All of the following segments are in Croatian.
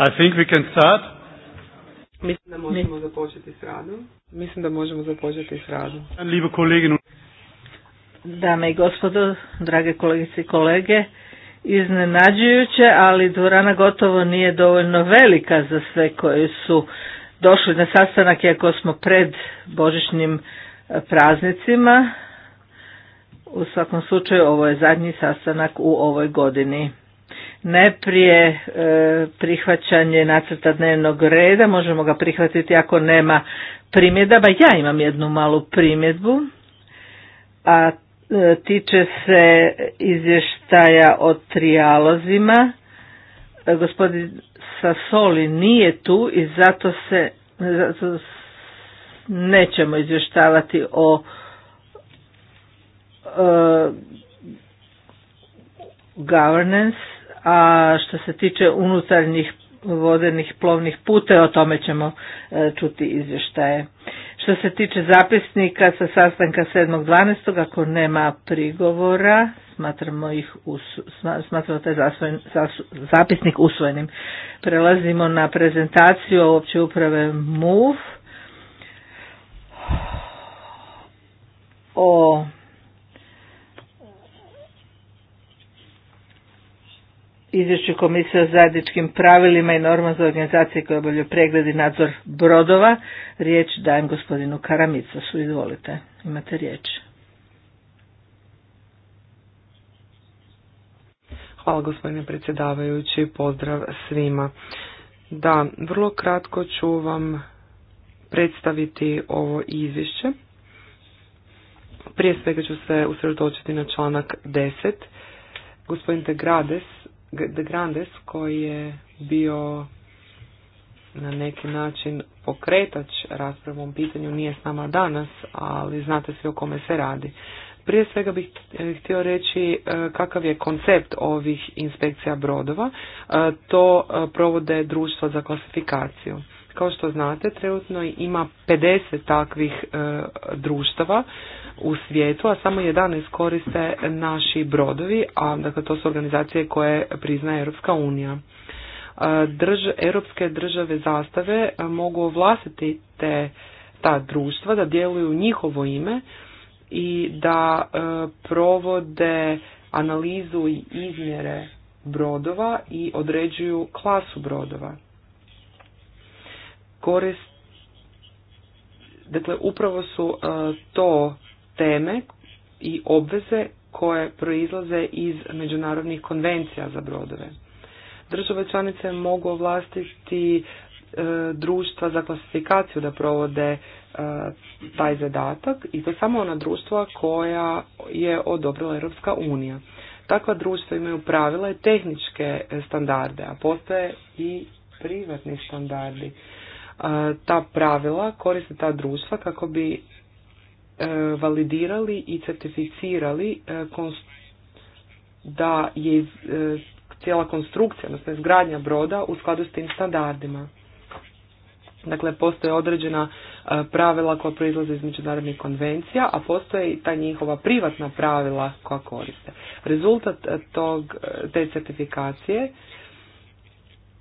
I think we can start. Mislim da možemo započeti s radom. Mislim da možemo započeti s radom. Dame i gospodo, drage kolegice i kolege, iznenađujuće, ali dvorana gotovo nije dovoljno velika za sve koji su došli na sastanak, iako smo pred božićnim e, praznicima. U svakom slučaju, ovo je zadnji sastanak u ovoj godini. Najprije e, prihvaćanje nacrta dnevnog reda, možemo ga prihvatiti ako nema primjedaba. Ja imam jednu malu primjedbu, a e, tiče se izvještaja o trijalozima. E, gospodin Sasoli nije tu i zato se zato nećemo izvještavati o governance a što se tiče unutarnjih vodenih plovnih pute, o tome ćemo e, čuti izvještaje. Što se tiče zapisnika sa sastanka 7.12. ako nema prigovora, smatramo, ih taj zapisnik usvojenim. Prelazimo na prezentaciju opće uprave MUV o izvješću komisije o zajedničkim pravilima i norma za organizacije koje obavljaju pregled i nadzor brodova. Riječ dajem gospodinu Su Izvolite, imate riječ. Hvala gospodine predsjedavajući, pozdrav svima. Da, vrlo kratko ću vam predstaviti ovo izvješće. Prije svega ću se usredotočiti na članak 10. Gospodin Grades de Grandes koji je bio na neki način pokretač raspravom pitanju nije s nama danas, ali znate svi o kome se radi. Prije svega bih eh, htio reći eh, kakav je koncept ovih inspekcija brodova. Eh, to provode društvo za klasifikaciju. Kao što znate, trenutno ima 50 takvih e, društava u svijetu, a samo 11 koriste naši brodovi, a dakle to su organizacije koje priznaje Europska unija. E, europske države zastave e, mogu ovlastiti te ta društva da djeluju njihovo ime i da provode analizu i izmjere brodova i određuju klasu brodova korist, dakle upravo su e, to teme i obveze koje proizlaze iz međunarodnih konvencija za brodove. Države članice mogu ovlastiti e, društva za klasifikaciju da provode e, taj zadatak i to samo ona društva koja je odobrila Europska unija. Takva društva imaju pravila i tehničke standarde, a postoje i privatni standardi ta pravila koriste ta društva kako bi e, validirali i certificirali e, da je e, cijela konstrukcija, odnosno izgradnja broda u skladu s tim standardima. Dakle, postoje određena pravila koja proizlaze iz međunarodnih konvencija, a postoje i ta njihova privatna pravila koja koriste. Rezultat tog, te certifikacije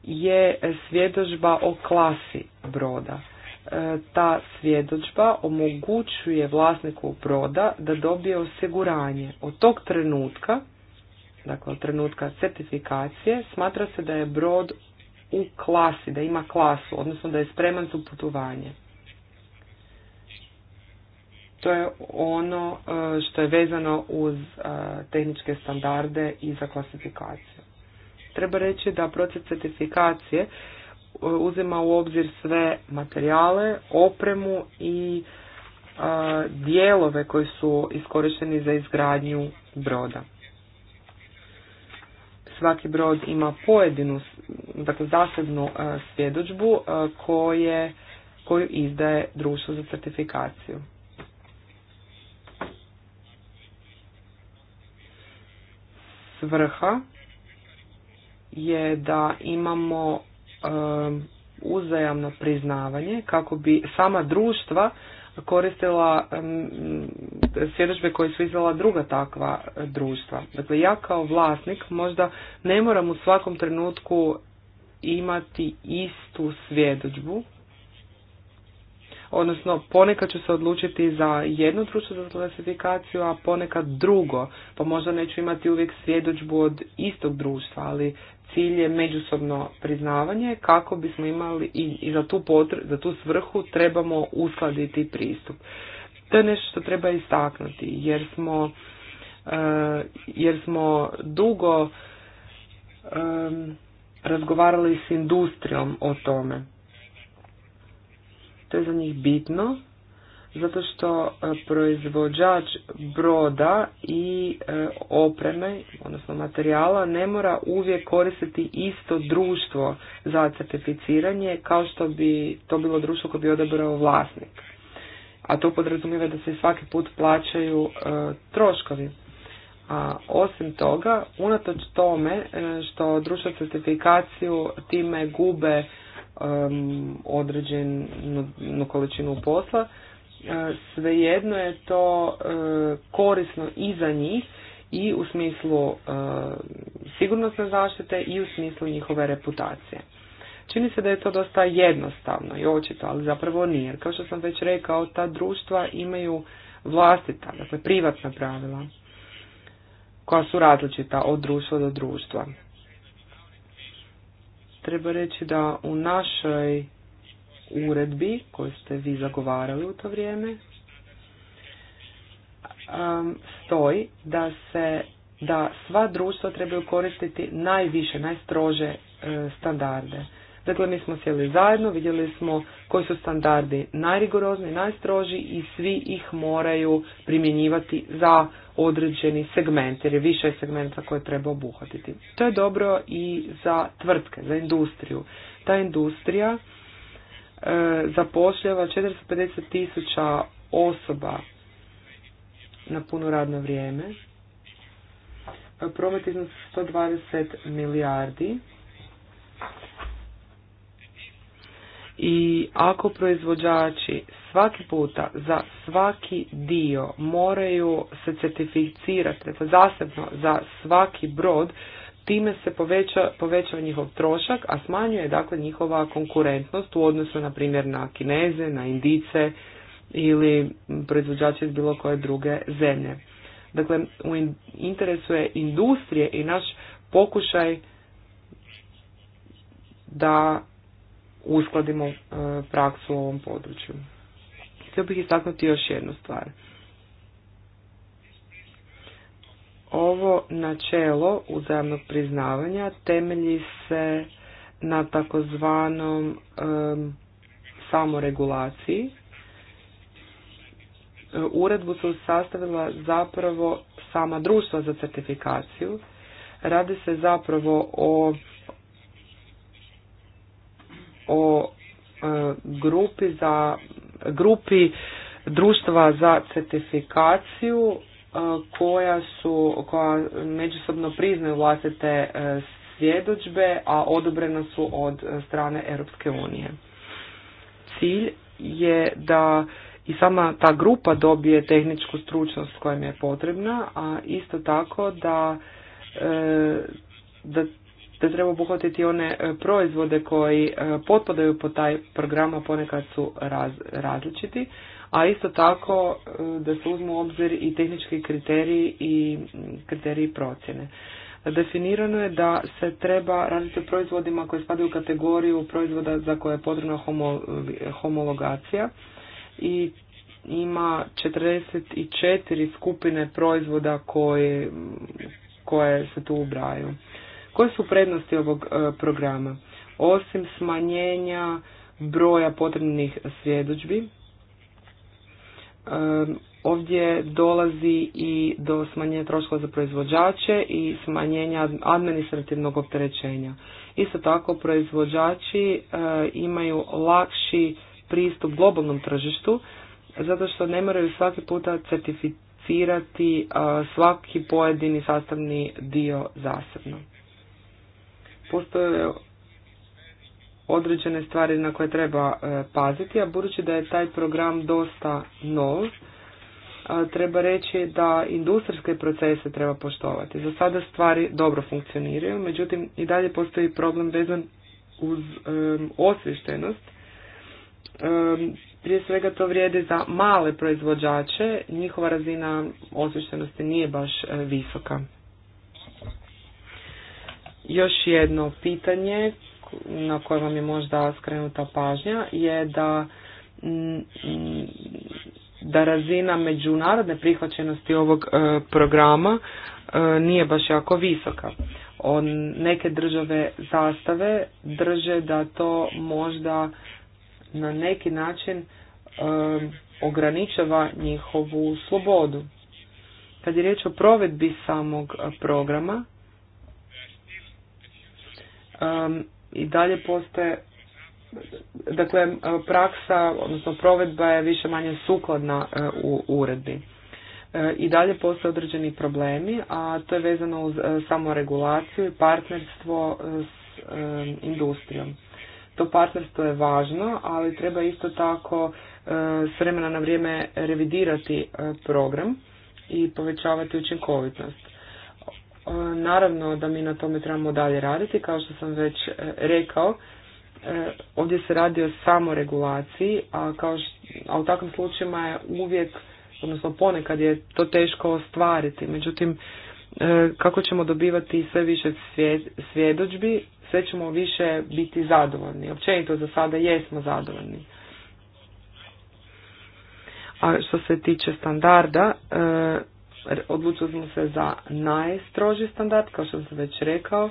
je svjedočba o klasi broda. E, ta svjedočba omogućuje vlasniku broda da dobije osiguranje. Od tog trenutka, dakle od trenutka certifikacije, smatra se da je brod u klasi, da ima klasu, odnosno da je spreman za putovanje. To je ono e, što je vezano uz e, tehničke standarde i za klasifikaciju. Treba reći da proces certifikacije e, uzima u obzir sve materijale, opremu i e, dijelove koji su iskorišteni za izgradnju broda. Svaki brod ima pojedinu, dakle zasebnu e, svjedočbu koje, koju izdaje društvo za certifikaciju. Svrha je da imamo uzajamno priznavanje kako bi sama društva koristila svjedodžbe koje su izdala druga takva društva. Dakle, ja kao vlasnik možda ne moram u svakom trenutku imati istu svjedodžbu, odnosno ponekad ću se odlučiti za jednu društvo za klasifikaciju, a ponekad drugo, pa možda neću imati uvijek svjedodžbu od istog društva, ali Cilj je međusobno priznavanje kako bismo imali i, i za, tu potre, za tu svrhu trebamo uskladiti pristup. To je nešto što treba istaknuti jer smo, eh, jer smo dugo razgovarali s industrijom o tome. To je za njih bitno zato što e, proizvođač broda i e, opreme, odnosno materijala, ne mora uvijek koristiti isto društvo za certificiranje kao što bi to bilo društvo koje bi odabrao vlasnik. A to podrazumijeva da se svaki put plaćaju e, troškovi. A osim toga, unatoč tome što društva certifikaciju time gube određenu količinu posla, E, svejedno je to e, korisno i za njih i u smislu e, sigurnosne zaštite i u smislu njihove reputacije. Čini se da je to dosta jednostavno i očito, ali zapravo nije. kao što sam već rekao, ta društva imaju vlastita, dakle privatna pravila koja su različita od društva do društva. Treba reći da u našoj uredbi koju ste vi zagovarali u to vrijeme stoji da se da sva društva trebaju koristiti najviše, najstrože e, standarde. Dakle, mi smo sjeli zajedno, vidjeli smo koji su standardi najrigorozni, najstroži i svi ih moraju primjenjivati za određeni segment, jer je više segmenta koje treba obuhvatiti. To je dobro i za tvrtke, za industriju. Ta industrija E, zapošljava 450 tisuća osoba na puno radno vrijeme. E, promet iznosi 120 milijardi. I ako proizvođači svaki puta za svaki dio moraju se certificirati, zasebno za svaki brod, time se poveća, povećava njihov trošak, a smanjuje dakle njihova konkurentnost u odnosu na primjer na Kineze, na Indice ili proizvođače iz bilo koje druge zemlje. Dakle, u interesu je industrije i naš pokušaj da uskladimo e, praksu u ovom području. Htio bih istaknuti još jednu stvar. Ovo načelo uzajamnog priznavanja temelji se na takozvanom samoregulaciji. Uredbu su sastavila zapravo sama društva za certifikaciju. Radi se zapravo o o e, grupi za grupi društva za certifikaciju E, koja su, koja međusobno priznaju vlastite e, svjedočbe, a odobrena su od strane Europske unije. Cilj je da i sama ta grupa dobije tehničku stručnost koja im je potrebna, a isto tako da, e, da, da treba obuhvatiti one proizvode koji potpadaju po taj program, a ponekad su raz, različiti, a isto tako e, da se uzmu u obzir i tehnički kriteriji i kriteriji procjene. Definirano je da se treba raditi o proizvodima koji spadaju u kategoriju proizvoda za koje je potrebna homologacija i ima 44 skupine proizvoda koje, koje se tu ubraju. Koje su prednosti ovog e, programa? Osim smanjenja broja potrebnih svjedočbi, Ovdje dolazi i do smanjenja troškova za proizvođače i smanjenja administrativnog opterećenja. Isto tako proizvođači e, imaju lakši pristup globalnom tržištu zato što ne moraju svaki puta certificirati svaki pojedini sastavni dio zasebno. Postoje određene stvari na koje treba e, paziti, a budući da je taj program dosta nov, e, treba reći da industrijske procese treba poštovati. Za sada stvari dobro funkcioniraju, međutim i dalje postoji problem vezan uz e, osvištenost. prije svega to vrijedi za male proizvođače, njihova razina osvištenosti nije baš visoka. Još jedno pitanje na koje vam je možda skrenuta pažnja je da mm, da razina međunarodne prihvaćenosti ovog e, programa e, nije baš jako visoka. On, neke države zastave drže da to možda na neki način e, ograničava njihovu slobodu. Kad je riječ o provedbi samog programa, i dalje postoje dakle praksa odnosno provedba je više manje sukladna e, u uredbi e, i dalje postoje određeni problemi a to je vezano uz e, samoregulaciju i partnerstvo s industrijom to partnerstvo je važno ali treba isto tako s vremena na vrijeme revidirati program i povećavati učinkovitost E, naravno da mi na tome trebamo dalje raditi, kao što sam već e, rekao, e, ovdje se radi o samoregulaciji, a, kao a u takvim slučajima je uvijek, odnosno ponekad je to teško ostvariti. Međutim, kako ćemo dobivati sve više svjedočbi, sve ćemo više biti zadovoljni. Općenito za sada jesmo zadovoljni. A što se tiče standarda, odlučili smo se za najstroži standard, kao što sam već rekao,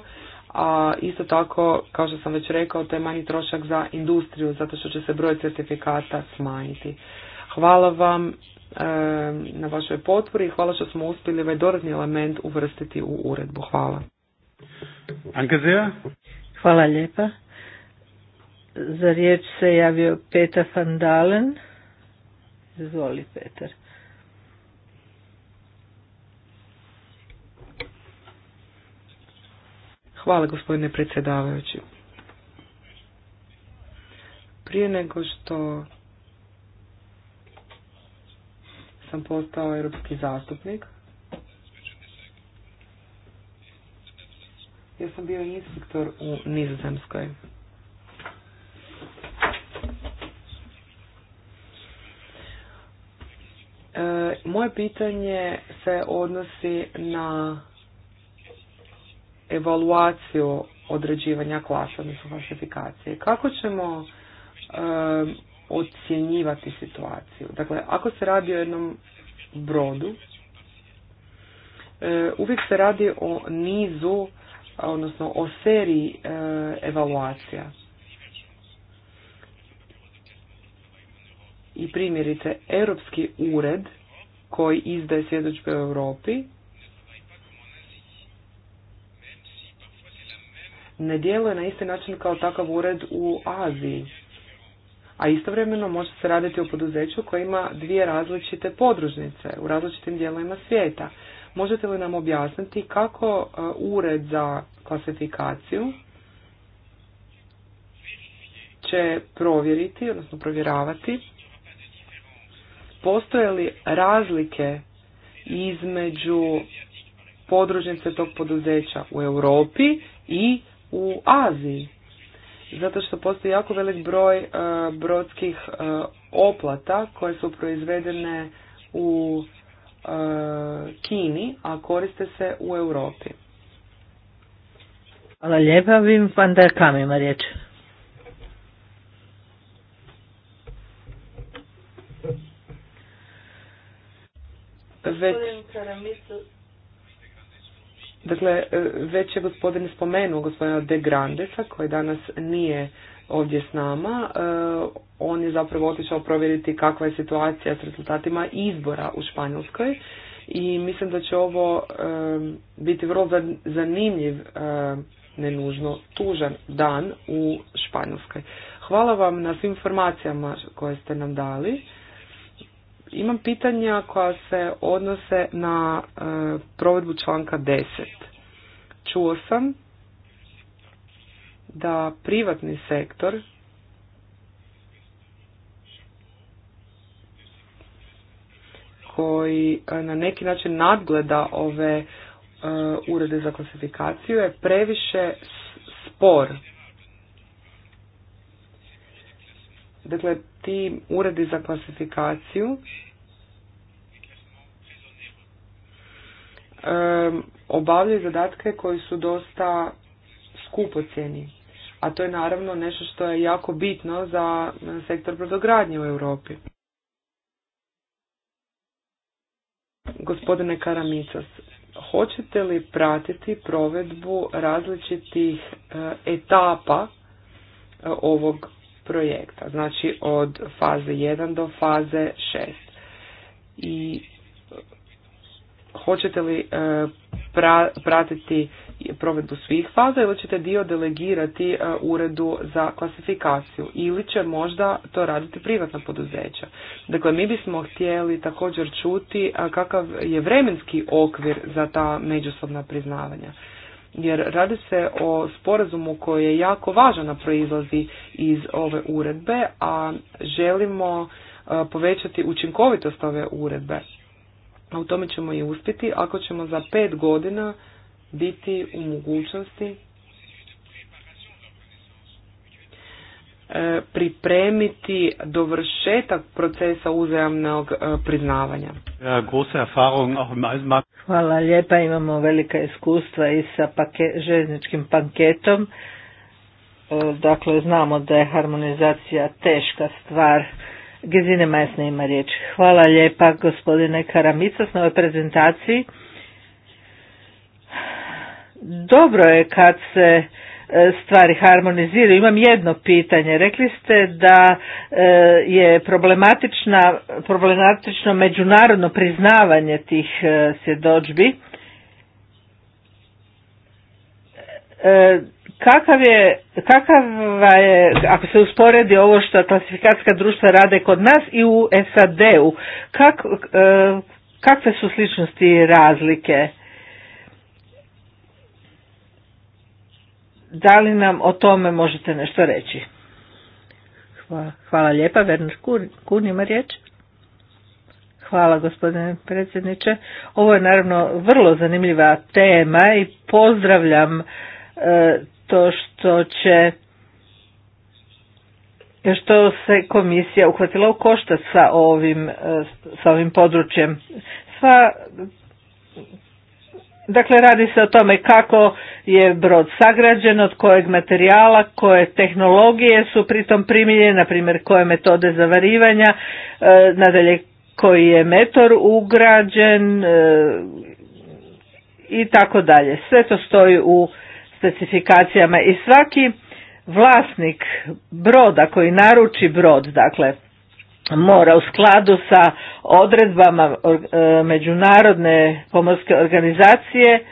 a isto tako, kao što sam već rekao, to je manji trošak za industriju, zato što će se broj certifikata smanjiti. Hvala vam na vašoj potpori i hvala što smo uspjeli ovaj dodatni element uvrstiti u uredbu. Hvala. Hvala lijepa. Za riječ se javio Petar van Dalen. Izvoli Petar. Hvala gospodine predsjedavajući. Prije nego što sam postao europski zastupnik, ja sam bio inspektor u Nizozemskoj. E, moje pitanje se odnosi na evaluaciju određivanja klasa, odnosno klasifikacije. Kako ćemo e, ocjenjivati situaciju? Dakle, ako se radi o jednom brodu, uvijek se radi o nizu, odnosno o seriji evaluacija. I primjerice, Europski ured koji izdaje svjedočbe u Europi ne djeluje na isti način kao takav ured u Aziji. A istovremeno može se raditi o poduzeću koje ima dvije različite podružnice u različitim dijelovima svijeta. Možete li nam objasniti kako e, ured za klasifikaciju će provjeriti, odnosno provjeravati, postoje li razlike između podružnice tog poduzeća u Europi i u Aziji. Zato što postoji jako velik broj e, brodskih e, oplata koje su proizvedene u e, Kini, a koriste se u Europi. Hvala lijepa, Vim van riječ. Već... Dakle, e, već je gospodin spomenuo gospodina De Grandesa, koji danas nije ovdje s nama. E, on je zapravo otišao provjeriti kakva je situacija s rezultatima izbora u Španjolskoj i mislim da će ovo e, biti vrlo zanimljiv, ne nužno tužan dan u Španjolskoj. Hvala vam na svim informacijama koje ste nam dali imam pitanja koja se odnose na e, provedbu članka 10. Čuo sam da privatni sektor koji e, na neki način nadgleda ove e, urede za klasifikaciju je previše spor Dakle, ti uredi za klasifikaciju obavljaju zadatke koji su dosta skupocjeni. A to je naravno nešto što je jako bitno za e, sektor brodogradnje u Europi. Gospodine Karamicas, hoćete li pratiti provedbu različitih e, etapa e, ovog projekta, znači od faze 1 do faze 6. I hoćete li e, pratiti provedbu svih faza ili ćete dio delegirati e, uredu za klasifikaciju ili će možda to raditi privatna poduzeća. Dakle, mi bismo htjeli također čuti kakav je vremenski okvir za ta međusobna priznavanja jer radi se o sporazumu koji je jako važan, a proizlazi iz ove uredbe, a želimo e, povećati učinkovitost ove uredbe. A u tome ćemo i uspjeti ako ćemo za pet godina biti u mogućnosti E, pripremiti dovršetak procesa uzajamnog e, priznavanja. Hvala lijepa, imamo velika iskustva i sa pake željezničkim paketom. E, dakle, znamo da je harmonizacija teška stvar. Gezine Majsne ima riječ. Hvala lijepa gospodine Karamicas na ovoj prezentaciji. Dobro je kad se E, stvari harmoniziraju. Imam jedno pitanje. Rekli ste da e, je problematična, problematično međunarodno priznavanje tih e, svjedočbi. Kakav je, kakava je, ako se usporedi ovo što klasifikacijska društva rade kod nas i u SAD-u, kakve su sličnosti i razlike? Da li nam o tome možete nešto reći? Hvala, hvala lijepa. Werner Kun, ima riječ. Hvala gospodine predsjedniče. Ovo je naravno vrlo zanimljiva tema i pozdravljam e, to što će što se komisija uhvatila u koštac sa ovim, e, sa ovim područjem. Sva Dakle, radi se o tome kako je brod sagrađen, od kojeg materijala, koje tehnologije su pritom primiljene, na primjer koje metode zavarivanja, e, nadalje koji je metor ugrađen e, i tako dalje. Sve to stoji u specifikacijama i svaki vlasnik broda koji naruči brod, dakle, mora u skladu sa odredbama e, međunarodne pomorske organizacije e,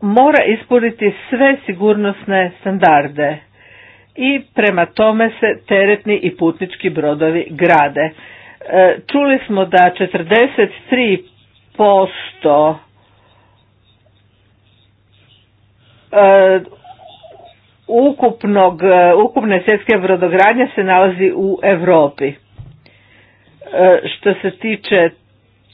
mora ispuniti sve sigurnosne standarde i prema tome se teretni i putnički brodovi grade. E, čuli smo da 43% ukupnog, e, ukupne svjetske brodogradnje se nalazi u Europi. E, što se tiče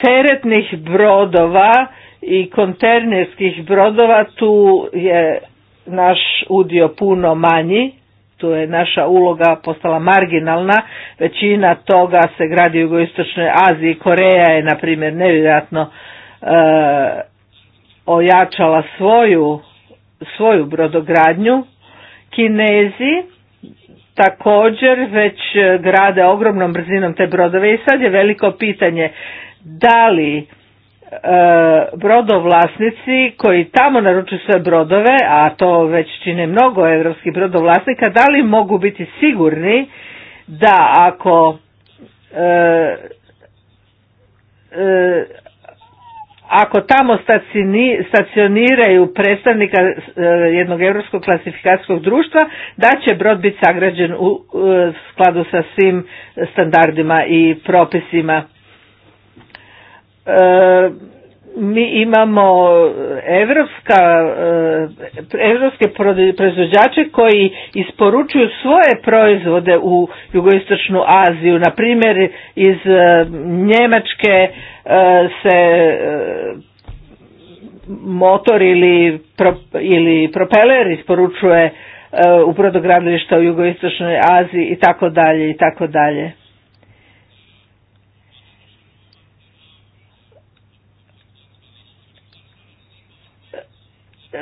teretnih brodova i konternerskih brodova tu je naš udio puno manji, tu je naša uloga postala marginalna, većina toga se gradi u jugoistočnoj Aziji, Koreja je na primjer nevjerojatno e, ojačala svoju, svoju brodogradnju Kinezi također već e, grade ogromnom brzinom te brodove i sad je veliko pitanje da li e, brodovlasnici koji tamo naručuju sve brodove, a to već čine mnogo evropskih brodovlasnika, da li mogu biti sigurni da ako e, ako tamo stacioniraju predstavnika e, jednog europskog klasifikacijskog društva, da će brod biti sagrađen u e, skladu sa svim standardima i propisima. E, mi imamo e, evropska, e, evropske proizvođače koji isporučuju svoje proizvode u jugoistočnu Aziju. Na primjer iz e, Njemačke se motor ili, pro, ili propeler isporučuje u brodogradilišta u jugoistočnoj Aziji i tako dalje i tako dalje.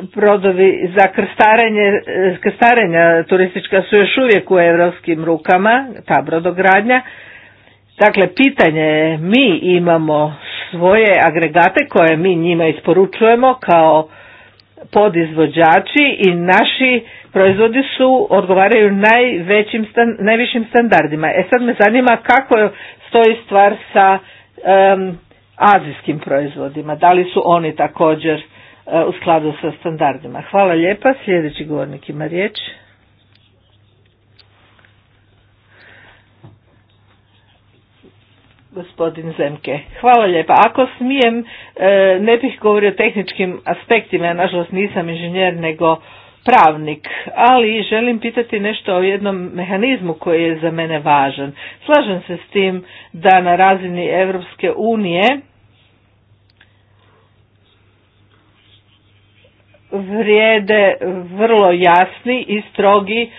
brodovi za krstarenje, krstarenja turistička su još uvijek u europskim rukama, ta brodogradnja. Dakle, pitanje je, mi imamo svoje agregate koje mi njima isporučujemo kao podizvođači i naši proizvodi su odgovaraju najvećim najvišim standardima. E sad me zanima kako stoji stvar sa azijskim proizvodima. Da li su oni također u skladu sa standardima. Hvala lijepa. Sljedeći govornik ima riječ. Gospodin Zemke. Hvala lijepa. Ako smijem, e, ne bih govorio o tehničkim aspektima, ja nažalost nisam inženjer, nego pravnik, ali želim pitati nešto o jednom mehanizmu koji je za mene važan. Slažem se s tim da na razini Europske unije vrijede vrlo jasni i strogi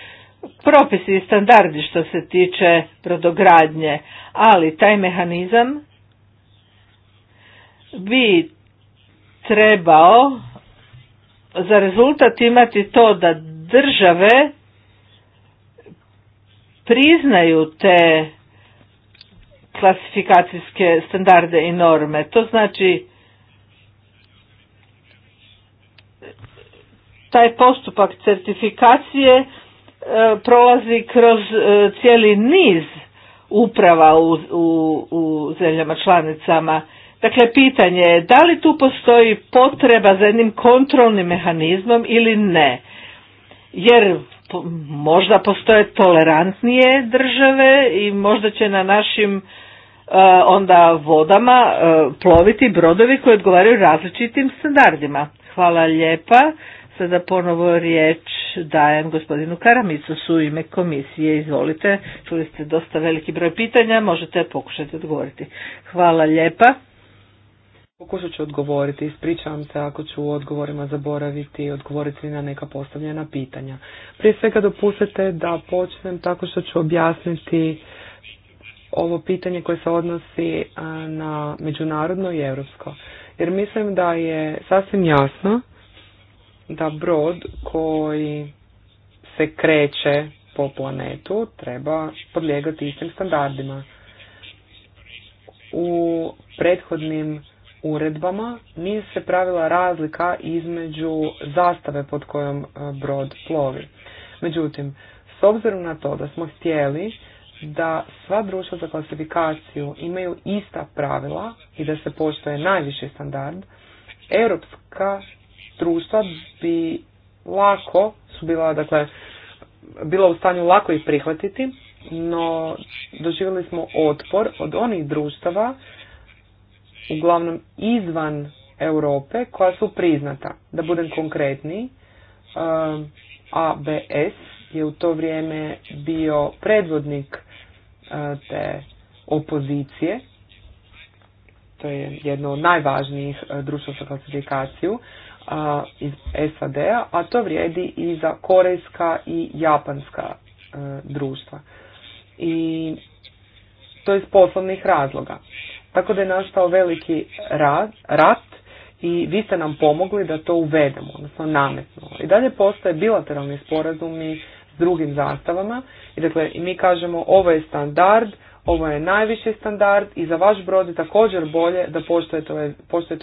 propisi i standardi što se tiče brodogradnje, ali taj mehanizam bi trebao za rezultat imati to da države priznaju te klasifikacijske standarde i norme. To znači taj postupak certifikacije e, prolazi kroz e, cijeli niz uprava u, u, u zemljama članicama. Dakle, pitanje je da li tu postoji potreba za jednim kontrolnim mehanizmom ili ne. Jer možda postoje tolerantnije države i možda će na našim e, onda vodama ploviti brodovi koji odgovaraju različitim standardima. Hvala lijepa. Sada ponovo riječ dajem gospodinu Karamicu su ime komisije. Izvolite, čuli ste dosta veliki broj pitanja, možete pokušati odgovoriti. Hvala lijepa. Pokušat ću odgovoriti, ispričavam se ako ću u odgovorima zaboraviti i odgovoriti na neka postavljena pitanja. Prije svega dopustite da počnem tako što ću objasniti ovo pitanje koje se odnosi na međunarodno i europsko. Jer mislim da je sasvim jasno da brod koji se kreće po planetu treba podlijegati istim standardima. U prethodnim uredbama nije se pravila razlika između zastave pod kojom e, brod plovi. Međutim, s obzirom na to da smo htjeli da sva društva za klasifikaciju imaju ista pravila i da se poštoje najviši standard, Europska društva bi lako su bila, dakle, bila u stanju lako ih prihvatiti, no doživjeli smo otpor od onih društava, uglavnom izvan Europe, koja su priznata. Da budem konkretni, um, ABS je u to vrijeme bio predvodnik uh, te opozicije, to je jedno od najvažnijih uh, društva za klasifikaciju, iz SAD-a, a to vrijedi i za korejska i japanska e, društva. I to iz poslovnih razloga. Tako da je nastao veliki rad, rat i vi ste nam pomogli da to uvedemo, odnosno nametno. I dalje postoje bilateralni sporazumi s drugim zastavama i dakle mi kažemo ovo je standard, ovo je najviši standard i za vaš brod je također bolje da postoje ovaj,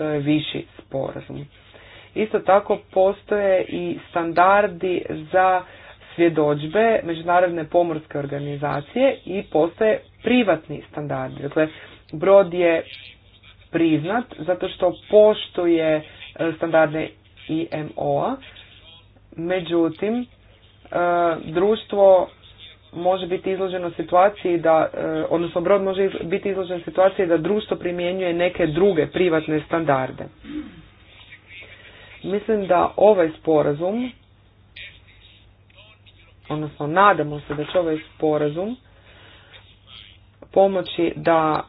ovaj viši sporazum. Isto tako postoje i standardi za svjedodžbe, Međunarodne pomorske organizacije i postoje privatni standardi. Dakle, brod je priznat zato što poštuje e, standarde IMO-a, međutim, e, društvo može biti izloženo situaciji da, e, odnosno brod može biti izložen situaciji da društvo primjenjuje neke druge privatne standarde. Mislim da ovaj sporazum, odnosno nadamo se da će ovaj sporazum pomoći da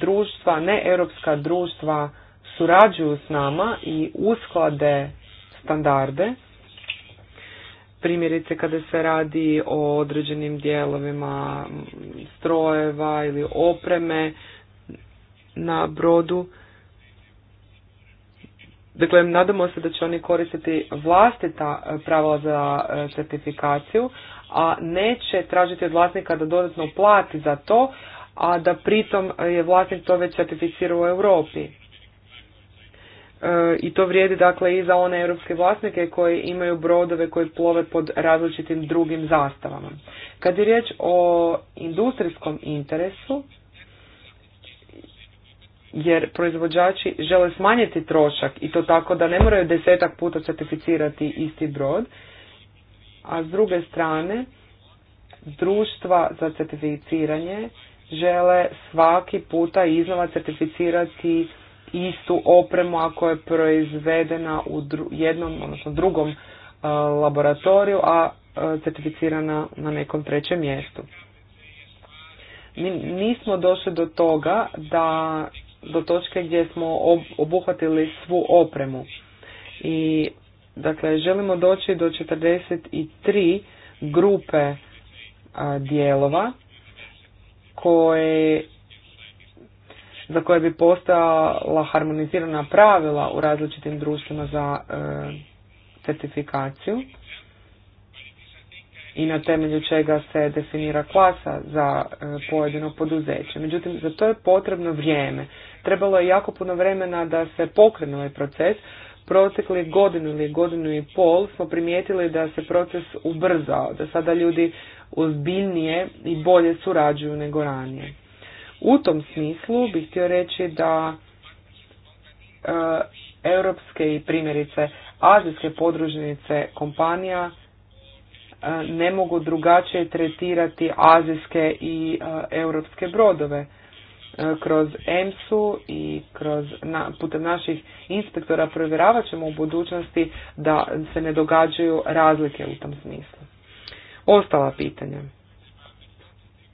društva, ne europska društva surađuju s nama i usklade standarde, primjerice kada se radi o određenim dijelovima strojeva ili opreme na brodu Dakle, nadamo se da će oni koristiti vlastita e, pravila za e, certifikaciju, a neće tražiti od vlasnika da dodatno plati za to, a da pritom je vlasnik to već certificirao u Europi. E, I to vrijedi dakle i za one europske vlasnike koji imaju brodove koji plove pod različitim drugim zastavama. Kad je riječ o industrijskom interesu, jer proizvođači žele smanjiti trošak i to tako da ne moraju desetak puta certificirati isti brod, a s druge strane društva za certificiranje žele svaki puta iznova certificirati istu opremu ako je proizvedena u jednom, odnosno drugom e, laboratoriju, a e, certificirana na nekom trećem mjestu. Mi nismo došli do toga da do točke gdje smo obuhvatili svu opremu. I dakle želimo doći do 43 grupe dijelova koje za koje bi postala harmonizirana pravila u različitim društvima za e, certifikaciju i na temelju čega se definira klasa za e, pojedino poduzeće. Međutim, za to je potrebno vrijeme. Trebalo je jako puno vremena da se pokrene ovaj proces. Protekli godinu ili godinu i pol smo primijetili da se proces ubrzao, da sada ljudi ozbiljnije i bolje surađuju nego ranije. U tom smislu bih htio reći da e, europske i primjerice azijske podružnice kompanija e, ne mogu drugačije tretirati azijske i e, europske brodove. E, kroz EMSU i kroz, na, putem naših inspektora provjeravat ćemo u budućnosti da se ne događaju razlike u tom smislu. Ostala pitanja.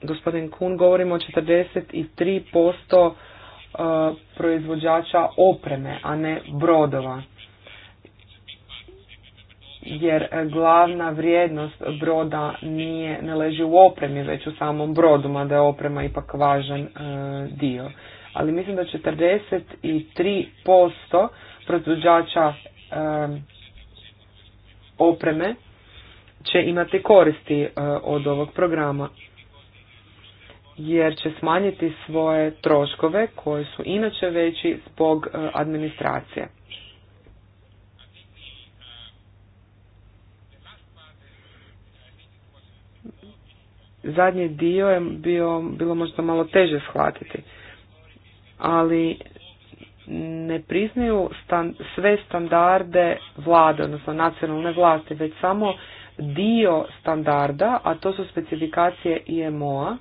Gospodin Kun, govorimo o 43% e, proizvođača opreme, a ne brodova jer glavna vrijednost broda nije, ne leži u opremi, već u samom brodu, mada je oprema ipak važan e, dio. Ali mislim da 43% proizvođača e, opreme će imati koristi e, od ovog programa jer će smanjiti svoje troškove koji su inače veći zbog administracije. zadnji dio je bio, bilo možda malo teže shvatiti, ali ne priznaju sve standarde vlade, odnosno nacionalne vlasti, već samo dio standarda, a to su specifikacije IMO-a,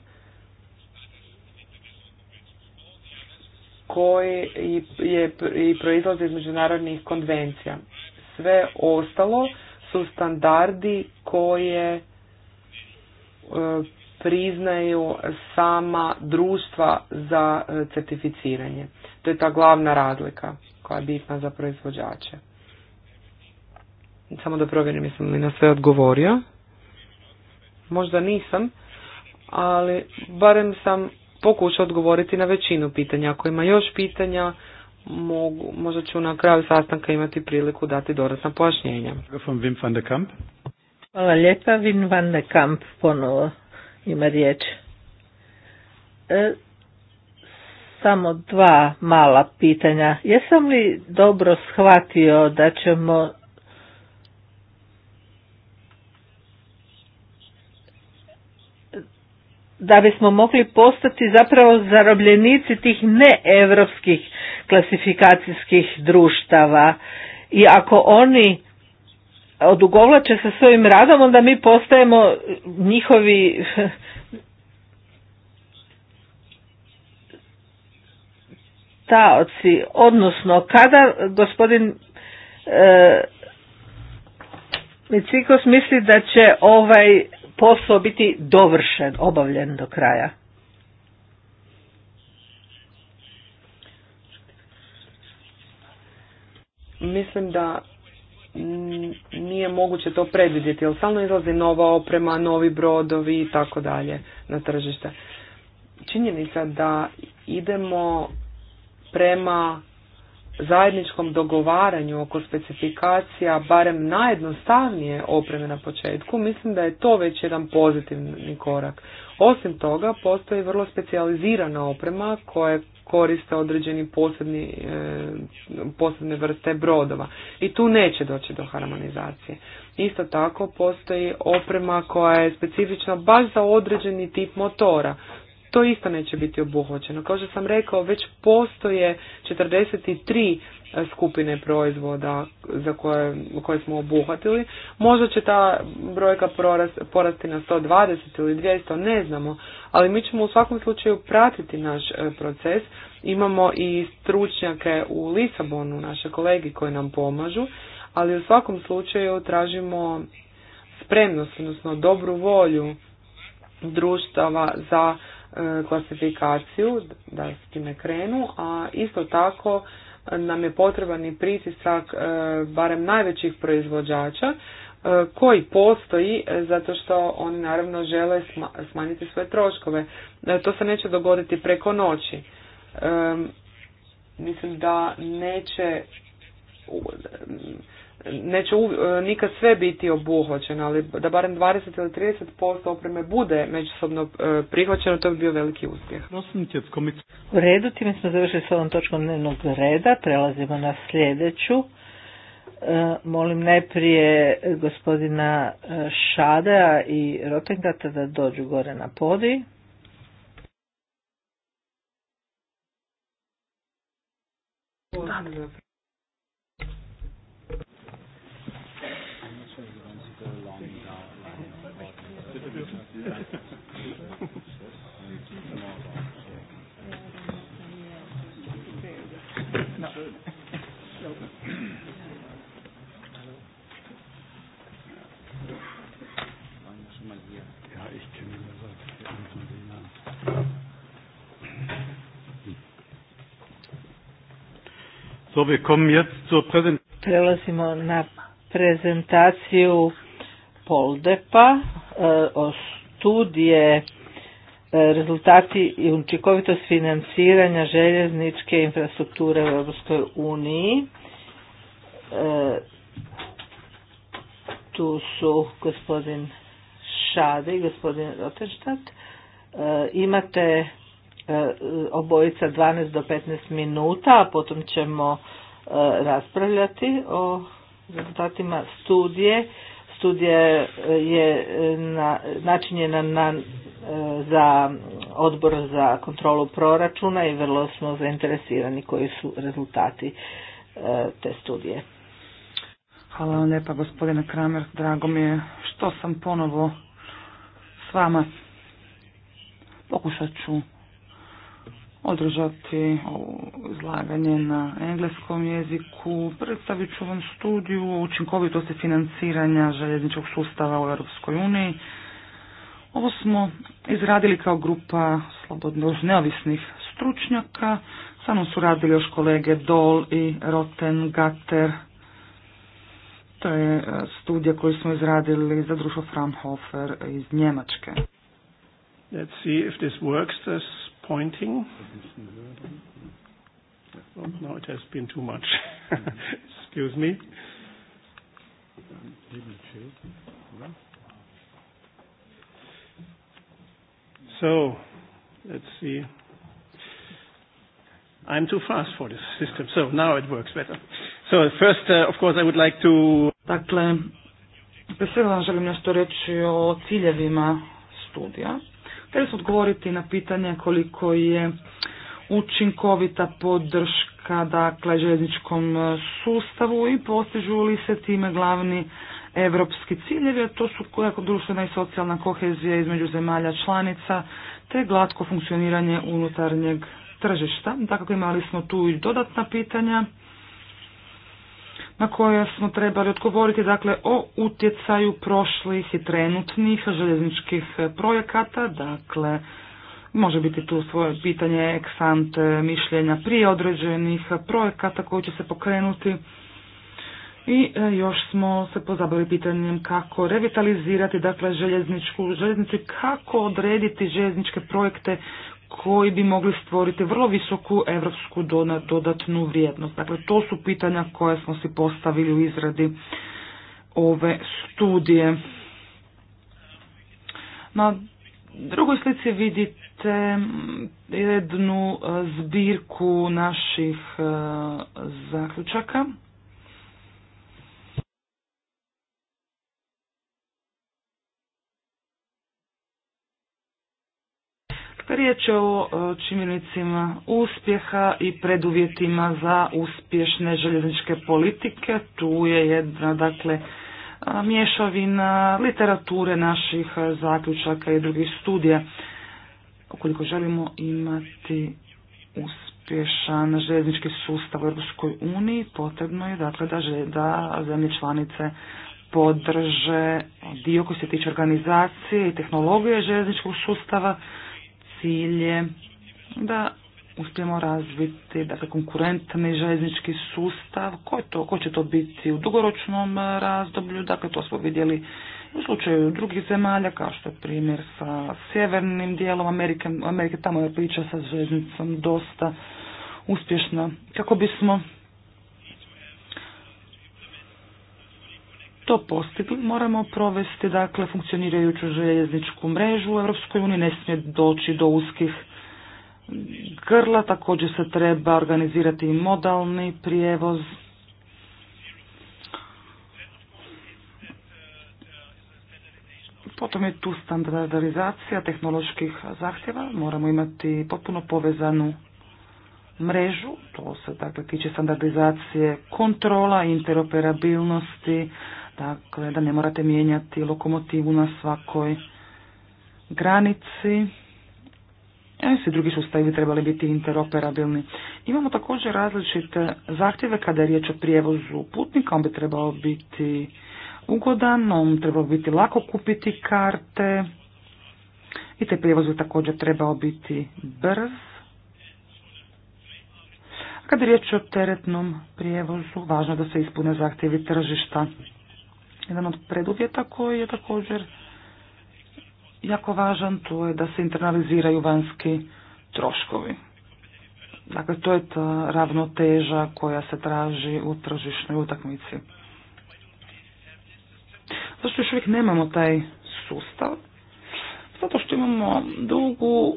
koji je i proizlaze iz međunarodnih konvencija. Sve ostalo su standardi koje e, priznaju sama društva za e, certificiranje. To je ta glavna razlika koja je bitna za proizvođače. Samo da provjerim jesam li na sve odgovorio. Možda nisam, ali barem sam pokušao odgovoriti na većinu pitanja. Ako ima još pitanja, mogu, možda ću na kraju sastanka imati priliku dati dodatna pojašnjenja. Hvala lijepa, Vin van de Kamp ponovo ima riječ. E, samo dva mala pitanja. Jesam li dobro shvatio da ćemo da bismo mogli postati zapravo zarobljenici tih neevropskih klasifikacijskih društava i ako oni odugovlače sa svojim radom, onda mi postajemo njihovi taoci. Odnosno, kada gospodin e, Micikos misli da će ovaj posao biti dovršen, obavljen do kraja. Mislim da Mm, nije moguće to predvidjeti, jer stalno izlazi nova oprema, novi brodovi i tako dalje na tržište. Činjenica da idemo prema zajedničkom dogovaranju oko specifikacija barem najjednostavnije opreme na početku, mislim da je to već jedan pozitivni korak. Osim toga, postoji vrlo specijalizirana oprema koja je koriste određeni posebni, e, posebne vrste brodova. I tu neće doći do harmonizacije. Isto tako postoji oprema koja je specifična baš za određeni tip motora. To isto neće biti obuhvaćeno. Kao što sam rekao, već postoje 43 skupine proizvoda za koje, smo obuhvatili. Možda će ta brojka porasti, porasti na 120 ili 200, ne znamo, ali mi ćemo u svakom slučaju pratiti naš e, proces. Imamo i stručnjake u Lisabonu, naše kolegi koji nam pomažu, ali u svakom slučaju tražimo spremnost, odnosno dobru volju društava za e, klasifikaciju, da s time krenu, a isto tako nam je potreban i pritisak e, barem najvećih proizvođača e, koji postoji e, zato što oni naravno žele smanjiti svoje troškove. To se neće dogoditi preko noći. Mislim da neće neće e, nikad sve biti obuhvaćeno, ali da barem 20 ili 30% opreme bude međusobno e, prihvaćeno, to bi bio veliki uspjeh. U redu, time smo završili s ovom točkom dnevnog reda, prelazimo na sljedeću. E, molim najprije gospodina Šadea i Rotengata da dođu gore na podij. So, wir kommen jetzt zur Präsentation. Prelazimo na prezentaciju Poldepa E, o studije e, rezultati i učinkovitost financiranja željezničke infrastrukture u Europskoj uniji. E, tu su gospodin Šade i gospodin Rotenštat. Imate obojica 12 do 15 minuta, a potom ćemo raspravljati o rezultatima studije studija e, je e, na, načinjena na, e, za odbor za kontrolu proračuna i vrlo smo zainteresirani koji su rezultati te studije. Hvala vam lijepa gospodine Kramer, drago mi je što sam ponovo s vama. Pokušat ću održati ovo izlaganje na engleskom jeziku. Predstavit ću vam studiju o učinkovitosti financiranja željezničkog sustava u EU. Ovo smo izradili kao grupa slobodno neovisnih stručnjaka. Sa mnom su radili još kolege Dol i Roten Gater. To je e, studija koju smo izradili za društvo Fraunhofer iz Njemačke. Let's see if this works. This disappointing. Oh, no, it has been too much. Excuse me. So, let's see. I'm too fast for this system, so now it works better. So, first, uh, of course, I would like to... Dakle, prvo vam želim nešto reći o ciljevima studija. Htjeli su odgovoriti na pitanje koliko je učinkovita podrška dakle željezničkom sustavu i postižu li se time glavni evropski ciljevi, a to su kako društvena i socijalna kohezija između zemalja članica te glatko funkcioniranje unutarnjeg tržišta. Dakle, imali smo tu i dodatna pitanja na koje smo trebali odgovoriti, dakle o utjecaju prošlih i trenutnih željezničkih projekata, dakle može biti tu svoje pitanje eksant mišljenja prije određenih projekata koji će se pokrenuti. I e, još smo se pozabili pitanjem kako revitalizirati dakle željezničku željeznicu, kako odrediti željezničke projekte koji bi mogli stvoriti vrlo visoku evropsku dodatnu vrijednost. Dakle, to su pitanja koje smo si postavili u izradi ove studije. Na drugoj slici vidite jednu e, zbirku naših e, zaključaka. Dakle, riječ je o čimjenicima uspjeha i preduvjetima za uspješne željezničke politike. Tu je jedna, dakle, mješavina literature naših zaključaka i drugih studija. Ukoliko želimo imati uspješan željeznički sustav u Europskoj uniji, potrebno je dakle da, da zemlje članice podrže dio koji se tiče organizacije i tehnologije željezničkog sustava, cilj je da uspijemo razviti dakle, konkurentni željeznički sustav. Koji to, ko će to biti u dugoročnom razdoblju? Dakle, to smo vidjeli u slučaju drugih zemalja, kao što je primjer sa sjevernim dijelom Amerike. Amerike tamo je priča sa željeznicom dosta uspješna. Kako bismo to postigli, moramo provesti dakle funkcionirajuću željezničku mrežu u Europskoj uniji, ne smije doći do uskih grla, također se treba organizirati i modalni prijevoz. Potom je tu standardizacija tehnoloških zahtjeva, moramo imati potpuno povezanu mrežu, to se dakle tiče standardizacije kontrola, interoperabilnosti, Dakle, da ne morate mijenjati lokomotivu na svakoj granici. E, svi drugi sustavi bi trebali biti interoperabilni. Imamo također različite zahtjeve kada je riječ o prijevozu putnika. On bi trebao biti ugodan, on bi trebao biti lako kupiti karte. I te prijevoz bi također trebao biti brz. A kada je riječ o teretnom prijevozu, važno je da se ispune zahtjevi tržišta. Jedan od preduvjeta koji je također jako važan, to je da se internaliziraju vanjski troškovi. Dakle, to je ta ravnoteža koja se traži u tržišnoj utakmici. Zašto još uvijek nemamo taj sustav? Zato što imamo dugu,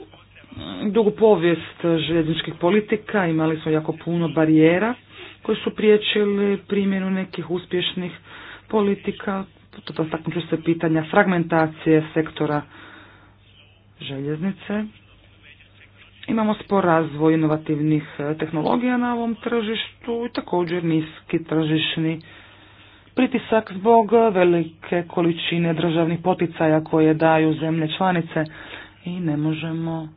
dugu povijest željezničkih politika, imali smo jako puno barijera koji su priječili primjenu nekih uspješnih politika, dotaknut ću se pitanja fragmentacije sektora željeznice. Imamo spor razvoj inovativnih e, tehnologija na ovom tržištu i također niski tržišni pritisak zbog velike količine državnih poticaja koje daju zemlje članice i ne možemo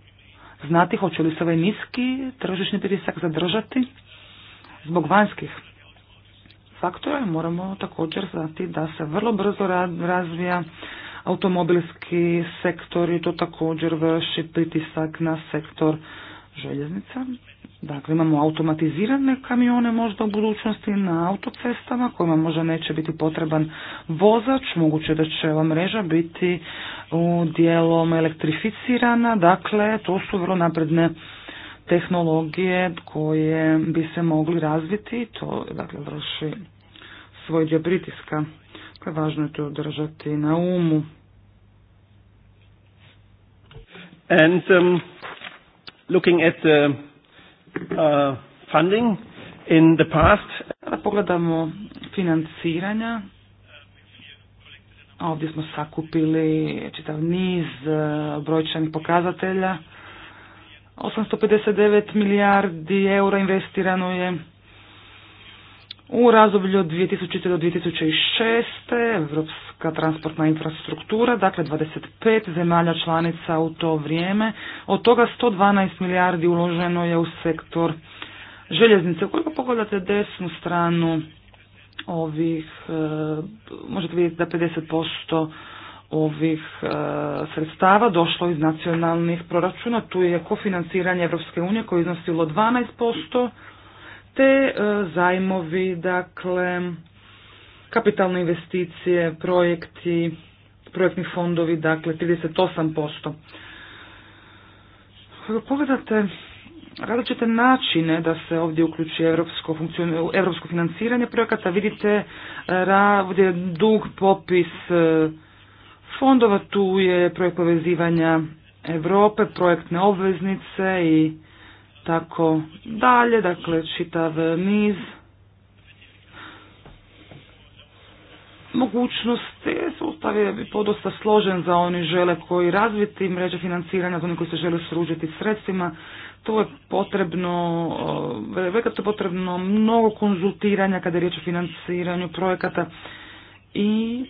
znati hoće li se ovaj niski tržišni pritisak zadržati zbog vanjskih faktora moramo također znati da se vrlo brzo razvija automobilski sektor i to također vrši pritisak na sektor željeznica. Dakle, imamo automatizirane kamione možda u budućnosti na autocestama kojima možda neće biti potreban vozač, moguće da će ova mreža biti u dijelom elektrificirana, dakle to su vrlo napredne tehnologije koje bi se mogli razviti, to dakle vrši svoj dio pritiska. važno je to držati na umu. And um, looking at the uh, funding in the past. Kada pogledamo financiranja, ovdje smo sakupili čitav niz uh, brojčanih pokazatelja. 859 milijardi eura investirano je u razdoblju od 2000. do 2006. Evropska transportna infrastruktura, dakle 25 zemalja članica u to vrijeme, od toga 112 milijardi uloženo je u sektor željeznice. Ukoliko pogledate desnu stranu ovih, e, možete vidjeti da 50% ovih e, sredstava došlo iz nacionalnih proračuna. Tu je kofinanciranje Evropske unije koje iznosilo 12%, te e, zajmovi, dakle, kapitalne investicije, projekti, projektni fondovi, dakle 38%. Kada pogledate različite načine da se ovdje uključi evropsko europsko financiranje projekata, vidite e, ovdje je dug popis e, fondova, tu je projekt povezivanja Europe, projektne obveznice i tako dalje, dakle čitav niz mogućnosti. Sustav je podosta složen za oni žele koji razviti mreže financiranja, za oni koji se žele sružiti sredstvima. To je potrebno, e, velika je potrebno mnogo konzultiranja kada je riječ o financiranju projekata i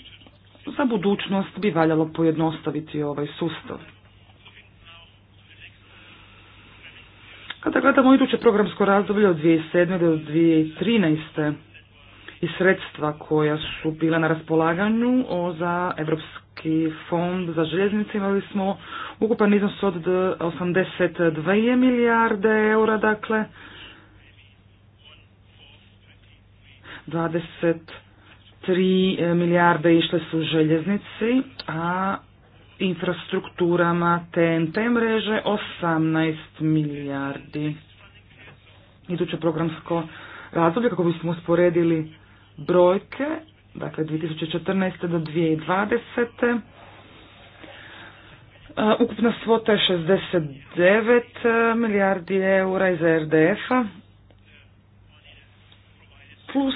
za budućnost bi valjalo pojednostaviti ovaj sustav. Kada gledamo iduće programsko razdoblje od 2007. do 2013. i sredstva koja su bila na raspolaganju za Evropski fond za željeznice imali smo ukupan iznos od 82 milijarde eura, dakle 23 milijarde išle su željeznici, a infrastrukturama TNT mreže 18 milijardi. Iduće programsko razdoblje, kako bismo usporedili brojke, dakle 2014. do 2020. Ukupna svota je 69 milijardi eura iz RDF-a plus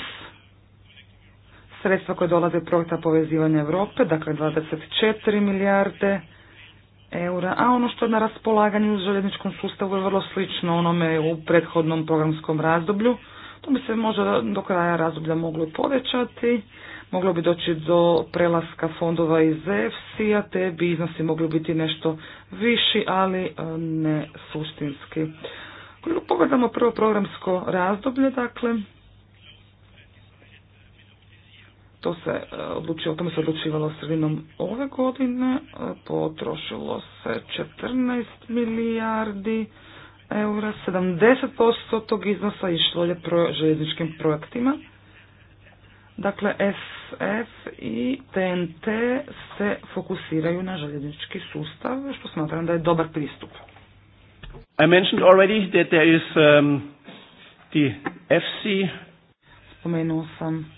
sredstva koje dolaze projekta povezivanja Europe, dakle 24 milijarde eura, a ono što je na raspolaganju u željezničkom sustavu je vrlo slično onome u prethodnom programskom razdoblju. To bi se možda do kraja razdoblja moglo povećati, moglo bi doći do prelaska fondova iz EFSI-a, te bi iznosi mogli biti nešto viši, ali e, ne suštinski. Koliko pogledamo prvo programsko razdoblje, dakle, to se e, odlučilo, o tome se odlučivalo sredinom ove godine, e, potrošilo se 14 milijardi eura, 70% tog iznosa išlo je pro željezničkim projektima. Dakle, SF i TNT se fokusiraju na željeznički sustav, što smatram da je dobar pristup. I mentioned already that um, FC. Spomenuo sam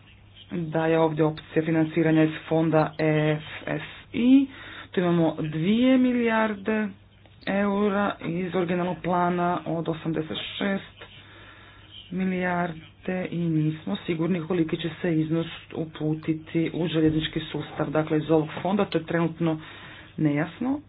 da je ovdje opcija financiranja iz fonda EFSI. Tu imamo 2 milijarde eura iz originalnog plana od 86 milijarde i nismo sigurni koliki će se iznos uputiti u željeznički sustav. Dakle, iz ovog fonda to je trenutno nejasno.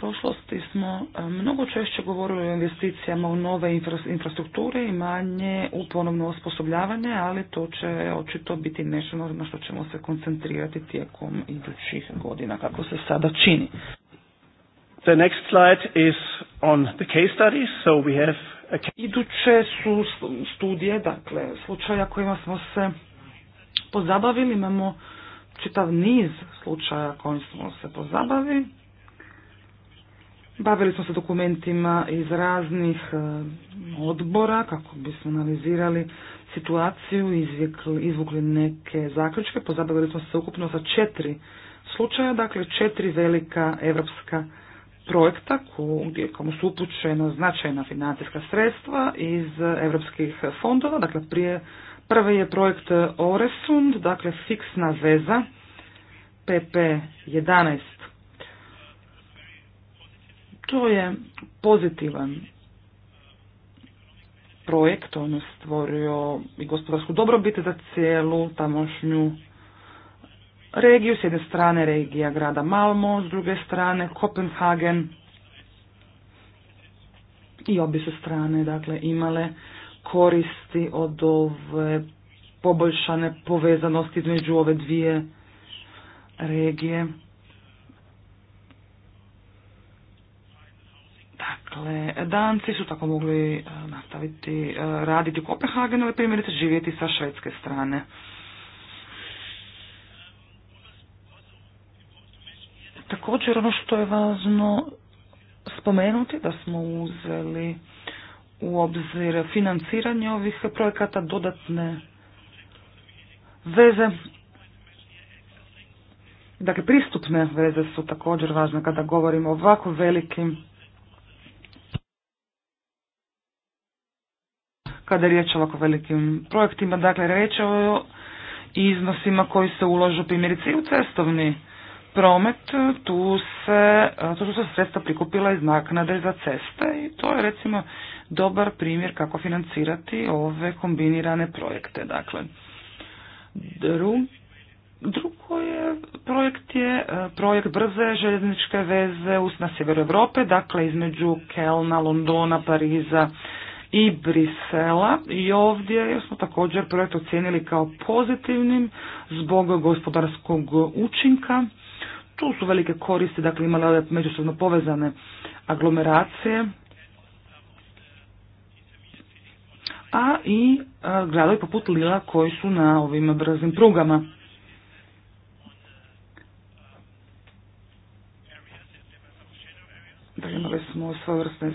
prošlosti smo e, mnogo češće govorili o investicijama u nove infrastrukture i manje u ponovno osposobljavanje, ali to će očito biti nešto na što ćemo se koncentrirati tijekom idućih godina, kako se sada čini. The next slide is on the case studies, so we have Iduće su studije, dakle, slučaja kojima smo se pozabavili, imamo čitav niz slučaja kojim smo se pozabavili, Bavili smo se dokumentima iz raznih e, odbora kako bismo analizirali situaciju, izvukli neke zaključke, pozabavili smo se ukupno sa četiri slučaja, dakle četiri velika evropska projekta gdje komu su upućena značajna financijska sredstva iz evropskih fondova, dakle prije prvi je projekt Oresund, dakle fiksna veza PP11 to je pozitivan projekt, on je stvorio i gospodarsku dobrobit za cijelu tamošnju regiju, s jedne strane regija grada Malmo, s druge strane Kopenhagen i obi su strane dakle, imale koristi od ove poboljšane povezanosti između ove dvije regije. Dakle, Danci su tako mogli e, nastaviti e, raditi u Kopenhagenu ili primjerice živjeti sa švedske strane. Također ono što je važno spomenuti da smo uzeli u obzir financiranje ovih projekata dodatne veze. Dakle, pristupne veze su također važne kada govorimo o ovako velikim kada je riječ o ovako velikim projektima. Dakle, riječ je o iznosima koji se uložu primjerice u cestovni promet. Tu, se, tu su se sredstva prikupila iz naknade za ceste i to je recimo dobar primjer kako financirati ove kombinirane projekte. Dakle, dru, drugo je projekt je projekt brze željezničke veze na sjeveru Europe, dakle između Kelna, Londona, Pariza, i Brisela i ovdje smo također projekt ocijenili kao pozitivnim zbog gospodarskog učinka. Tu su velike koristi, dakle imale međusobno povezane aglomeracije, a i e, gradovi poput Lila koji su na ovim brzim prugama. Imali smo svojevrsne e,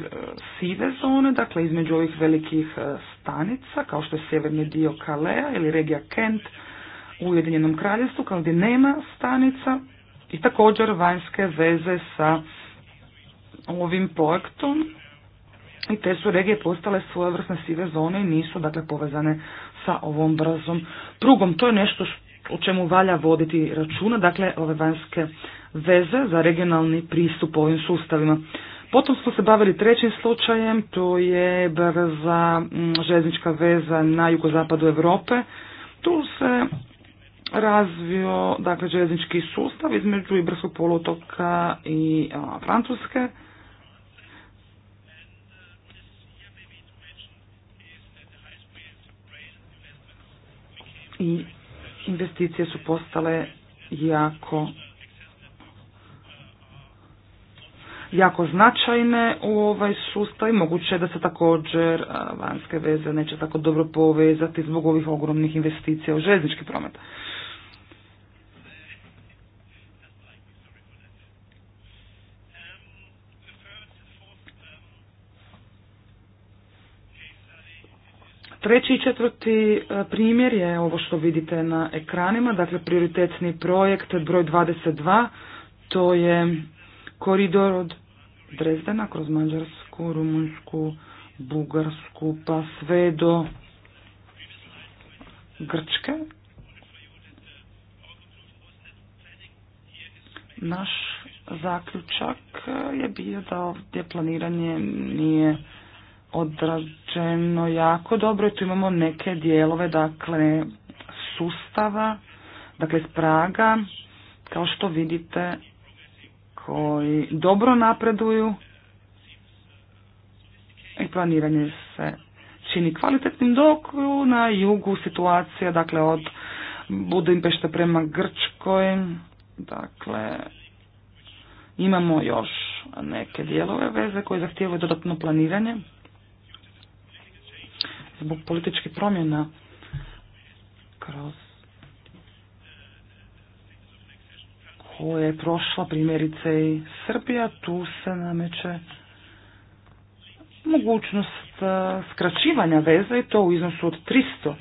sive zone, dakle između ovih velikih e, stanica, kao što je sjeverni dio Kalea ili regija Kent u Ujedinjenom kraljestvu, kao gdje nema stanica i također vanjske veze sa ovim projektom. I te su regije postale svojevrsne sive zone i nisu dakle povezane sa ovom brzom Drugom, To je nešto što o čemu valja voditi računa, dakle ove vanjske veze za regionalni pristup ovim sustavima. Potom smo se bavili trećim slučajem, to je brza željeznička veza na jugozapadu Europe. Tu se razvio dakle, željeznički sustav između Iberskog poluotoka i Francuske. I Investicije su postale jako jako značajne u ovaj sustav i moguće je da se također vanjske veze neće tako dobro povezati zbog ovih ogromnih investicija u željeznički promet. Treći i četvrti e, primjer je ovo što vidite na ekranima, dakle prioritetni projekt broj 22, to je koridor od Dresdena kroz Mađarsku, Rumunjsku, Bugarsku pa sve do Grčke. Naš zaključak je bio da ovdje planiranje nije odrađeno jako dobro i tu imamo neke dijelove dakle sustava, dakle spraga praga, kao što vidite koji dobro napreduju i planiranje se čini kvalitetnim dok na jugu situacija dakle od Budimpešte prema Grčkoj dakle imamo još neke dijelove veze koje zahtijevaju dodatno planiranje zbog političkih promjena kroz koje je prošla primjerice i Srbija, tu se nameće mogućnost e, skraćivanja veze i to u iznosu od 300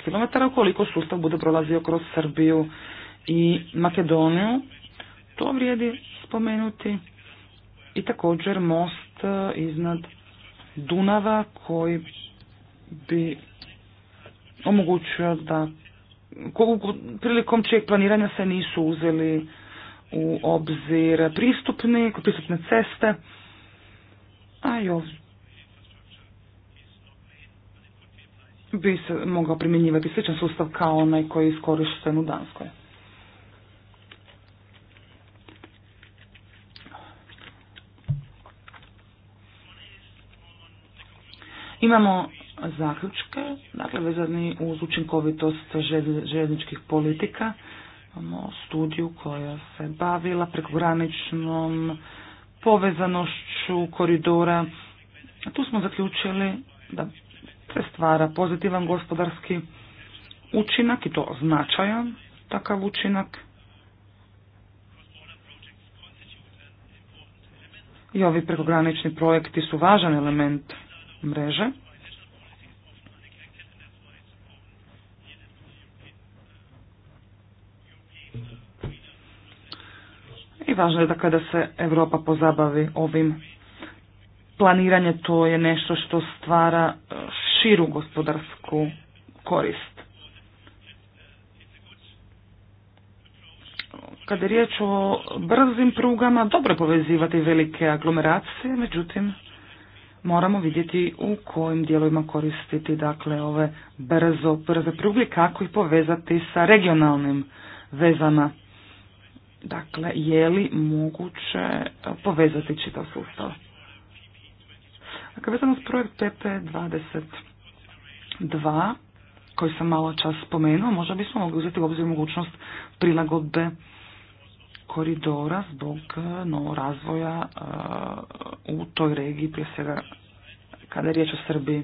km koliko sustav bude prolazio kroz Srbiju i Makedoniju. To vrijedi spomenuti i također most e, iznad Dunava koji bi omogućio da prilikom čijeg planiranja se nisu uzeli u obzir pristupni, pristupne ceste, a i bi se mogao primjenjivati sličan sustav kao onaj koji je iskorišten u Danskoj. Imamo zaključke, dakle vezani uz učinkovitost željezničkih politika, imamo studiju koja se bavila prekograničnom povezanošću koridora. Tu smo zaključili da se stvara pozitivan gospodarski učinak i to značajan takav učinak. I ovi prekogranični projekti su važan element mreže. Važno je dakle da se Europa pozabavi ovim planiranje, to je nešto što stvara e, širu gospodarsku korist. Kada je riječ o brzim prugama, dobro je povezivati velike aglomeracije, međutim moramo vidjeti u kojim dijelovima koristiti dakle ove brzo, brze pruge, kako ih povezati sa regionalnim vezama. Dakle, je li moguće povezati čitav sustav? Dakle, vezano s projekt PP22, koji sam malo čas spomenuo, možda bismo mogli uzeti u obzir mogućnost prilagodbe koridora zbog e, novog razvoja e, u toj regiji, prije svega kada je riječ o Srbiji.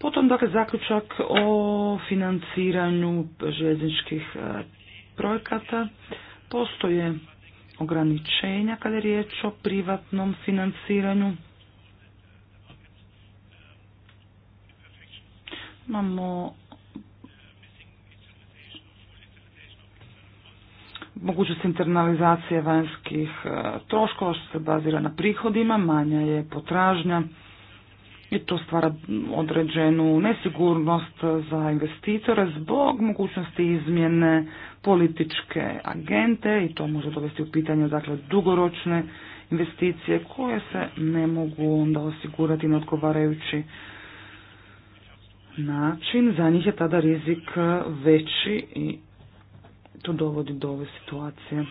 Potom, dakle, zaključak o financiranju željezničkih e, projekata postoje ograničenja kada je riječ o privatnom financiranju. Imamo mogućnost internalizacije vanjskih eh, troškova što se bazira na prihodima, manja je potražnja i to stvara određenu nesigurnost za investitore zbog mogućnosti izmjene političke agente i to može dovesti u pitanje dakle dugoročne investicije koje se ne mogu onda osigurati na odgovarajući način. Za njih je tada rizik veći i to dovodi do ove situacije.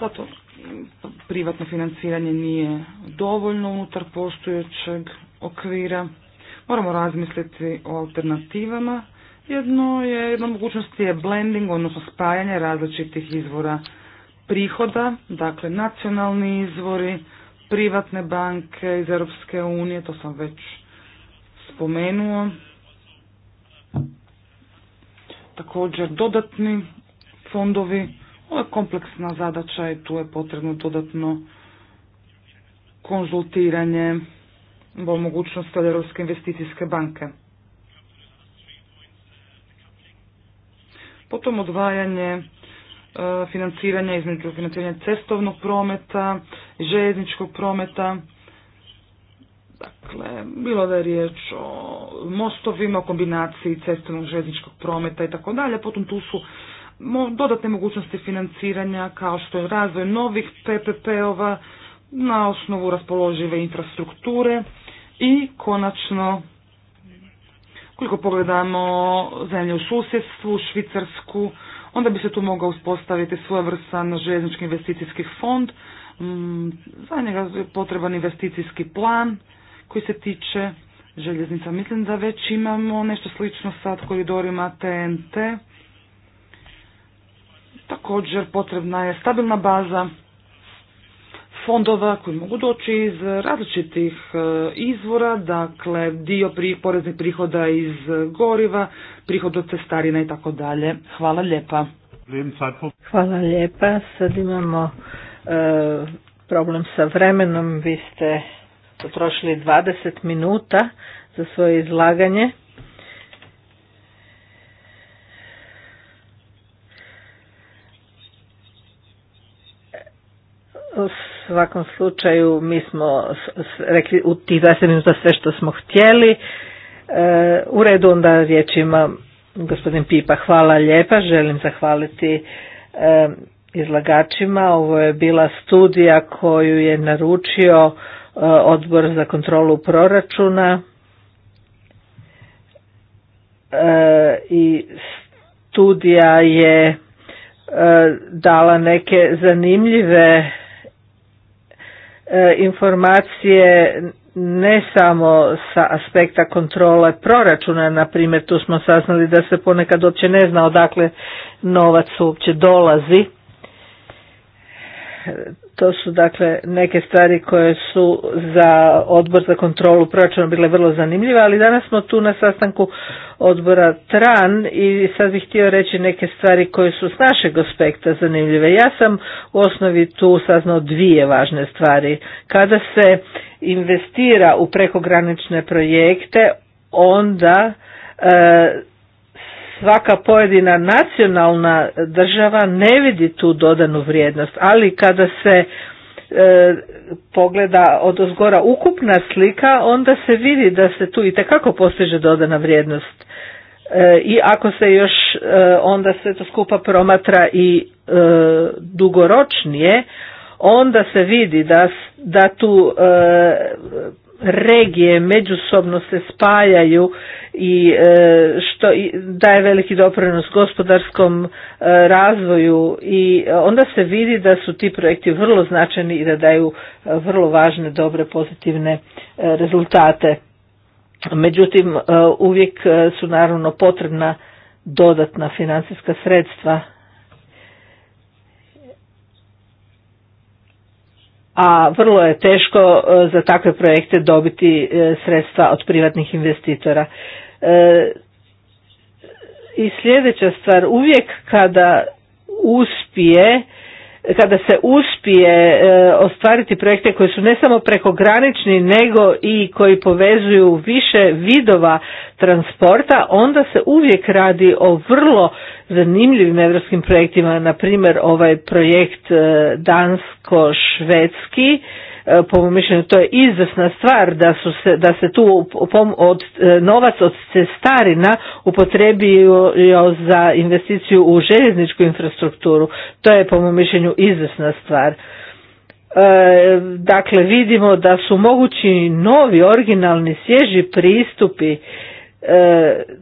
Zato privatno financiranje nije dovoljno unutar postojećeg okvira. Moramo razmisliti o alternativama. Jedno je, jedna mogućnost je blending, odnosno spajanje različitih izvora prihoda, dakle nacionalni izvori, privatne banke iz Europske unije, to sam već spomenuo. Također dodatni fondovi ovo je kompleksna zadaća i tu je potrebno dodatno konzultiranje o mogućnosti od Europske investicijske banke. Potom odvajanje e, financiranja između financiranja cestovnog prometa, željezničkog prometa, dakle, bilo da je riječ o mostovima, kombinaciji cestovnog željezničkog prometa i tako dalje, potom tu su dodatne mogućnosti financiranja kao što je razvoj novih PPP-ova na osnovu raspoložive infrastrukture i konačno koliko pogledamo zemlje u susjedstvu, Švicarsku, onda bi se tu mogao uspostaviti svojevrstan željeznički investicijski fond. Mm, za njega je potreban investicijski plan koji se tiče željeznica. Mislim da već imamo nešto slično sad koridorima TNT. Također potrebna je stabilna baza fondova koji mogu doći iz različitih e, izvora, dakle dio poreznih prihoda iz goriva, prihod od cestarina i tako dalje. Hvala lijepa. Hvala lijepa. Sad imamo e, problem sa vremenom. Vi ste potrošili 20 minuta za svoje izlaganje. U svakom slučaju mi smo rekli u tih 20 minuta sve što smo htjeli. E, u redu onda riječ ima gospodin Pipa. Hvala lijepa, želim zahvaliti e, izlagačima. Ovo je bila studija koju je naručio e, odbor za kontrolu proračuna i studija je dala neke zanimljive E, informacije ne samo sa aspekta kontrole proračuna, na primjer tu smo saznali da se ponekad uopće ne zna odakle novac uopće dolazi. To su dakle neke stvari koje su za odbor za kontrolu proračuna bile vrlo zanimljive, ali danas smo tu na sastanku odbora TRAN i sad bih htio reći neke stvari koje su s našeg aspekta zanimljive. Ja sam u osnovi tu saznao dvije važne stvari. Kada se investira u prekogranične projekte, onda e, svaka pojedina nacionalna država ne vidi tu dodanu vrijednost, ali kada se e, pogleda od ozgora ukupna slika, onda se vidi da se tu i tekako postiže dodana vrijednost. E, I ako se još e, onda sve to skupa promatra i dugoročnije, onda se vidi da, da tu regije međusobno se spajaju i e, što daje veliki doprinos gospodarskom e, razvoju i onda se vidi da su ti projekti vrlo značajni i da daju e, vrlo važne, dobre, pozitivne rezultate. Međutim, uvijek su naravno potrebna dodatna financijska sredstva a vrlo je teško e, za takve projekte dobiti e, sredstva od privatnih investitora. E, I sljedeća stvar, uvijek kada uspije kada se uspije e, ostvariti projekte koji su ne samo prekogranični nego i koji povezuju više vidova transporta, onda se uvijek radi o vrlo zanimljivim europskim projektima, na primjer ovaj projekt e, dansko-švedski E, po mom mišljenju to je izvrsna stvar da, su se, da se tu od, e, novac od cestarina upotrebio za investiciju u željezničku infrastrukturu. To je po mom mišljenju izvrsna stvar. E, dakle, vidimo da su mogući novi, originalni, svježi pristupi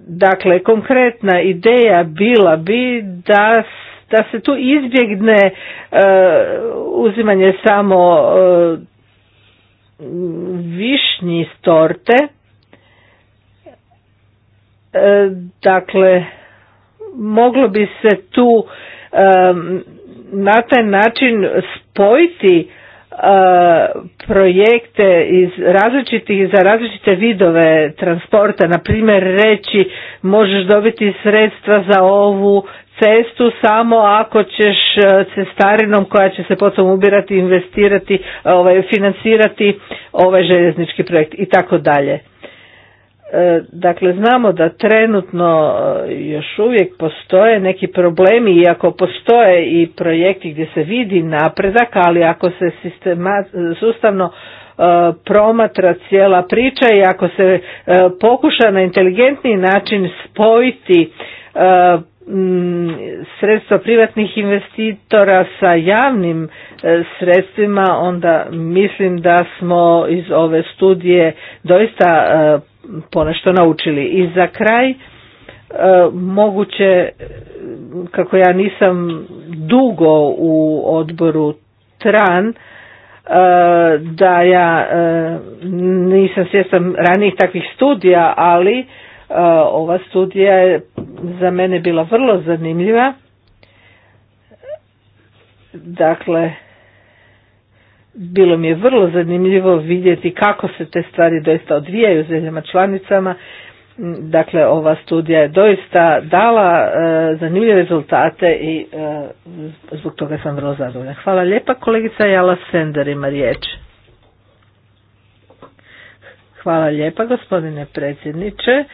dakle konkretna ideja bila bi da, da se tu izbjegne uzimanje samo višnji iz torte. E, dakle, moglo bi se tu na taj način spojiti e, projekte iz različitih za različite vidove transporta na primjer reći možeš dobiti sredstva za ovu cestu samo ako ćeš e, cestarinom koja će se potom ubirati, investirati, e, ovaj, financirati ovaj željeznički projekt i tako dalje. E, dakle, znamo da trenutno još uvijek postoje neki problemi, iako postoje i projekti gdje se vidi napredak, ali ako se sustavno promatra cijela priča i ako se pokuša na inteligentni način spojiti Mm, sredstva privatnih investitora sa javnim e, sredstvima, onda mislim da smo iz ove studije doista e, ponešto naučili. I za kraj, e, moguće, kako ja nisam dugo u odboru TRAN, da ja nisam svjestan ranijih takvih studija, ali Eh, ova studija je za mene bila vrlo zanimljiva. Dakle, bilo mi je vrlo zanimljivo vidjeti kako se te stvari doista odvijaju u zemljama članicama. Dakle, ova studija je doista dala eh, zanimljive rezultate i eh, zbog toga sam vrlo zadovoljna. Hvala lijepa. Kolegica Jala Sender ima riječ. Hvala lijepa gospodine predsjedniče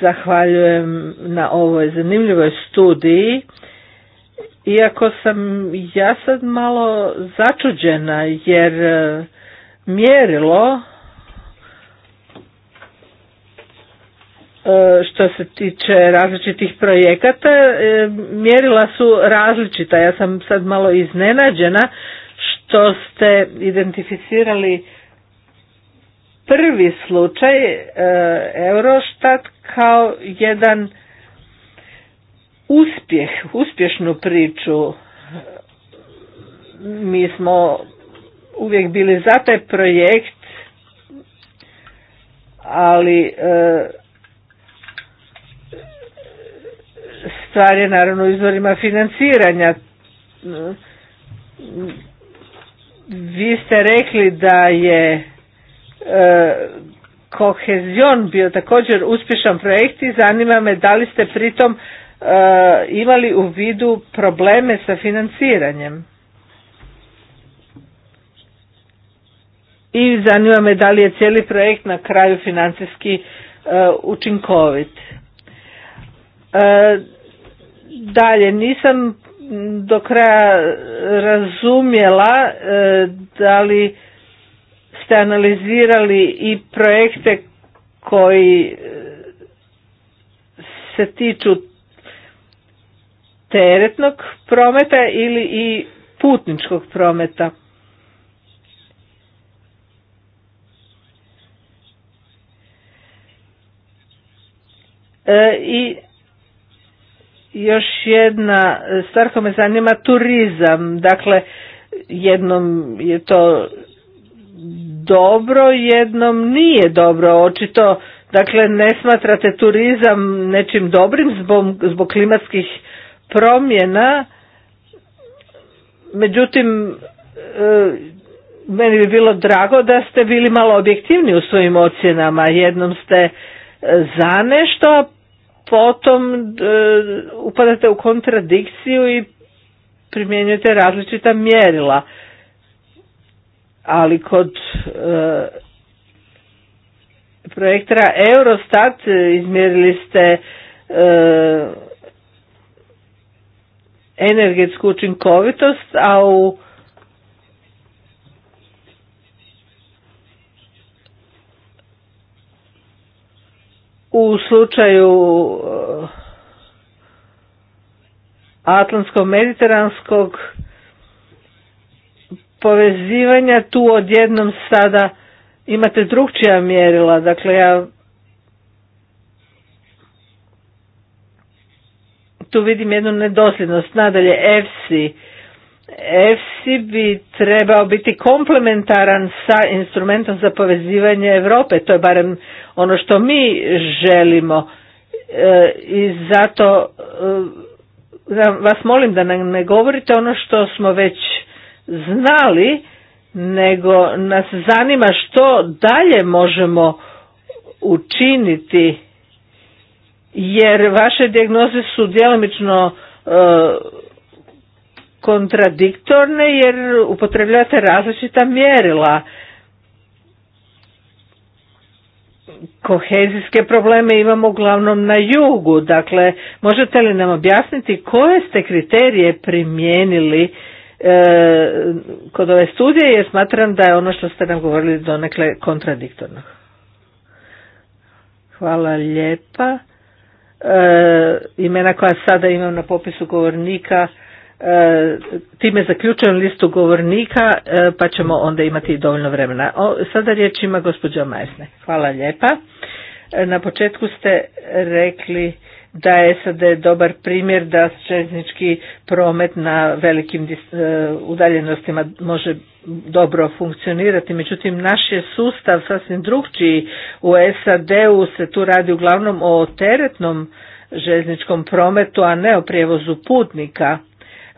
zahvaljujem na ovoj zanimljivoj studiji. Iako sam ja sad malo začuđena jer e, mjerilo e, što se tiče različitih projekata, e, mjerila su različita. Ja sam sad malo iznenađena što ste identificirali prvi slučaj e, Eurostat kao jedan uspjeh, uspješnu priču. Mi smo uvijek bili za taj projekt, ali e, stvar je naravno u izvorima financiranja. Vi ste rekli da je Eh, Kohezion bio također uspješan projekt i zanima me da li ste pritom eh, imali u vidu probleme sa financiranjem. I zanima me da li je cijeli projekt na kraju financijski eh, učinkovit. Dalje, nisam do kraja razumjela da li ste analizirali i projekte koji e, se tiču teretnog prometa ili i putničkog prometa. E, I još jedna stvar koja me zanima, turizam. Dakle, jednom je to dobro, jednom nije dobro. Očito, dakle, ne smatrate turizam nečim dobrim zbog, zbog klimatskih promjena. Međutim, e, meni bi bilo drago da ste bili malo objektivni u svojim ocjenama. Jednom ste e, za nešto, potom e, upadate u kontradikciju i primjenjujete različita mjerila ali kod e, projektora Eurostat izmjerili ste e, energetsku učinkovitost, a u u slučaju e, Atlantskog mediteranskog povezivanja tu odjednom sada imate drugčija mjerila. Dakle, ja tu vidim jednu nedosljednost. Nadalje, EFSI. EFSI bi trebao biti komplementaran sa instrumentom za povezivanje Europe. To je barem ono što mi želimo. E, I zato e, vas molim da nam ne govorite ono što smo već znali, nego nas zanima što dalje možemo učiniti, jer vaše dijagnoze su djelomično e, kontradiktorne jer upotrebljate različita mjerila. Kohezijske probleme imamo uglavnom na jugu, dakle možete li nam objasniti koje ste kriterije primijenili E, kod ove studije jer smatram da je ono što ste nam govorili donekle kontradiktorno. Hvala lijepa. E, imena koja sada imam na popisu govornika, e, time zaključujem listu govornika, e, pa ćemo onda imati dovoljno vremena. O, sada riječ ima gospođa Majsne. Hvala lijepa. E, na početku ste rekli da je SAD dobar primjer da željeznički promet na velikim e, udaljenostima može dobro funkcionirati. Međutim, naš je sustav sasvim drugčiji. U SAD-u se tu radi uglavnom o teretnom željezničkom prometu, a ne o prijevozu putnika.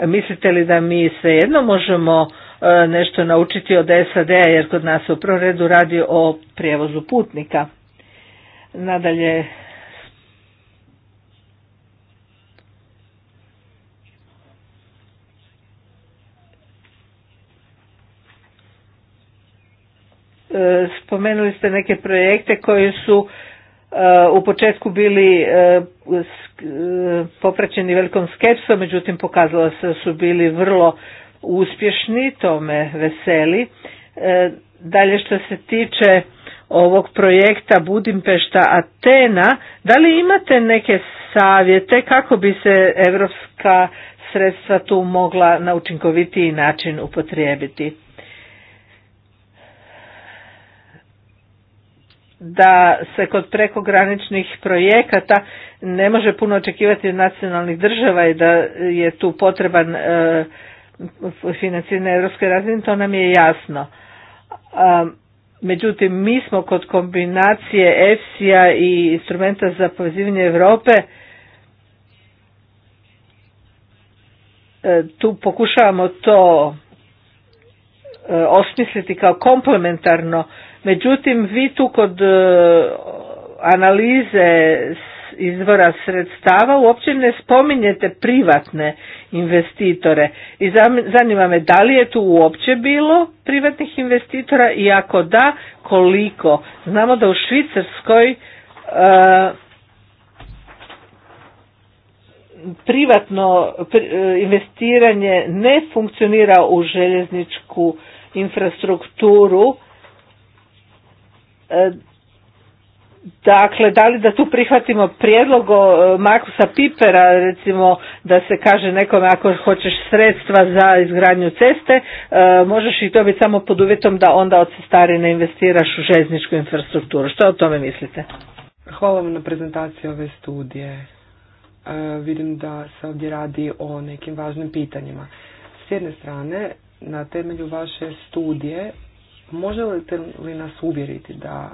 Mislite li da mi svejedno možemo e, nešto naučiti od SAD-a jer kod nas u prvom redu radi o prijevozu putnika? Nadalje, E, spomenuli ste neke projekte koji su e, u početku bili e, popraćeni velikom skepsom, međutim pokazalo se da su bili vrlo uspješni, to me veseli. Dalje što se tiče ovog projekta Budimpešta Atena, da li imate neke savjete kako bi se evropska sredstva tu mogla na učinkovitiji način upotrijebiti? da se kod prekograničnih projekata ne može puno očekivati od nacionalnih država i da je tu potreban e, financiranje europske razine, to nam je jasno. E, međutim, mi smo kod kombinacije EFSI-a i instrumenta za povezivanje Europe e, tu pokušavamo to e, osmisliti kao komplementarno Međutim, vi tu kod e, analize izvora sredstava uopće ne spominjete privatne investitore i zanima me da li je tu uopće bilo privatnih investitora i ako da koliko znamo da u švicarskoj e, privatno e, investiranje ne funkcionira u željezničku infrastrukturu E, dakle, da li da tu prihvatimo prijedlog e, Markusa Pipera, recimo da se kaže nekome ako hoćeš sredstva za izgradnju ceste, e, možeš i to biti samo pod uvjetom da onda od cestarine investiraš u željezničku infrastrukturu. Što o tome mislite? Hvala vam na prezentaciji ove studije. vidim da se ovdje radi o nekim važnim pitanjima. S jedne strane, na temelju vaše studije Možete li nas uvjeriti da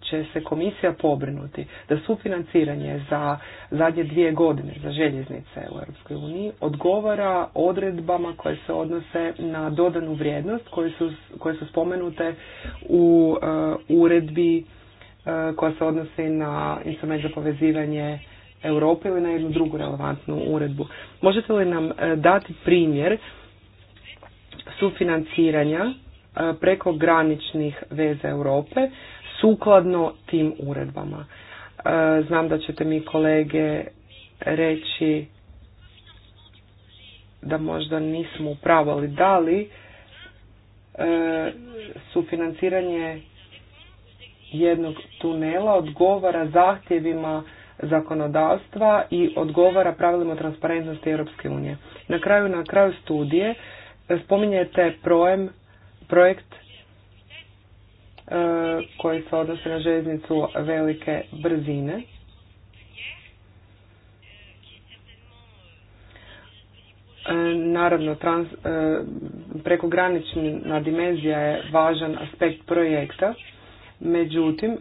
će se komisija pobrinuti da sufinanciranje za zadnje dvije godine za željeznice u EU odgovara odredbama koje se odnose na dodanu vrijednost koje su, koje su spomenute u uh, uredbi uh, koja se odnosi na instrument za povezivanje Europe ili na jednu drugu relevantnu uredbu. Možete li nam uh, dati primjer sufinanciranja E, graničnih veza Europe sukladno tim uredbama. E, znam da ćete mi kolege reći da možda nismo upravali. ali da li e, sufinanciranje jednog tunela odgovara zahtjevima zakonodavstva i odgovara pravilima transparentnosti Europske unije. Na kraju, na kraju studije spominjete projem Projekt e, koji se odnosi na željeznicu velike brzine. E, naravno, trans, e, prekogranična dimenzija je važan aspekt projekta, međutim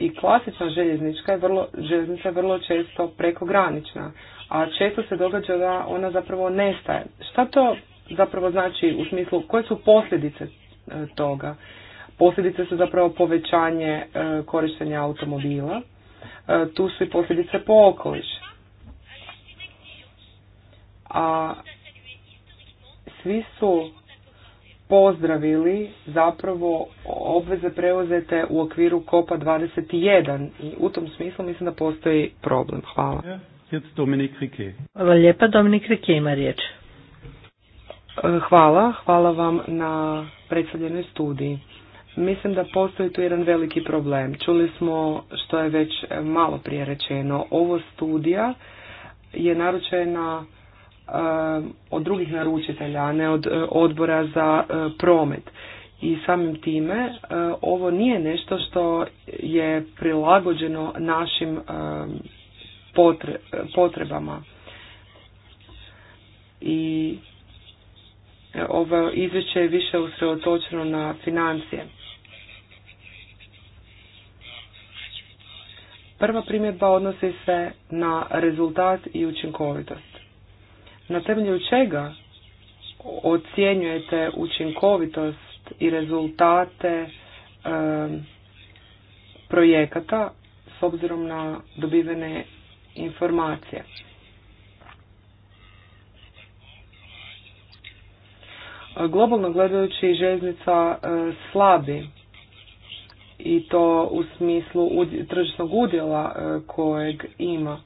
i klasična željeznička je vrlo, željeznica je vrlo često prekogranična, a često se događa da ona zapravo nestaje. Šta to zapravo znači u smislu koje su posljedice E, toga. Posljedice su zapravo povećanje e, korištenja automobila. E, tu su i posljedice po okoliš. A svi su pozdravili zapravo obveze preuzete u okviru Kopa 21 i u tom smislu mislim da postoji problem. Hvala. Hvala lijepa, Dominik Rike ima riječ. Hvala, hvala vam na predstavljenoj studiji. Mislim da postoji tu jedan veliki problem. Čuli smo što je već malo prije rečeno. Ovo studija je naručena eh, od drugih naručitelja, a ne od eh, odbora za eh, promet. I samim time ovo nije nešto što je prilagođeno našim potrebama. I ovo izvješće je više usredotočeno na financije. Prva primjedba odnosi se na rezultat i učinkovitost. Na temelju čega ocjenjujete učinkovitost i rezultate projekata s obzirom na dobivene informacije? globalno gledajući željeznica e, slabi i to u smislu tržišnog udjela e, kojeg ima.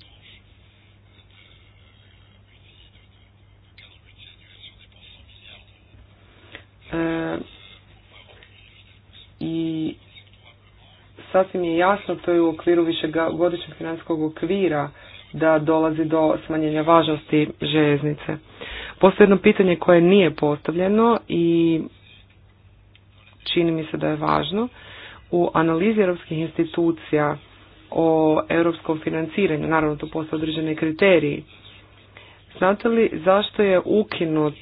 E, I sasvim je jasno, to je u okviru višegodišnjeg financijskog okvira da dolazi do smanjenja važnosti željeznice. Postoji jedno pitanje koje nije postavljeno i čini mi se da je važno. U analizi europskih institucija o europskom financiranju, naravno to postoje određeni kriteriji, znate li zašto je ukinut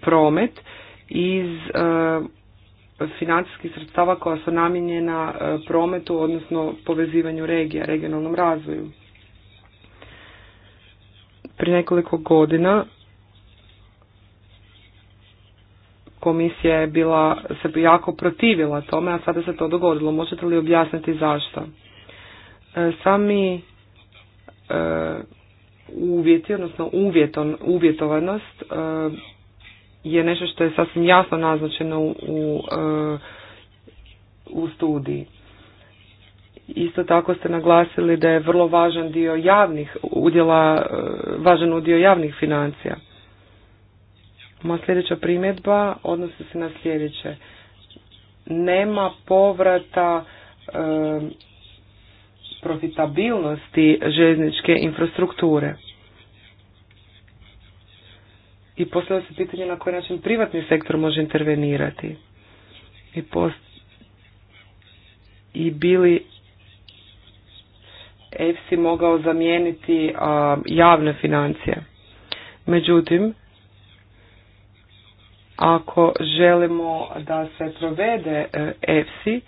promet iz financijskih sredstava koja su namijenjena prometu, odnosno povezivanju regija, regionalnom razvoju? Prije nekoliko godina komisija je bila, se jako protivila tome, a sada se to dogodilo. Možete li objasniti zašto? E, sami e, uvjeti, odnosno uvjeton, uvjetovanost e, je nešto što je sasvim jasno naznačeno u, u studiji. Isto tako ste naglasili da je vrlo važan dio javnih udjela, e, važan udio javnih financija. Moja sljedeća primjedba odnosi se na sljedeće. Nema povrata e, profitabilnosti željezničke infrastrukture. I postavlja se pitanje na koji način privatni sektor može intervenirati. I, post... I bili EFSI mogao zamijeniti javne financije. Međutim, ako želimo da se provede EFSI, e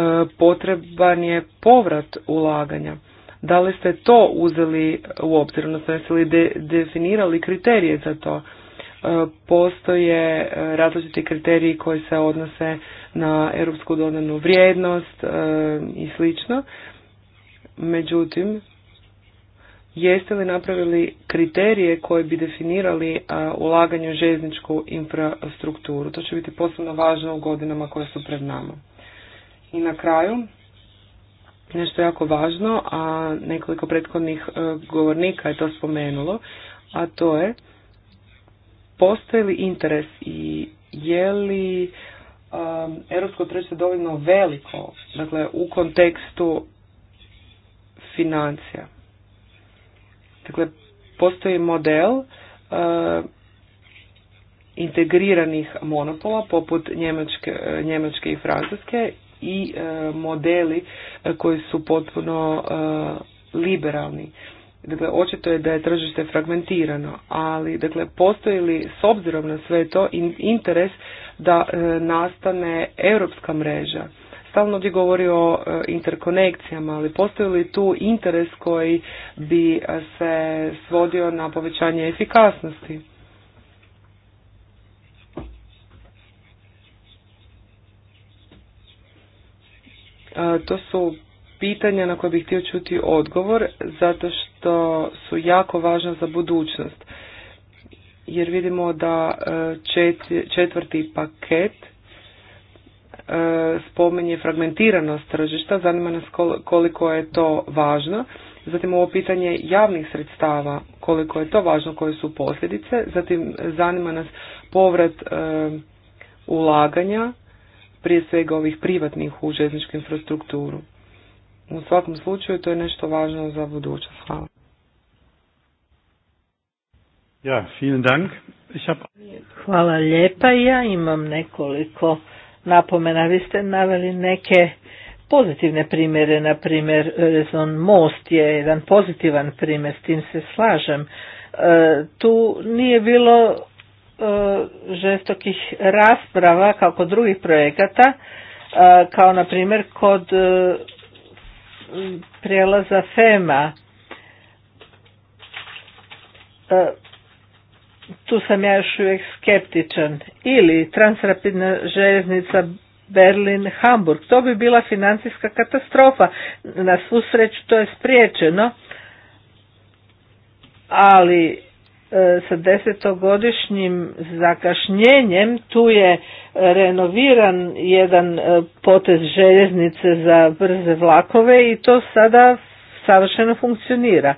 e, potreban je povrat ulaganja. Da li ste to uzeli u obzir, odnosno jeste li de definirali kriterije za to? E, postoje različiti kriteriji koji se odnose na europsku dodanu vrijednost i slično. Međutim, jeste li napravili kriterije koji bi definirali ulaganje u željezničku infrastrukturu? To će biti posebno važno u godinama koje su pred nama. I na kraju, nešto jako važno, a nekoliko prethodnih e, govornika je to spomenulo, a to je postoji li interes i je li e, europsko tržište dovoljno veliko, dakle u kontekstu financija. Dakle, postoji model e, integriranih monopola poput Njemačke, Njemačke i Francuske i e, modeli e, koji su potpuno liberalni. Dakle, očito je da je tržište fragmentirano, ali dakle, postoji li s obzirom na sve to interes da nastane europska mreža? stalno ovdje govori o e, interkonekcijama, ali postoji li tu interes koji bi e, se svodio na povećanje efikasnosti? E, to su pitanja na koje bih htio čuti odgovor, zato što su jako važna za budućnost. Jer vidimo da četvrti paket spominje fragmentiranost tržišta, zanima nas koliko je to važno. Zatim ovo pitanje javnih sredstava, koliko je to važno, koje su posljedice. Zatim zanima nas povrat e, ulaganja, prije svega ovih privatnih u željezničku infrastrukturu. U svakom slučaju to je nešto važno za budućnost. Hvala. Ja, vielen Dank. Ich Hvala lijepa. Ja imam nekoliko napomena. Vi ste naveli neke pozitivne primjere, na primjer e, Rezon Most je jedan pozitivan primjer, s tim se slažem. E, tu nije bilo e, žestokih rasprava kao kod drugih projekata, kao na primjer kod prijelaza FEMA tu sam ja još uvijek skeptičan. Ili transrapidna željeznica Berlin-Hamburg. To bi bila financijska katastrofa. Na svu sreću to je spriječeno. Ali e, sa desetogodišnjim zakašnjenjem tu je renoviran jedan e, potez željeznice za brze vlakove i to sada savršeno funkcionira.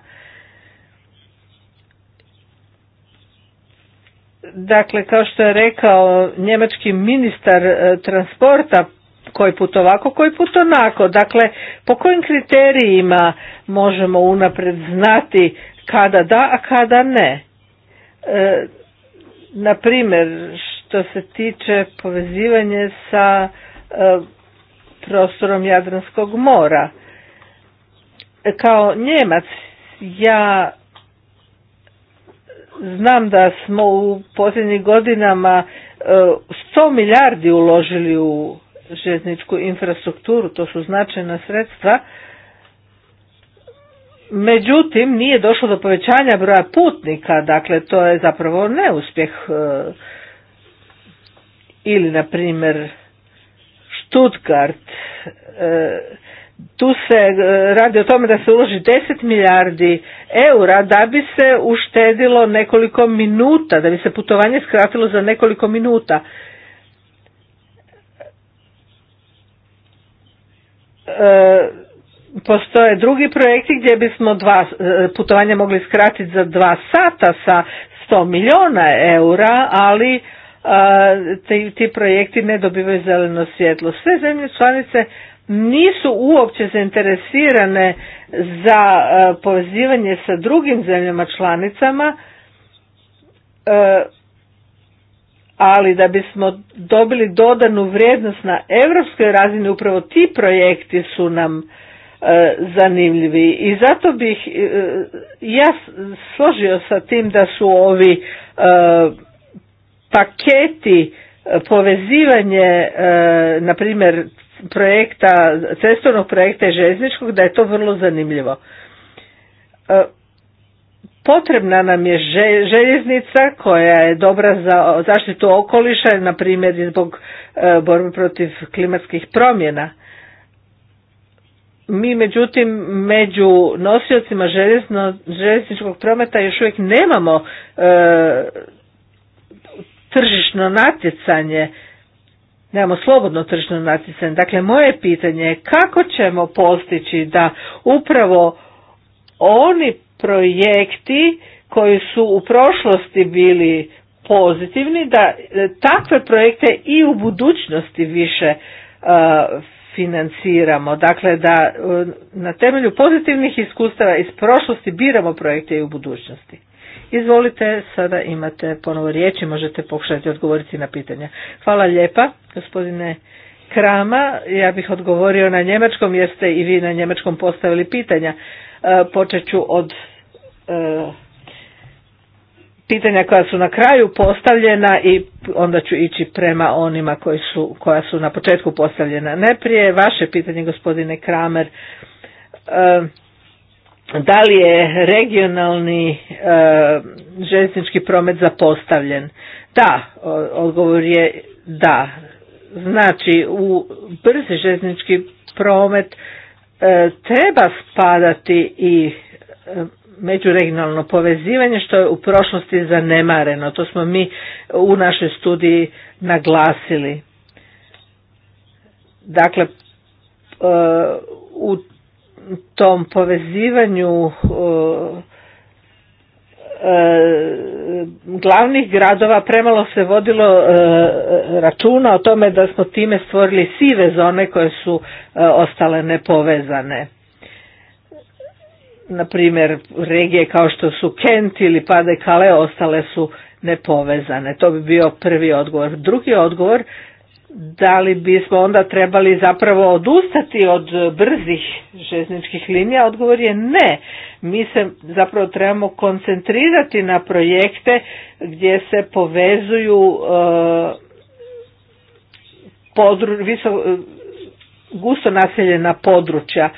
Dakle, kao što je rekao njemački ministar e, transporta, koji put ovako, koji put onako. Dakle, po kojim kriterijima možemo unapred znati kada da, a kada ne? E, što se tiče povezivanje sa e, prostorom Jadranskog mora. E, kao Njemac ja Znam da smo u posljednjih godinama 100 e, milijardi uložili u željezničku infrastrukturu, to su značajna sredstva. Međutim, nije došlo do povećanja broja putnika, dakle to je zapravo neuspjeh. E, ili, na primjer, Stuttgart e, tu se e, radi o tome da se uloži 10 milijardi eura da bi se uštedilo nekoliko minuta, da bi se putovanje skratilo za nekoliko minuta. E, postoje drugi projekti gdje bismo dva e, putovanja mogli skratiti za dva sata sa 100 milijuna eura, ali ti, ti projekti ne dobivaju zeleno svjetlo. Sve zemlje članice nisu uopće zainteresirane za e, povezivanje sa drugim zemljama članicama, e, ali da bismo dobili dodanu vrijednost na europskoj razini, upravo ti projekti su nam e, zanimljivi i zato bih ja složio sa tim da su ovi paketi povezivanje na primjer projekta, cestovnog projekta i željezničkog da je to vrlo zanimljivo. E, potrebna nam je željeznica koja je dobra za zaštitu okoliša, na primjer i zbog e, borbe protiv klimatskih promjena. Mi međutim među nosiocima željezničkog prometa još uvijek nemamo e, tržišno natjecanje nemamo slobodno tržno natjecanje. Dakle, moje pitanje je kako ćemo postići da upravo oni projekti koji su u prošlosti bili pozitivni, da e, takve projekte i u budućnosti više e, financiramo. Dakle, da e, na temelju pozitivnih iskustava iz prošlosti biramo projekte i u budućnosti. Izvolite, sada imate ponovo riječ i možete pokušati odgovoriti na pitanja. Hvala lijepa, gospodine Krama. Ja bih odgovorio na njemačkom jer ste i vi na njemačkom postavili pitanja. E, počet ću od e, pitanja koja su na kraju postavljena i onda ću ići prema onima koji su, koja su na početku postavljena. Najprije vaše pitanje, gospodine Kramer. E, da li je regionalni e, željeznički promet zapostavljen? Da, odgovor je da. Znači, u brzi željeznički promet e, treba spadati i e, međuregionalno povezivanje što je u prošlosti zanemareno. To smo mi u našoj studiji naglasili. Dakle, e, u tom povezivanju uh, uh, glavnih gradova premalo se vodilo uh, računa o tome da smo time stvorili sive zone koje su ostale nepovezane. Na regije kao što su Kent ili Pade Kale ostale su nepovezane. To bi bio prvi odgovor. Drugi odgovor da li bismo onda trebali zapravo odustati od brzih željezničkih linija? Odgovor je ne. Mi se zapravo trebamo koncentrirati na projekte gdje se povezuju e, e, gusto naseljena područja. E,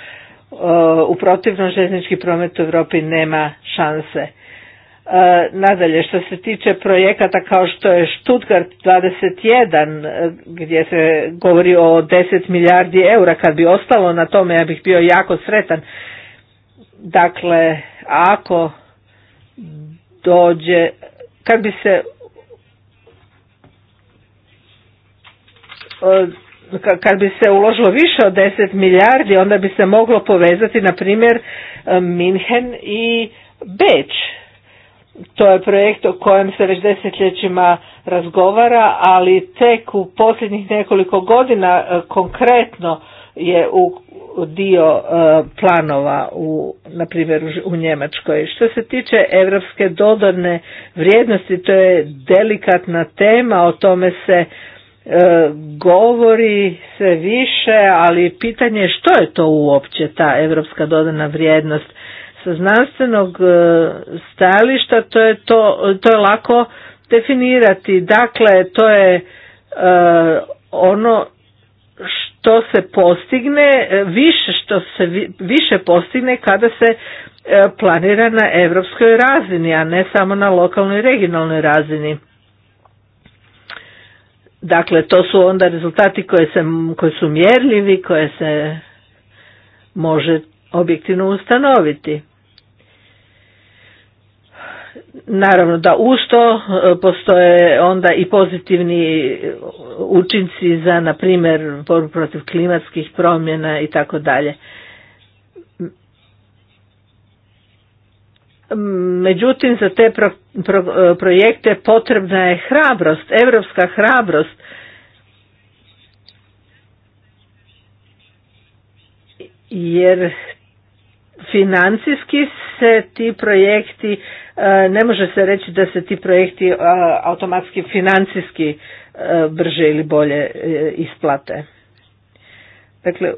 u protivnom željeznički promet u Europi nema šanse. E, nadalje, što se tiče projekata kao što je Stuttgart 21, e, gdje se govori o 10 milijardi eura, kad bi ostalo na tome, ja bih bio jako sretan. Dakle, ako dođe, kad bi se e, kad bi se uložilo više od 10 milijardi, onda bi se moglo povezati, na primjer, Minhen i Beč to je projekt o kojem se već desetljećima razgovara, ali tek u posljednjih nekoliko godina e, konkretno je u dio e, planova u na primjer u Njemačkoj. Što se tiče europske dodane vrijednosti, to je delikatna tema, o tome se e, govori se više, ali pitanje je što je to uopće ta europska dodana vrijednost sa znanstvenog e, stajališta to je, to, to je lako definirati. Dakle, to je e, ono što se postigne, e, više što se više postigne kada se planira na europskoj razini, a ne samo na lokalnoj i regionalnoj razini. Dakle, to su onda rezultati koje, se, koje su mjerljivi, koje se može objektivno ustanoviti. Naravno da uz to e, postoje onda i pozitivni učinci za, na primjer, borbu protiv klimatskih promjena i tako dalje. Međutim, za te pro, e, projekte potrebna je hrabrost, evropska hrabrost. Jer financijski se ti projekti E, ne može se reći da se ti projekti e, automatski financijski e, brže ili bolje isplate. Dakle,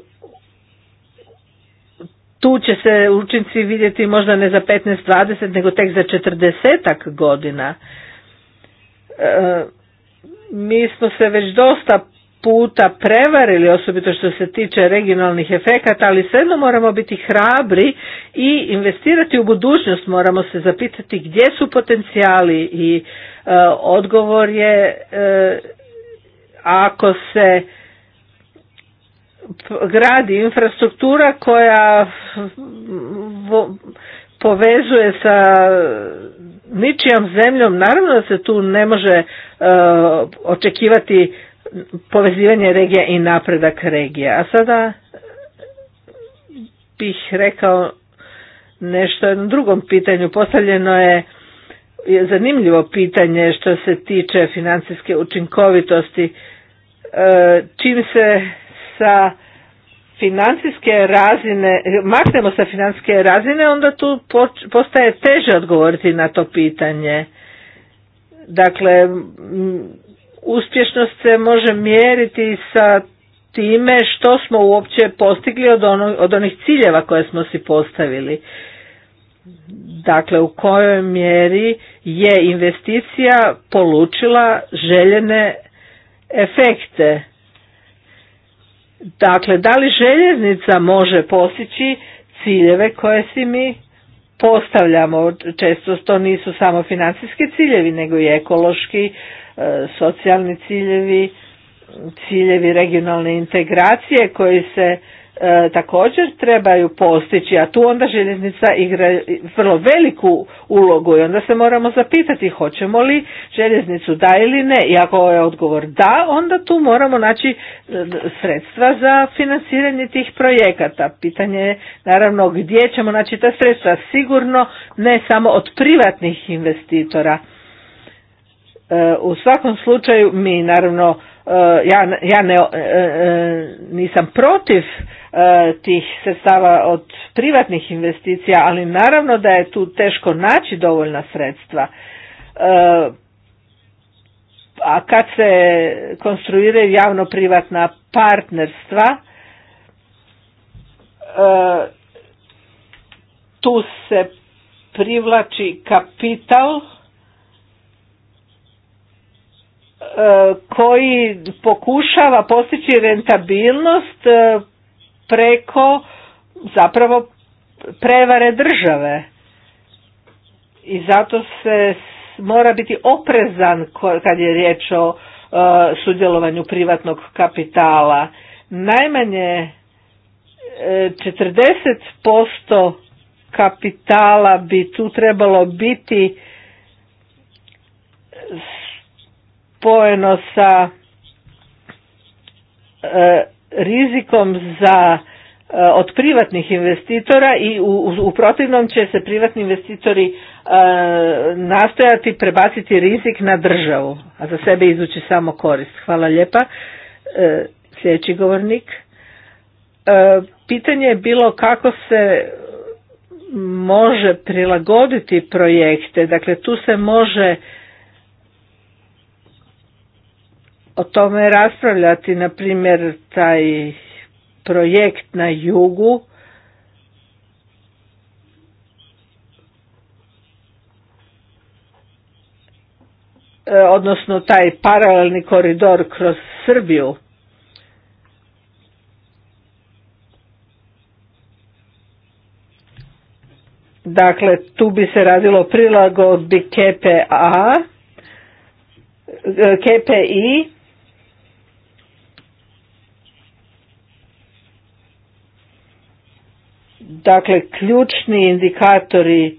tu će se učinci vidjeti možda ne za 15-20, nego tek za 40 godina. Mi smo se već dosta puta prevarili, osobito što se tiče regionalnih efekata, ali svejedno moramo biti hrabri i investirati u budućnost. Moramo se zapitati gdje su potencijali i e, odgovor je e, ako se gradi infrastruktura koja povezuje sa ničijom zemljom, naravno da se tu ne može e, očekivati povezivanje regija i napredak regija. A sada bih rekao nešto na drugom pitanju. Postavljeno je je zanimljivo pitanje što se tiče financijske učinkovitosti. E, čim se sa financijske razine, maknemo sa financijske razine, onda tu postaje teže odgovoriti na to pitanje. Dakle, uspješnost se može mjeriti sa time što smo uopće postigli od, ono, od onih ciljeva koje smo si postavili. Dakle, u kojoj mjeri je investicija polučila željene efekte. Dakle, da li željeznica može postići ciljeve koje si mi postavljamo? Često to nisu samo financijski ciljevi, nego i ekološki, E, socijalni ciljevi, ciljevi regionalne integracije koji se e, također trebaju postići, a tu onda željeznica igra vrlo veliku ulogu i onda se moramo zapitati hoćemo li željeznicu da ili ne i ako je odgovor da, onda tu moramo naći e, sredstva za financiranje tih projekata. Pitanje je naravno gdje ćemo naći ta sredstva, sigurno ne samo od privatnih investitora. E, u svakom slučaju mi naravno e, ja, ja ne, e, nisam protiv tih sredstava od privatnih investicija, ali naravno da je tu teško naći dovoljna sredstva. A kad se konstruiraju javno-privatna partnerstva, tu se privlači kapital E, koji pokušava postići rentabilnost e, preko zapravo prevare države. I zato se mora biti oprezan kad je riječ o e, sudjelovanju privatnog kapitala. Najmanje 40% kapitala bi tu trebalo biti spojeno sa e, rizikom za e, od privatnih investitora i u, u protivnom će se privatni investitori e, nastojati prebaciti rizik na državu, a za sebe izvući samo korist. Hvala lijepa. Sljedeći govornik. Pitanje je bilo kako se može prilagoditi projekte, dakle tu se može o tome raspravljati, na primjer taj projekt na jugu, e, odnosno taj paralelni koridor kroz Srbiju. Dakle, tu bi se radilo prilagodbi KPA, KPI Dakle, ključni indikatori e,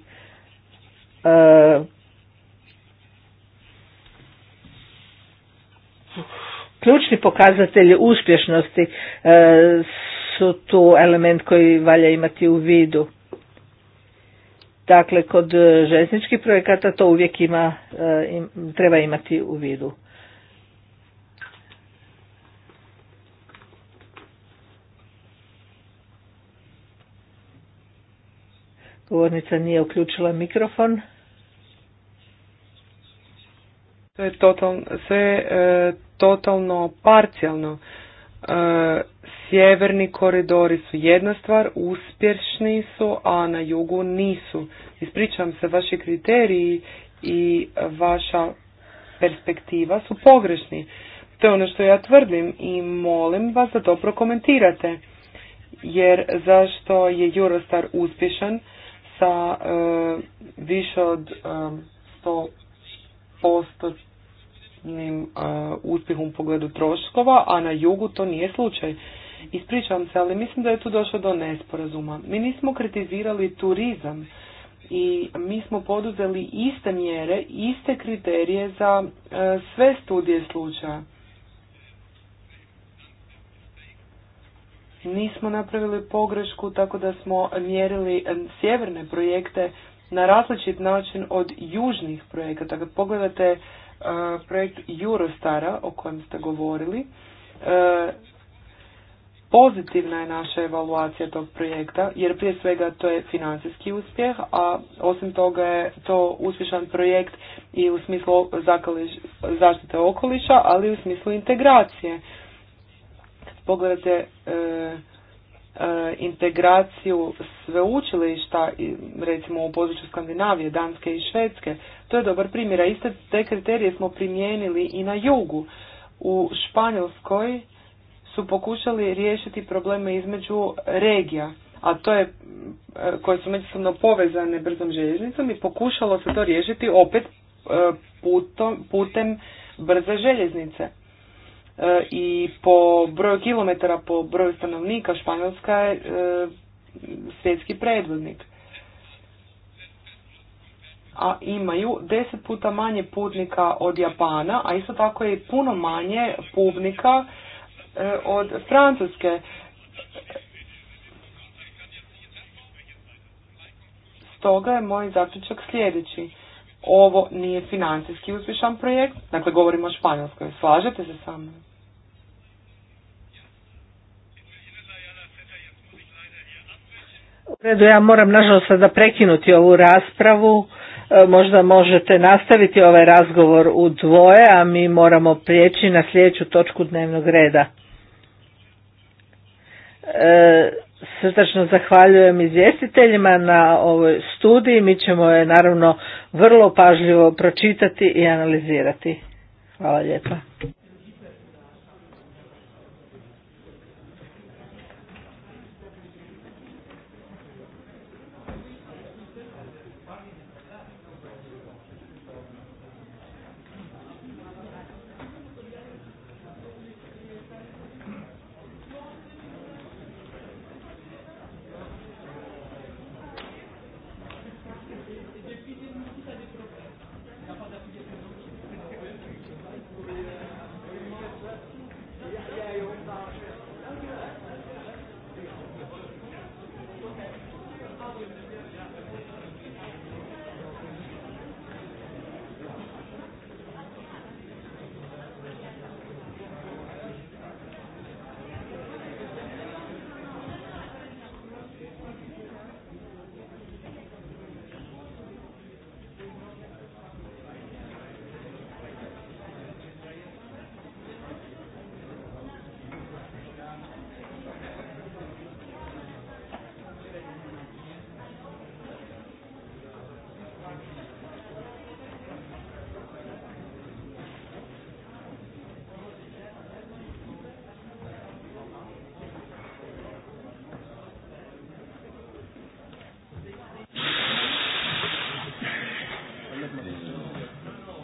ključni pokazatelji uspješnosti e, su tu element koji valja imati u vidu. Dakle, kod željezničkih projekata to uvijek ima, e, treba imati u vidu. Govornica nije uključila mikrofon. to je totalno, sve e, totalno parcijalno. E, sjeverni koridori su jedna stvar, uspješni su, a na jugu nisu. Ispričavam se, vaši kriteriji i vaša perspektiva su pogrešni. To je ono što ja tvrdim i molim vas da to prokomentirate. Jer zašto je Eurostar uspješan? sa e, više od 100 e, postotnim e, uspjehom u pogledu troškova, a na jugu to nije slučaj. Ispričavam se, ali mislim da je tu došlo do nesporazuma. Mi nismo kritizirali turizam i mi smo poduzeli iste mjere, iste kriterije za sve studije slučaja. nismo napravili pogrešku tako da smo mjerili sjeverne projekte na različit način od južnih projekata. Kad pogledate e, projekt Eurostara o kojem ste govorili, e, pozitivna je naša evaluacija tog projekta, jer prije svega to je financijski uspjeh, a osim toga je to uspješan projekt i u smislu zaštite okoliša, ali i u smislu integracije pogledate e, e, integraciju sveučilišta, recimo u području Skandinavije, Danske i Švedske, to je dobar primjer. A iste te kriterije smo primijenili i na jugu. U Španjolskoj su pokušali riješiti probleme između regija, a to je e, koje su međusobno povezane brzom željeznicom i pokušalo se to riješiti opet putem brze željeznice. E, i po broju kilometara, po broju stanovnika Španjolska je e, svjetski predvodnik. A imaju deset puta manje putnika od Japana, a isto tako je puno manje putnika e, od Francuske. Stoga je moj zaključak sljedeći ovo nije financijski uspješan projekt, dakle govorimo o Španjolskoj, slažete se sa mnom? U redu, ja moram nažalost sada prekinuti ovu raspravu. E, možda možete nastaviti ovaj razgovor u dvoje, a mi moramo prijeći na sljedeću točku dnevnog reda. E, srdačno zahvaljujem izvjestiteljima na ovoj studiji. Mi ćemo je naravno vrlo pažljivo pročitati i analizirati. Hvala lijepa.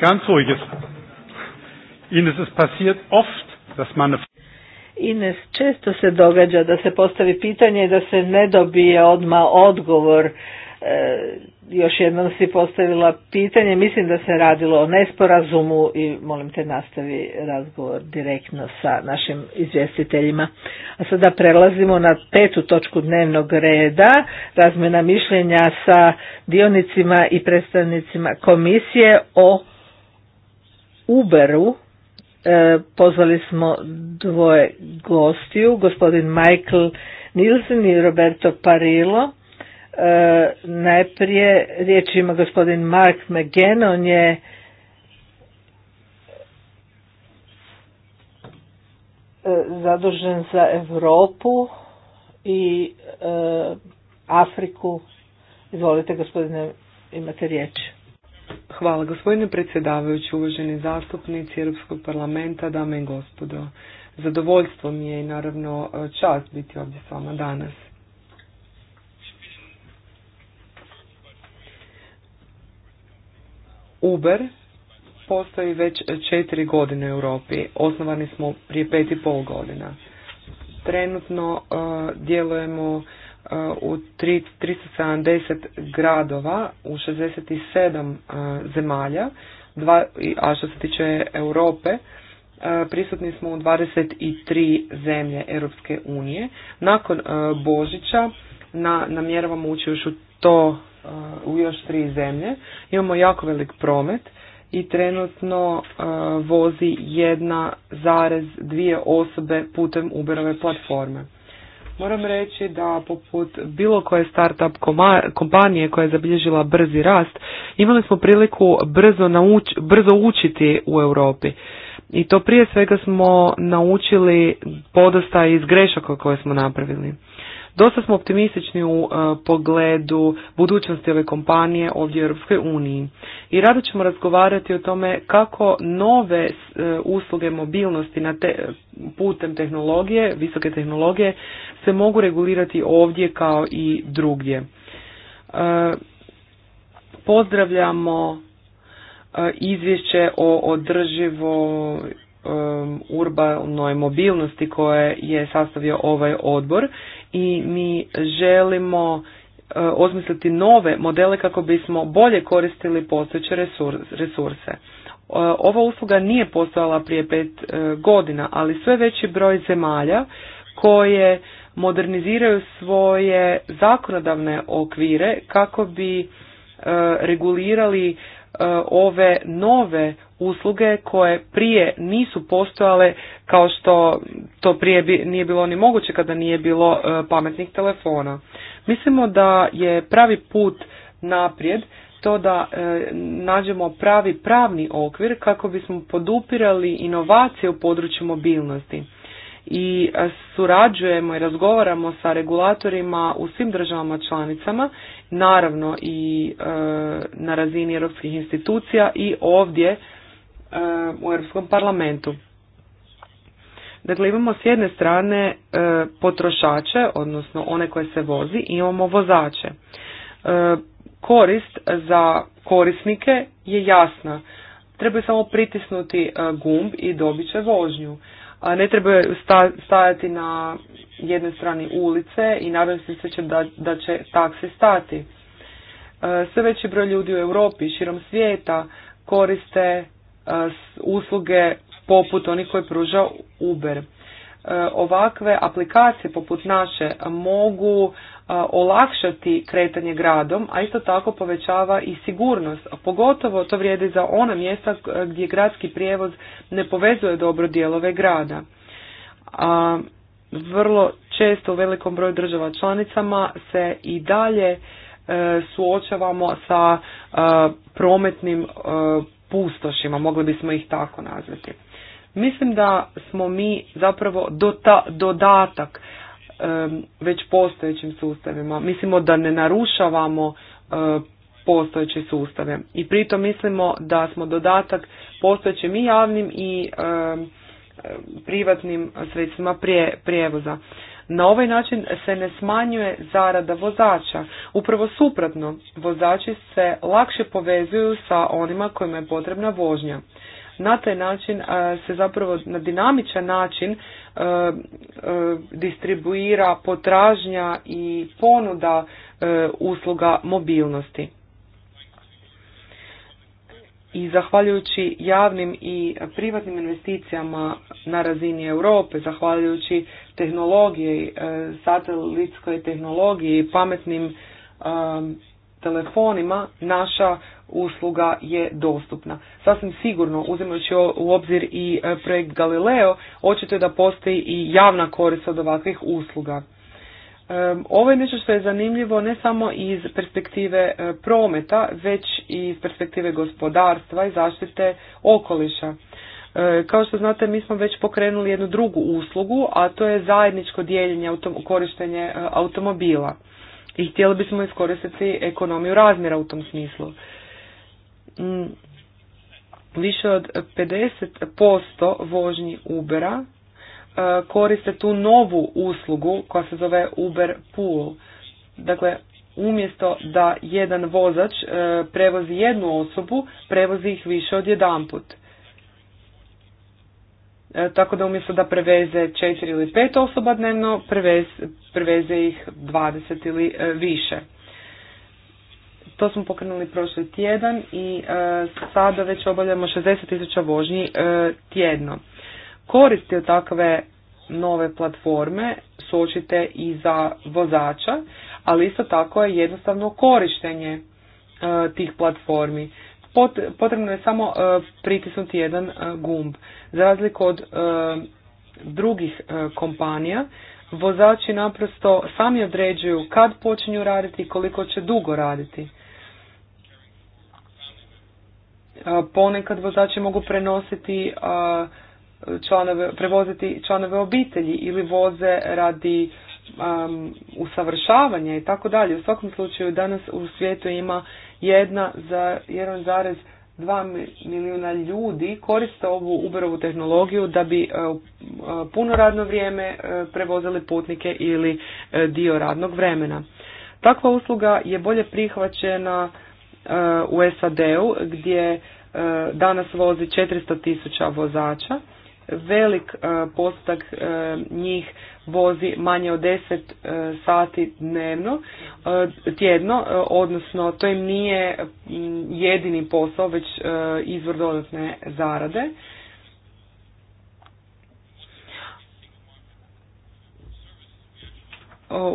Ganz Ines, passiert oft, dass man Ines, često se događa da se postavi pitanje i da se ne dobije odmah odgovor. E, još jednom si postavila pitanje, mislim da se radilo o nesporazumu i molim te nastavi razgovor direktno sa našim izvjestiteljima. A sada prelazimo na petu točku dnevnog reda, razmjena mišljenja sa dionicima i predstavnicima komisije o Uberu e, pozvali smo dvoje gostiju, gospodin Michael Nielsen i Roberto Parilo. E, najprije riječ ima gospodin Mark McGann, on je e, zadužen za Europu i Afriku. Izvolite gospodine, imate riječ. Hvala gospodine predsjedavajući, uvaženi zastupnici Europskog parlamenta, dame i gospodo. Zadovoljstvo mi je i naravno e, čast biti ovdje s vama danas. Uber postoji već četiri godine u Europi. Osnovani smo prije pet i pol godina. Trenutno uh, djelujemo E, u 370 gradova u 67 e, zemalja, a što se tiče Europe, e, prisutni smo u 23 zemlje Europske unije. Nakon Božića na, namjeravamo ući još u to u još tri zemlje. Imamo jako velik promet i trenutno vozi dvije osobe putem Uberove platforme. Moram reći da poput bilo koje startup kompanije koja je zabilježila brzi rast, imali smo priliku brzo, nauč, brzo učiti u Europi. I to prije svega smo naučili podosta iz grešaka koje smo napravili. Dosta smo optimistični u e, pogledu budućnosti ove kompanije ovdje u Europskoj uniji. I rado ćemo razgovarati o tome kako nove e, usluge mobilnosti na te, putem tehnologije, visoke tehnologije, se mogu regulirati ovdje kao i drugdje. E, pozdravljamo izvješće o održivo urbanoj mobilnosti koje je sastavio ovaj odbor i mi želimo e, osmisliti nove modele kako bismo bolje koristili postojeće resurse. E, ova usluga nije postojala prije pet e, godina, ali sve veći broj zemalja koje moderniziraju svoje zakonodavne okvire kako bi regulirali ove nove usluge koje prije nisu postojale kao što to prije nije bilo ni moguće kada nije bilo e, pametnih telefona. Mislimo da je pravi put naprijed to da e, nađemo pravi pravni okvir kako bismo podupirali inovacije u području mobilnosti i e, surađujemo i razgovaramo sa regulatorima u svim državama članicama, naravno i na razini europskih institucija i ovdje u Europskom parlamentu. Dakle, imamo s jedne strane e, potrošače, odnosno one koje se vozi, i imamo vozače. E, korist za korisnike je jasna. Treba samo pritisnuti e, gumb i dobit će vožnju. Ne trebaju stajati na jednoj strani ulice i nadam se da, da će taksi stati. Sve veći broj ljudi u Europi, i širom svijeta, koriste usluge poput onih koje pruža Uber. E, ovakve aplikacije poput naše mogu olakšati kretanje gradom, a isto tako povećava i sigurnost. Pogotovo to vrijedi za ona mjesta gdje gradski prijevoz ne povezuje dobro dijelove grada. Vrlo često u velikom broju država članicama se i dalje e, suočavamo sa e, prometnim pustošima, mogli bismo ih tako nazvati. Mislim da smo mi zapravo dodatak već postojećim sustavima. Mislimo da ne narušavamo e, postojeće sustave i pritom mislimo da smo dodatak postojećim i javnim i privatnim sredstvima prijevoza. Na ovaj način se ne smanjuje zarada vozača. Upravo suprotno, vozači se lakše povezuju sa onima kojima je potrebna vožnja. Na taj način e, se zapravo na dinamičan način e, e, distribuira potražnja i ponuda usluga mobilnosti i zahvaljujući javnim i privatnim investicijama na razini Europe, zahvaljujući tehnologiji, e, satelitskoj tehnologiji, pametnim e, telefonima, naša usluga je dostupna. Sasvim sigurno, uzimajući u obzir i e, projekt Galileo, očito je da postoji i javna korist od ovakvih usluga. Ovo je nešto što je zanimljivo ne samo iz perspektive e, prometa, već i iz perspektive gospodarstva i zaštite okoliša. E, kao što znate, mi smo već pokrenuli jednu drugu uslugu, a to je zajedničko dijeljenje, korištenje e, automobila. I htjeli bismo iskoristiti ekonomiju razmjera u tom smislu. Mm, Više od 50% vožnji Ubera E, koriste tu novu uslugu koja se zove Uber Pool. Dakle, umjesto da jedan vozač e, prevozi jednu osobu, prevozi ih više od jedanput. E, tako da umjesto da preveze četiri ili pet osoba dnevno, preveze, ih dvadeset ili više. To smo pokrenuli prošli tjedan i sada već obavljamo 60.000 vožnji tjedno koristi od takve nove platforme su i za vozača, ali isto tako je jednostavno korištenje e, tih platformi. potrebno je samo e, pritisnuti jedan e, gumb. Za razliku od drugih kompanija, vozači naprosto sami određuju kad počinju raditi i koliko će dugo raditi. Ponekad vozači mogu prenositi članove, prevoziti članove obitelji ili voze radi um, usavršavanja i tako dalje. U svakom slučaju danas u svijetu ima jedna za 1,2 milijuna ljudi koriste ovu Uberovu tehnologiju da bi uh, puno radno vrijeme e, prevozili putnike ili dio radnog vremena. Takva usluga je bolje prihvaćena u SAD-u gdje danas vozi 400 tisuća vozača velik e, postak e, njih vozi manje od 10 e, sati dnevno, tjedno, odnosno to im nije jedini posao, već izvor dodatne zarade.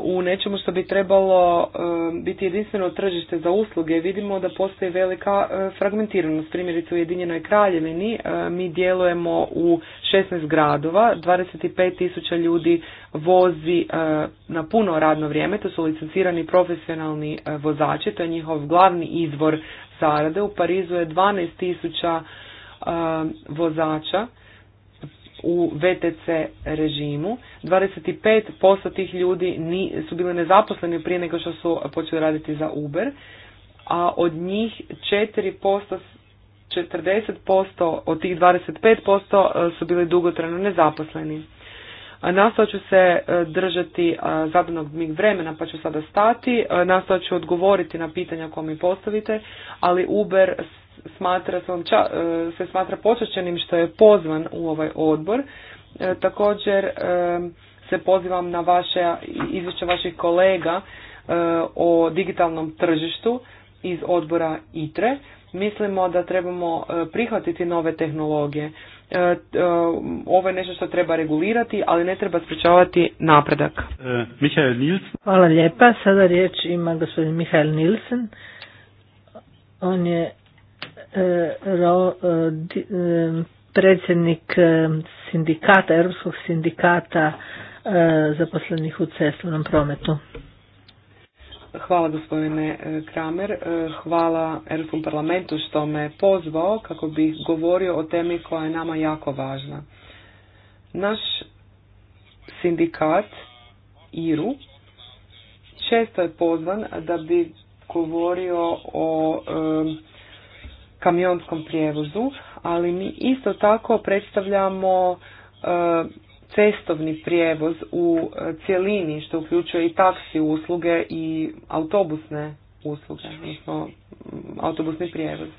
u nečemu što bi trebalo e, biti jedinstveno tržište za usluge vidimo da postoji velika e, fragmentiranost. Primjerice u Jedinjenoj kraljevini e, mi djelujemo u 16 gradova, 25 tisuća ljudi vozi na puno radno vrijeme, to su licencirani profesionalni vozači, to je njihov glavni izvor zarade. U Parizu je 12 tisuća vozača u VTC režimu. 25% tih ljudi su bili nezaposleni prije nego što su počeli raditi za Uber, a od njih 4%, 40% od tih 25% e, su bili dugotrajno nezaposleni. Nastavit ću se e, držati e, zadanog mig vremena pa ću sada stati. Nastavit ću odgovoriti na pitanja koja mi postavite, ali Uber smatra e, se smatra počašćenim što je pozvan u ovaj odbor. E, također e, se pozivam na vaše izvješće vaših kolega o digitalnom tržištu iz odbora ITRE. Mislimo da trebamo prihvatiti nove tehnologije. Ovo je nešto što treba regulirati, ali ne treba sprečavati napredak. Hvala lijepa. Sada riječ ima gospodin Mihael Nilsen. On je E, e, e, predsjednik sindikata, Europskog sindikata zaposlenih u cestovnom prometu. Hvala gospodine Kramer, hvala Europskom parlamentu što me pozvao kako bih govorio o temi koja je nama jako važna. Naš sindikat IRU često je pozvan da bi govorio o kamionskom prijevozu, ali mi isto tako predstavljamo e, cestovni prijevoz u e, cjelini, što uključuje i taksi usluge i autobusne usluge, odnosno autobusni prijevoz. E,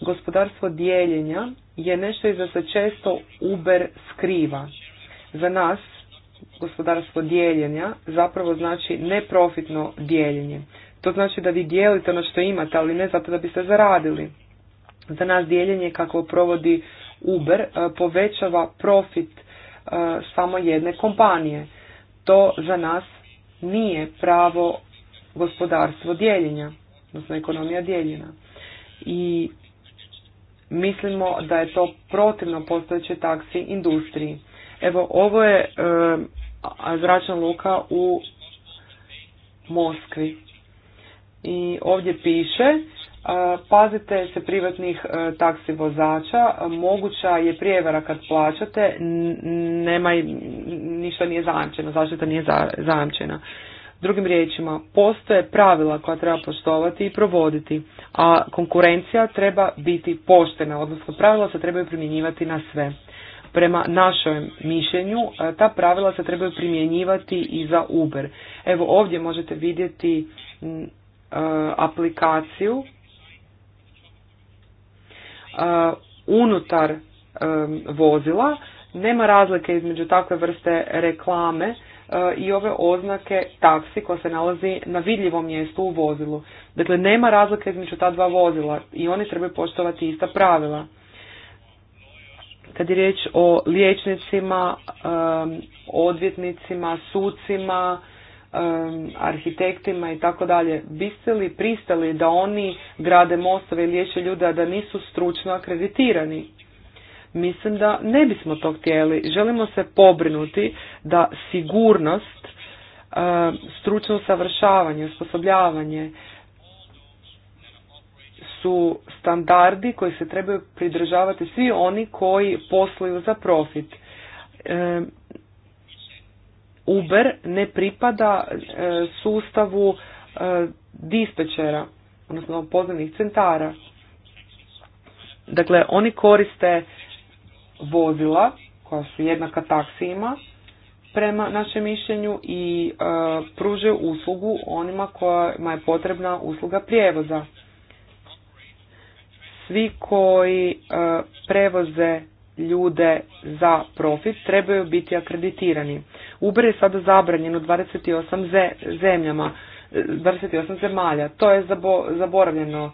gospodarstvo dijeljenja je nešto iza se često Uber skriva. Za nas gospodarstvo dijeljenja zapravo znači neprofitno dijeljenje. To znači da vi dijelite ono što imate, ali ne zato da biste zaradili. Za nas dijeljenje kako provodi Uber e, povećava profit e, samo jedne kompanije. To za nas nije pravo gospodarstvo dijeljenja, odnosno ekonomija dijeljena. I mislimo da je to protivno postojećoj taksi industriji. Evo, ovo je e, zračna luka u Moskvi i ovdje piše e, pazite se privatnih e, taksi vozača, moguća je prijevara kad plaćate, nema ništa nije zajamčeno, zaštita nije zajamčena. Drugim riječima, postoje pravila koja treba poštovati i provoditi, a konkurencija treba biti poštena, odnosno pravila se trebaju primjenjivati na sve. Prema našem mišljenju, e, ta pravila se trebaju primjenjivati i za Uber. Evo ovdje možete vidjeti E, aplikaciju e, unutar e, vozila. Nema razlike između takve vrste reklame i ove oznake taksi koja se nalazi na vidljivom mjestu u vozilu. Dakle, nema razlike između ta dva vozila i oni trebaju poštovati ista pravila. Kad je riječ o liječnicima, odvjetnicima, sucima, arhitektima i tako dalje, biste li pristali da oni grade mostove i liječe ljude, a da nisu stručno akreditirani? Mislim da ne bismo to htjeli. Želimo se pobrinuti da sigurnost, stručno savršavanje, osposobljavanje su standardi koji se trebaju pridržavati svi oni koji posluju za profit. Uber ne pripada e, sustavu e, dispečera, odnosno pozivnih centara. Dakle, oni koriste vozila koja su jednaka taksijima prema našem mišljenju i e, pružaju uslugu onima kojima je potrebna usluga prijevoza. Svi koji e, prevoze ljude za profit trebaju biti akreditirani. Uber je sada zabranjen u 28 zemljama, 28 zemalja. To je zaboravljeno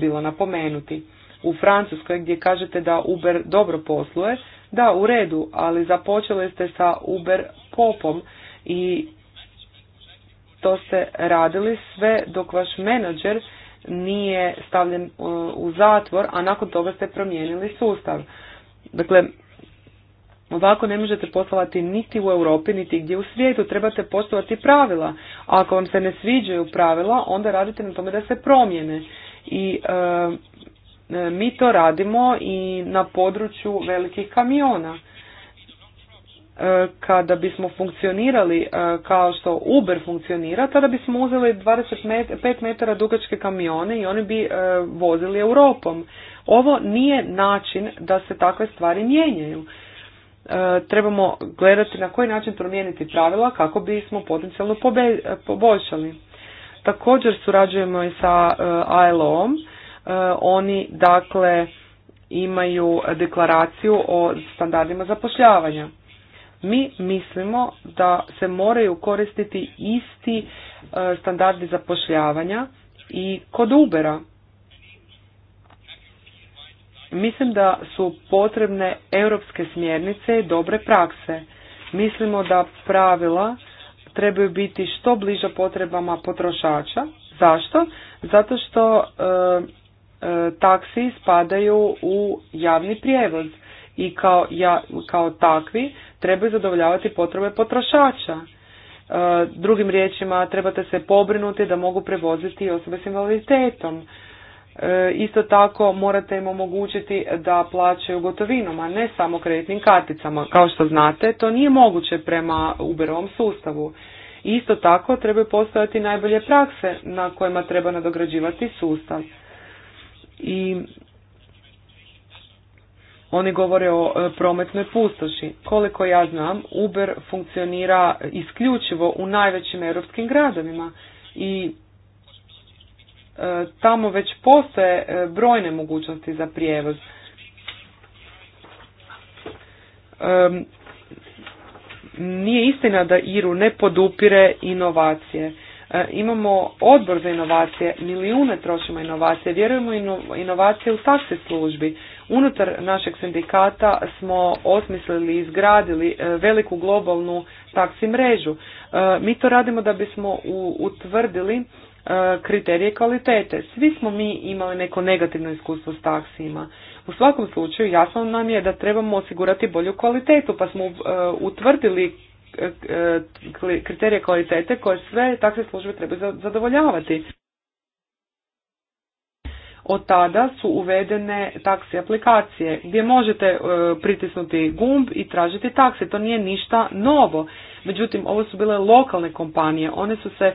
bilo napomenuti. U Francuskoj gdje kažete da Uber dobro posluje, da u redu, ali započeli ste sa Uber popom i to ste radili sve dok vaš menadžer nije stavljen u zatvor, a nakon toga ste promijenili sustav. Dakle, Ovako ne možete poslovati niti u Europi, niti gdje u svijetu. Trebate poslovati pravila. A ako vam se ne sviđaju pravila, onda radite na tome da se promijene. I e, e, mi to radimo i na području velikih kamiona. E, kada bismo funkcionirali kao što Uber funkcionira, tada bismo uzeli 25 metara dugačke kamione i oni bi vozili Europom. Ovo nije način da se takve stvari mijenjaju. E, trebamo gledati na koji način promijeniti pravila kako bismo potencijalno poboljšali. Također surađujemo i sa ILO-om. E, e, oni dakle imaju deklaraciju o standardima zapošljavanja. Mi mislimo da se moraju koristiti isti standardi zapošljavanja i kod Ubera. Mislim da su potrebne europske smjernice i dobre prakse. Mislimo da pravila trebaju biti što bliže potrebama potrošača. Zašto? Zato što e, e, taksi spadaju u javni prijevoz i kao, ja, kao takvi trebaju zadovoljavati potrebe potrošača. E, drugim riječima trebate se pobrinuti da mogu prevoziti osobe s invaliditetom. E, isto tako morate im omogućiti da plaćaju gotovinom, a ne samo kreditnim karticama. Kao što znate, to nije moguće prema Uberovom sustavu. Isto tako trebaju postojati najbolje prakse na kojima treba nadograđivati sustav. I oni govore o e, prometnoj pustoši. Koliko ja znam, Uber funkcionira isključivo u najvećim europskim gradovima i E, tamo već postoje e, brojne mogućnosti za prijevoz. E, nije istina da Iru ne podupire inovacije. Imamo odbor za inovacije, milijune trošimo inovacije, vjerujemo inovacije u taksi službi. Unutar našeg sindikata smo osmislili i izgradili veliku globalnu taksi mrežu. Mi to radimo da bismo utvrdili kriterije kvalitete. Svi smo mi imali neko negativno iskustvo s taksijima. U svakom slučaju jasno nam je da trebamo osigurati bolju kvalitetu, pa smo e, utvrdili e, kriterije kvalitete koje sve takve službe trebaju zadovoljavati. Od tada su uvedene taksi aplikacije gdje možete e, pritisnuti gumb i tražiti taksi. To nije ništa novo. Međutim, ovo su bile lokalne kompanije. One su se e,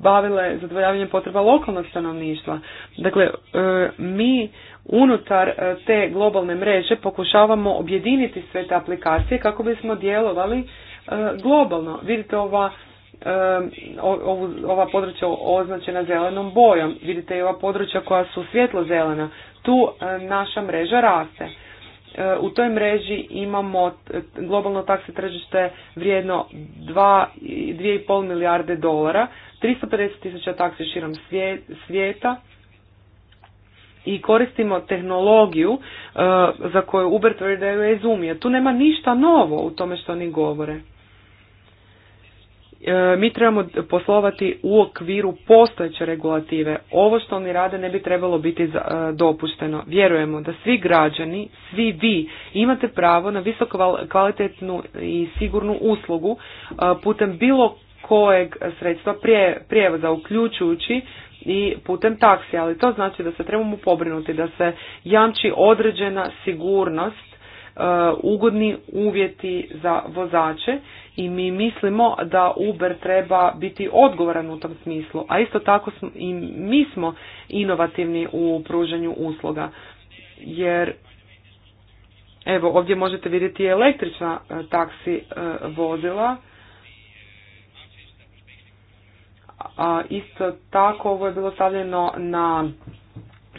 bavile zadovoljavanjem potreba lokalnog stanovništva. Dakle, e, mi unutar e, te globalne mreže pokušavamo objediniti sve te aplikacije kako bismo djelovali globalno. Vidite ova ova područja označena zelenom bojom, vidite i ova područja koja su svjetlo zelena, tu naša mreža raste. E, u toj mreži imamo globalno taksi tržište vrijedno 2,5 milijarde dolara, 350 tisuća taksi širom svijeta i koristimo tehnologiju e, za koju Uber da je izumije. Tu nema ništa novo u tome što oni govore. E, mi trebamo poslovati u okviru postojeće regulative. Ovo što oni rade ne bi trebalo biti e, dopušteno. Vjerujemo da svi građani, svi vi imate pravo na visoko kvalitetnu i sigurnu uslugu e, putem bilo kojeg sredstva prijevoza, uključujući i putem taksi, ali to znači da se trebamo pobrinuti da se jamči određena sigurnost E, ugodni uvjeti za vozače i mi mislimo da Uber treba biti odgovoran u tom smislu, a isto tako i mi smo inovativni u pružanju usluga jer evo ovdje možete vidjeti električna e, taksi e, vozila a isto tako ovo je bilo stavljeno na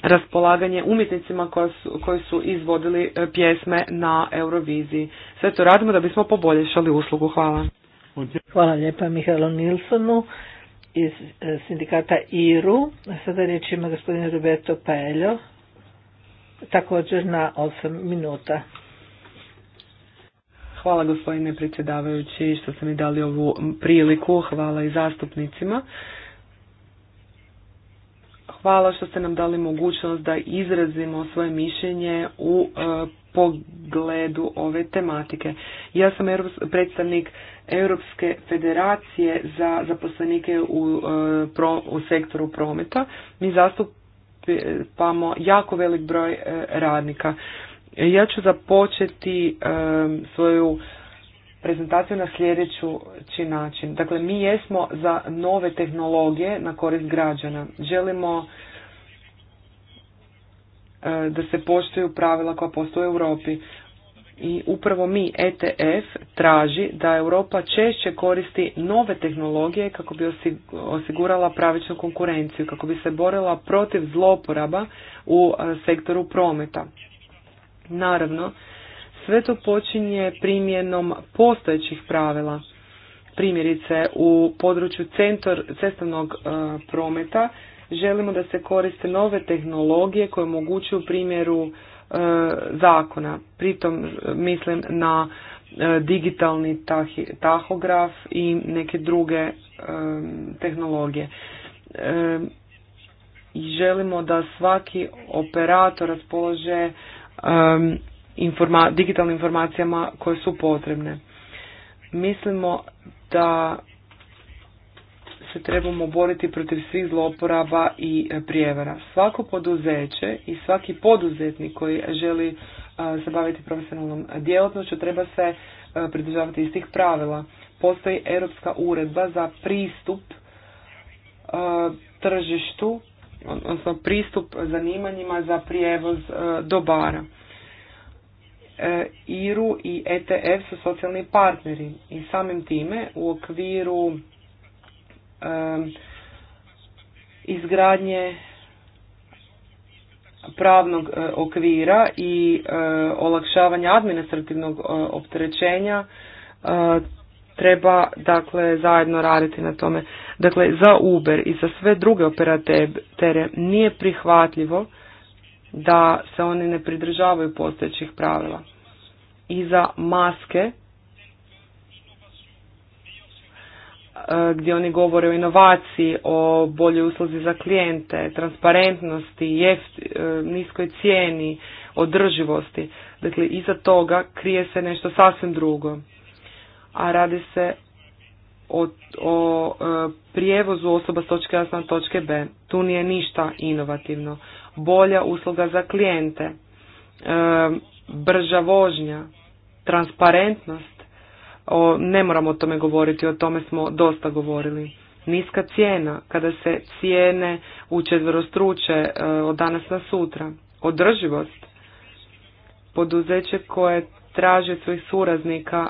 raspolaganje umjetnicima koji su, koji su izvodili e, pjesme na Euroviziji. Sve to radimo da bismo poboljšali uslugu. Hvala. Hvala lijepa Mihajlo Nilsonu iz e, sindikata IRU. Sada riječ ima gospodin Roberto Paeljo, također na 8 minuta. Hvala gospodine predsjedavajući što ste mi dali ovu priliku. Hvala i zastupnicima. Hvala što ste nam dali mogućnost da izrazimo svoje mišljenje u e, pogledu ove tematike. Ja sam predstavnik Europske federacije za zaposlenike u, e, u sektoru prometa. Mi zastupamo jako velik broj e, radnika. Ja ću započeti svoju prezentaciju na sljedeći način. Dakle, mi jesmo za nove tehnologije na korist građana. Želimo e, da se poštuju pravila koja postoje u Europi. I upravo mi, ETF, traži da Europa češće koristi nove tehnologije kako bi osigurala pravičnu konkurenciju, kako bi se borila protiv zloporaba u e, sektoru prometa. Naravno, sve to počinje primjenom postojećih pravila. Primjerice, u području centar cestovnog e, prometa želimo da se koriste nove tehnologije koje omogućuju primjeru e, zakona. Pritom e, mislim na digitalni tahograf i neke druge tehnologije. Želimo da svaki operator raspolože informa digitalnim informacijama koje su potrebne. Mislimo da se trebamo boriti protiv svih zloporaba i prijevara. Svako poduzeće i svaki poduzetnik koji želi se baviti profesionalnom djelatnošću treba se pridržavati istih pravila. Postoji europska uredba za pristup tržištu, odnosno pristup zanimanjima za prijevoz dobara. E, IRU i ETF su socijalni partneri i samim time u okviru e, izgradnje pravnog e, okvira i olakšavanja administrativnog opterećenja treba dakle zajedno raditi na tome. Dakle za Uber i za sve druge operatere nije prihvatljivo da se oni ne pridržavaju postojećih pravila. Iza maske e, gdje oni govore o inovaciji, o boljoj usluzi za klijente, transparentnosti, jeft, e, niskoj cijeni, održivosti. Dakle, iza toga krije se nešto sasvim drugo. A radi se o, o e, prijevozu osoba s točke A na točke B. Tu nije ništa inovativno bolja usluga za klijente, e, brža vožnja, transparentnost, o, ne moramo o tome govoriti, o tome smo dosta govorili. Niska cijena, kada se cijene u e, od danas na sutra. Održivost, poduzeće koje traži svojih suraznika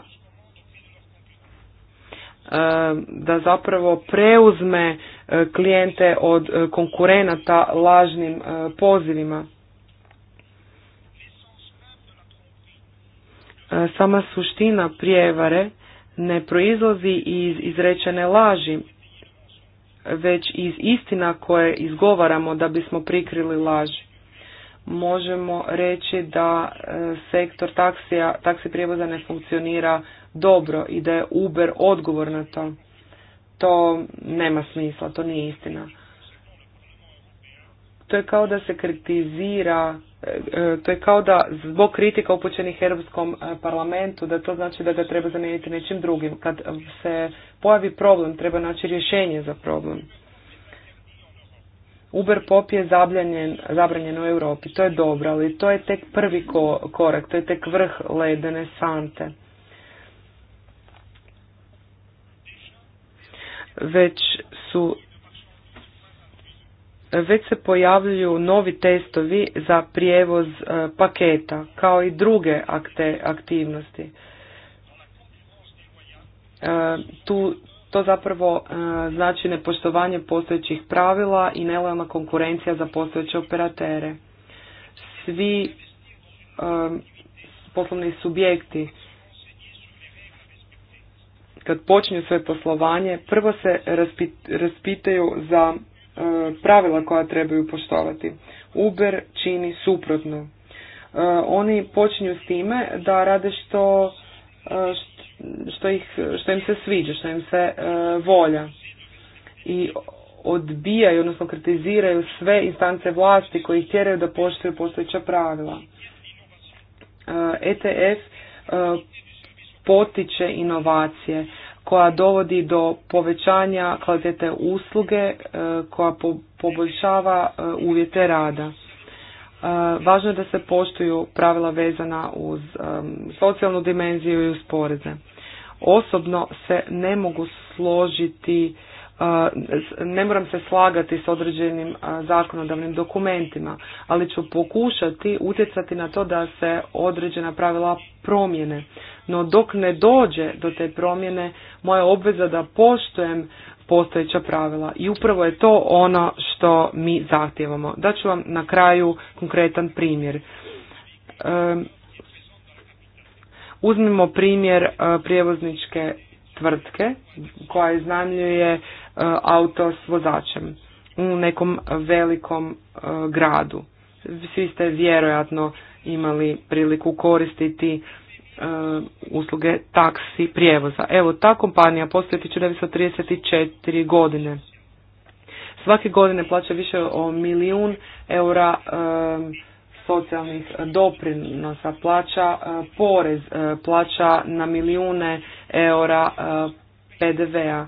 Eh, da zapravo preuzme eh, klijente od eh, konkurenata lažnim pozivima. Sama suština prijevare ne proizlazi iz izrečene laži, već iz istina koje izgovaramo da bismo prikrili laži. Možemo reći da sektor taksija, taksi prijevoza ne funkcionira dobro i da je Uber odgovor na to. To nema smisla, to nije istina. To je kao da se kritizira, e, e, to je kao da zbog kritika upućenih Europskom e, parlamentu, da to znači da ga treba zamijeniti nečim drugim. Kad se pojavi problem, treba naći rješenje za problem. Uber pop je zabranjen, u Europi, to je dobro, ali to je tek prvi korak, to je tek vrh ledene sante. već su već se pojavljuju novi testovi za prijevoz e, paketa kao i druge aktivnosti. E, tu to zapravo e, znači nepoštovanje postojećih pravila i nelojalna konkurencija za postojeće operatere. Svi poslovni subjekti kad počinju sve poslovanje, prvo se raspitaju za e, pravila koja trebaju poštovati. Uber čini suprotno. E, oni počinju s time da rade što, e, što, ih, što im se sviđa, što im se volja. I odbijaju, odnosno kritiziraju sve instance vlasti koji ih tjeraju da poštuju postojeća pravila. ETF potiče inovacije, koja dovodi do povećanja kvalitete usluge, e, koja poboljšava e, uvjete rada. E, važno je da se poštuju pravila vezana uz socijalnu dimenziju i uz poreze. Osobno se ne mogu složiti ne moram se slagati s određenim zakonodavnim dokumentima, ali ću pokušati utjecati na to da se određena pravila promjene. No dok ne dođe do te promjene, moja obveza da poštujem postojeća pravila. I upravo je to ono što mi zahtijevamo. Daću vam na kraju konkretan primjer. Uzmimo primjer prijevozničke tvrtke koja iznajmljuje e, auto s vozačem u nekom velikom e, gradu. Svi ste vjerojatno imali priliku koristiti e, usluge taksi prijevoza. Evo, ta kompanija postoji 1934 godine. Svake godine plaća više o milijun eura socijalnih doprinosa, plaća e, porez, e, plaća na milijune eura e, PDV-a.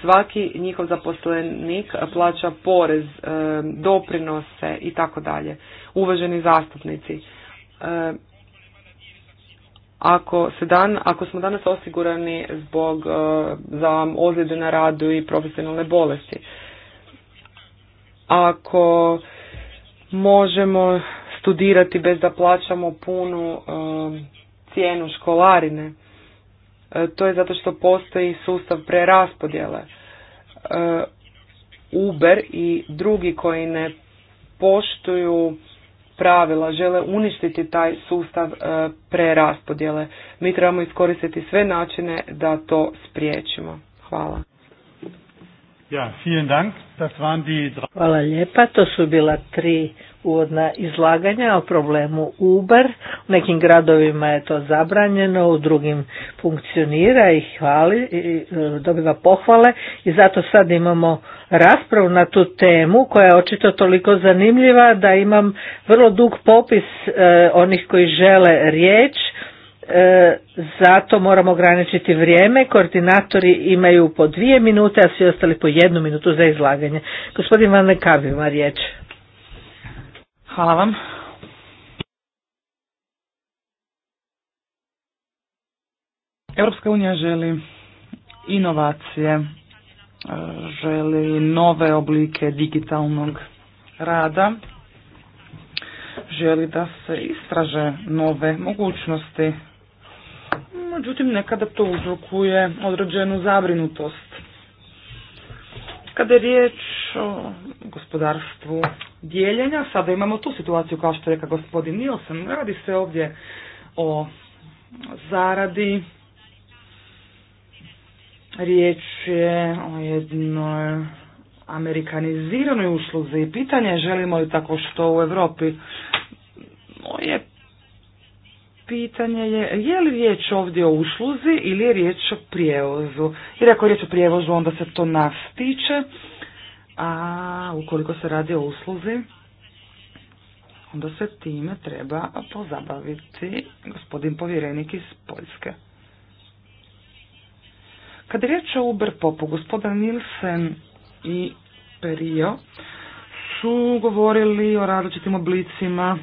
Svaki njihov zaposlenik plaća porez, doprinose i tako dalje. Uvaženi zastupnici, ako, se dan, ako smo danas osigurani zbog za ozljede na radu i profesionalne bolesti, ako možemo studirati bez da plaćamo punu um, cijenu školarine. E, to je zato što postoji sustav preraspodjele. E, Uber i drugi koji ne poštuju pravila, žele uništiti taj sustav e, preraspodjele. Mi trebamo iskoristiti sve načine da to spriječimo. Hvala. Ja, Hvala lijepa. To su bila tri uvodna izlaganja o problemu Uber. U nekim gradovima je to zabranjeno, u drugim funkcionira i hvali, i dobiva pohvale i zato sad imamo raspravu na tu temu koja je očito toliko zanimljiva da imam vrlo dug popis e, onih koji žele riječ. E, zato moramo ograničiti vrijeme. Koordinatori imaju po dvije minute, a svi ostali po jednu minutu za izlaganje. Gospodin Van Nekav ima riječ. Hvala vam. Europska unija želi inovacije, e, želi nove oblike digitalnog rada, želi da se istraže nove mogućnosti međutim nekada to uzrokuje određenu zabrinutost. Kada je riječ o gospodarstvu dijeljenja, sada imamo tu situaciju kao što reka gospodin Nilsen, radi se ovdje o zaradi, riječ je o jednoj amerikaniziranoj usluzi i pitanje želimo li tako što u Europi. Moje pitanje je je li riječ ovdje o usluzi ili je riječ o prijevozu. Jer ako je riječ o prijevozu onda se to nas tiče, a ukoliko se radi o usluzi onda se time treba pozabaviti gospodin povjerenik iz Poljske. Kad je riječ o Uber Popu, gospodin Nilsen i Perio su govorili o različitim oblicima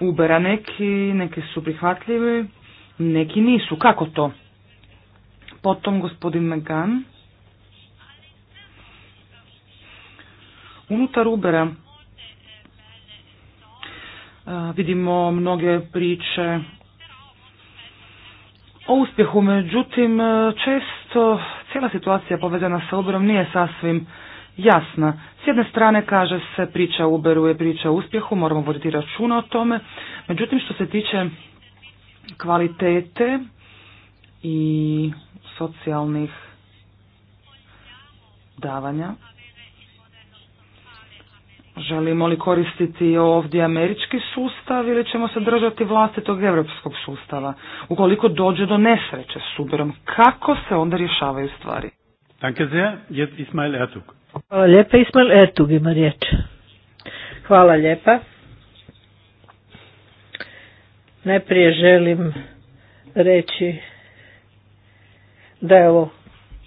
Ubera. Neki, neki su prihvatljivi, neki nisu. Kako to? Potom gospodin Megan. Unutar Ubera vidimo mnoge priče o uspjehu, međutim često cijela situacija povezana sa Uberom nije sasvim jasna. S jedne strane kaže se priča o Uberu je priča o uspjehu, moramo voditi računa o tome. Međutim, što se tiče kvalitete i socijalnih davanja, želimo li koristiti ovdje američki sustav ili ćemo se držati vlastitog europskog sustava? Ukoliko dođe do nesreće s Uberom, kako se onda rješavaju stvari? Danke sehr, jetzt Ismail Ertug. Hvala lijepa, Ismail Ertug ima riječ. Hvala lijepa. Najprije želim reći da je ovo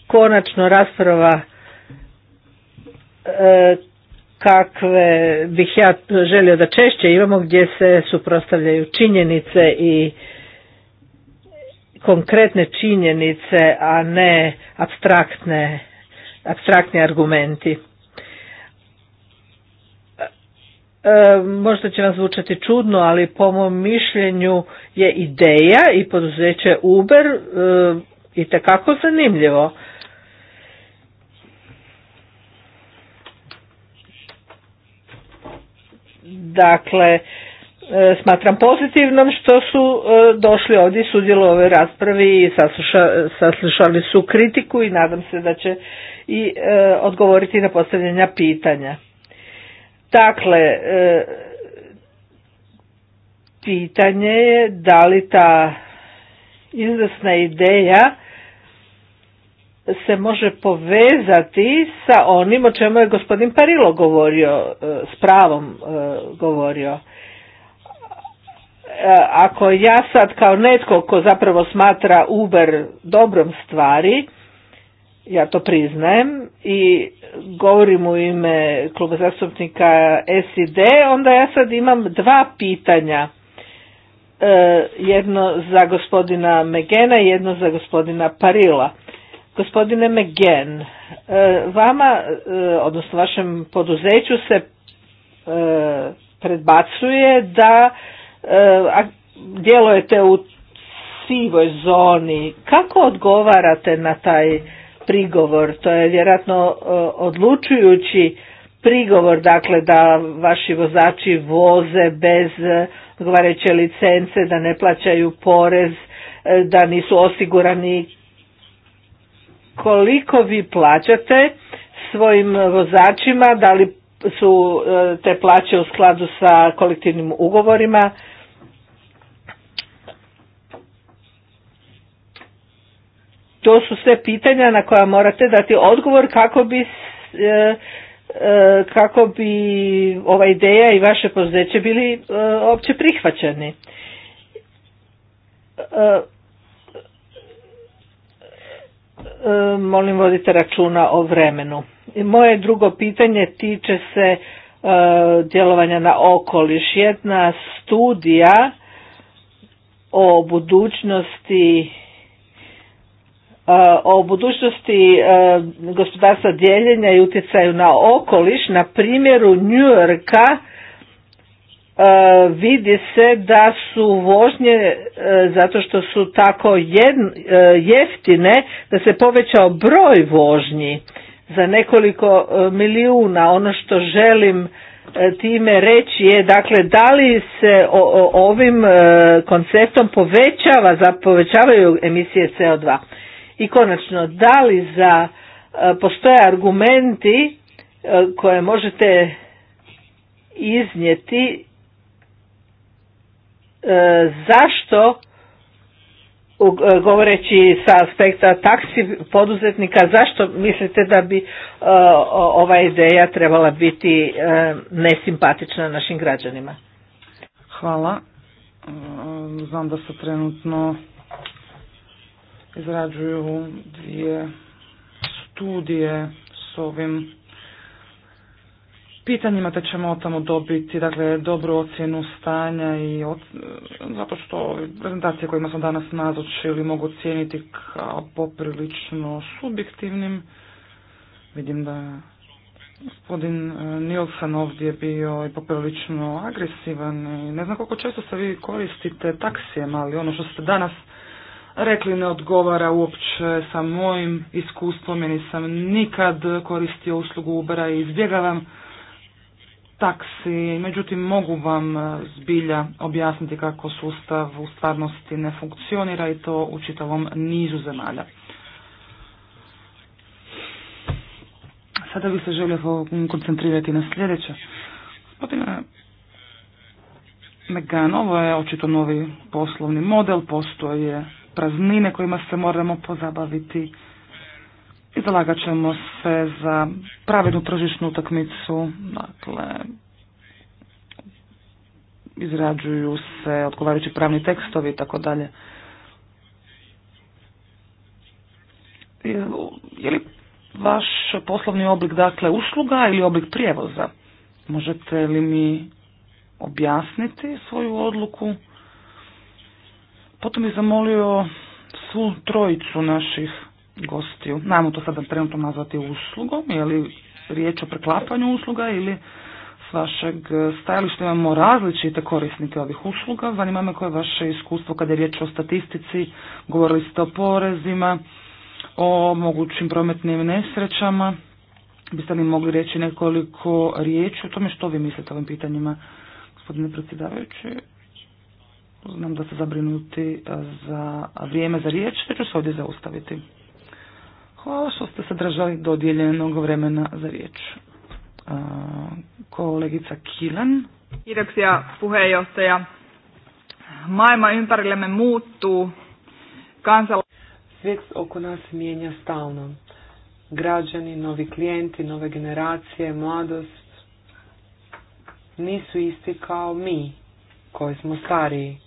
konačno rasprava e, kakve bih ja želio da češće imamo gdje se suprotstavljaju činjenice i konkretne činjenice, a ne abstraktne abstraktni argumenti. E, e, možda će vam zvučati čudno, ali po mom mišljenju je ideja i poduzeće Uber e, i takako zanimljivo. Dakle, E, smatram pozitivnom što su e, došli ovdje sudjelo u ovoj raspravi i saslušali su kritiku i nadam se da će i e, odgovoriti na postavljanja pitanja. Dakle, pitanje je da li ta izvrsna ideja se može povezati sa onim o čemu je gospodin Parilo govorio, s pravom govorio. Eh, ako ja sad kao netko ko zapravo smatra Uber dobrom stvari, ja to priznajem i govorim u ime kluba zastupnika SID, onda ja sad imam dva pitanja. Eh, jedno za gospodina Megena i jedno za gospodina Parila. Gospodine Megen, eh, vama, odnosno vašem poduzeću se predbacuje da E, a djelujete u sivoj zoni. Kako odgovarate na taj prigovor? To je vjerojatno e, odlučujući prigovor, dakle da vaši vozači voze bez odgovarajuće licence, da ne plaćaju porez, e, da nisu osigurani. Koliko vi plaćate svojim vozačima, da li su te plaće u skladu sa kolektivnim ugovorima? to su sve pitanja na koja morate dati odgovor kako bi e, e, kako bi ova ideja i vaše poduzeće bili e, opće prihvaćeni. Molim vodite računa o vremenu. moje drugo pitanje tiče se djelovanja na okoliš. Jedna studija o budućnosti Eh, o budućnosti eh, gospodarstva dijeljenja i utjecaju na okoliš na primjeru Njujorka eh, vidi se da su vožnje zato što su tako jeftine da se povećao broj vožnji za nekoliko milijuna ono što želim time reći je dakle da li se ovim konceptom povećava povećavaju emisije CO2 i konačno, da li za e, postoje argumenti e, koje možete iznijeti e, zašto govoreći sa aspekta taksi poduzetnika, zašto mislite da bi ova ideja trebala biti nesimpatična našim građanima? Hvala. Znam da se trenutno izrađuju dvije studije s ovim pitanjima te ćemo tamo dobiti dakle, dobru ocjenu stanja i od, zato što prezentacije kojima smo danas nazočili mogu cijeniti kao poprilično subjektivnim. Vidim da gospodin e, Nilsson ovdje bio i poprilično agresivan i ne znam koliko često se vi koristite taksijem, ali ono što ste danas rekli ne odgovara uopće sa mojim iskustvom, ja nisam nikad koristio uslugu Ubera i izbjegavam taksi, međutim mogu vam e, zbilja objasniti kako sustav u stvarnosti ne funkcionira i to u čitavom nizu zemalja. Sada bih se želio koncentrirati na sljedeće. Gospodine Megan, ovo je očito novi poslovni model, postoje praznine kojima se moramo pozabaviti i zalagat ćemo se za pravednu tržišnu utakmicu, dakle izrađuju se odgovarajući pravni tekstovi i tako dalje. Je li vaš poslovni oblik dakle usluga ili oblik prijevoza? Možete li mi objasniti svoju odluku? Potom bih zamolio svu trojicu naših gostiju. Najmo to sada trenutno nazvati uslugom, je li riječ o preklapanju usluga ili s vašeg stajališta imamo različite korisnike ovih usluga. Zanima me koje je vaše iskustvo kada je riječ o statistici, govorili ste o porezima, o mogućim prometnim nesrećama. Biste li mogli reći nekoliko riječi o tome što vi mislite o ovim pitanjima, gospodine predsjedavajući? Znam da ste zabrinuti e, za vrijeme za riječ, te ću se ovdje zaustaviti. Hvala što ste se držali dodijeljenog vremena za riječ. Uh, kolegica Kilan. Kiitoksia puheenjohtaja. Maailma ympärillemme muuttuu. Kansala... Svijet oko nas mijenja stalno. Građani, novi klijenti, nove generacije, mladost nisu isti kao mi koji smo stariji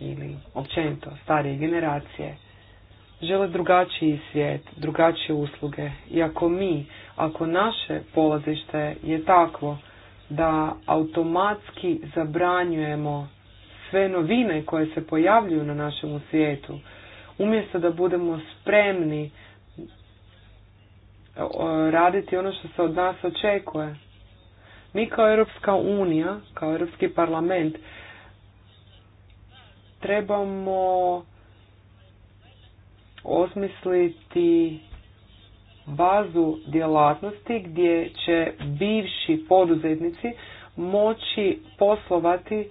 ili općenito starije generacije žele drugačiji svijet, drugačije usluge. I ako mi, ako naše polazište je takvo da automatski zabranjujemo sve novine koje se pojavljuju na našem svijetu, umjesto da budemo spremni e, raditi ono što se od nas očekuje. Mi kao Europska unija, kao Europski parlament trebamo osmisliti bazu djelatnosti gdje će bivši poduzetnici moći poslovati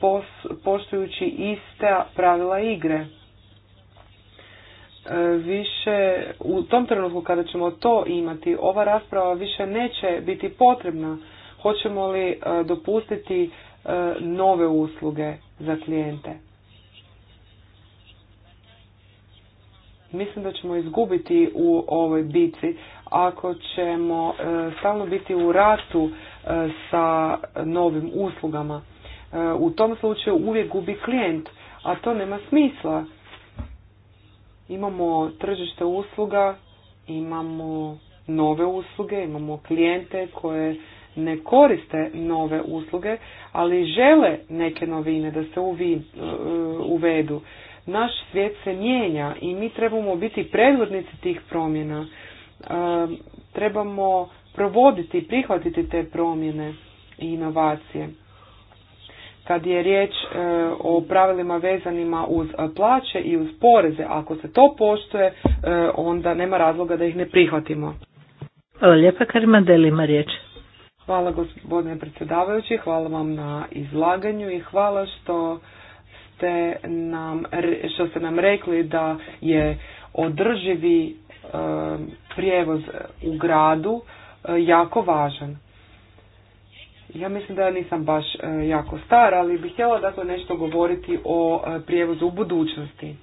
pos, poštujući ista pravila igre. E, više u tom trenutku kada ćemo to imati, ova rasprava više neće biti potrebna. Hoćemo li e, dopustiti E, nove usluge za klijente. Mislim da ćemo izgubiti u ovoj bici ako ćemo e, stalno biti u ratu e, sa novim uslugama. U tom slučaju uvijek gubi klijent, a to nema smisla. Imamo tržište usluga, imamo nove usluge, imamo klijente koje ne koriste nove usluge, ali žele neke novine da se uvi, e, uvedu. Naš svijet se mijenja i mi trebamo biti predvodnici tih promjena. E, trebamo provoditi i prihvatiti te promjene i inovacije. Kad je riječ e, o pravilima vezanima uz plaće i uz poreze, ako se to poštuje, onda nema razloga da ih ne prihvatimo. Hvala lijepa, Karima Delima riječ. Hvala gospodine predsjedavajući, hvala vam na izlaganju i hvala što ste nam, što ste nam rekli da je održivi e, prijevoz u gradu e, jako važan. Ja mislim da ja nisam baš e, jako star, ali bih htjela to dakle nešto govoriti o prijevozu u budućnosti.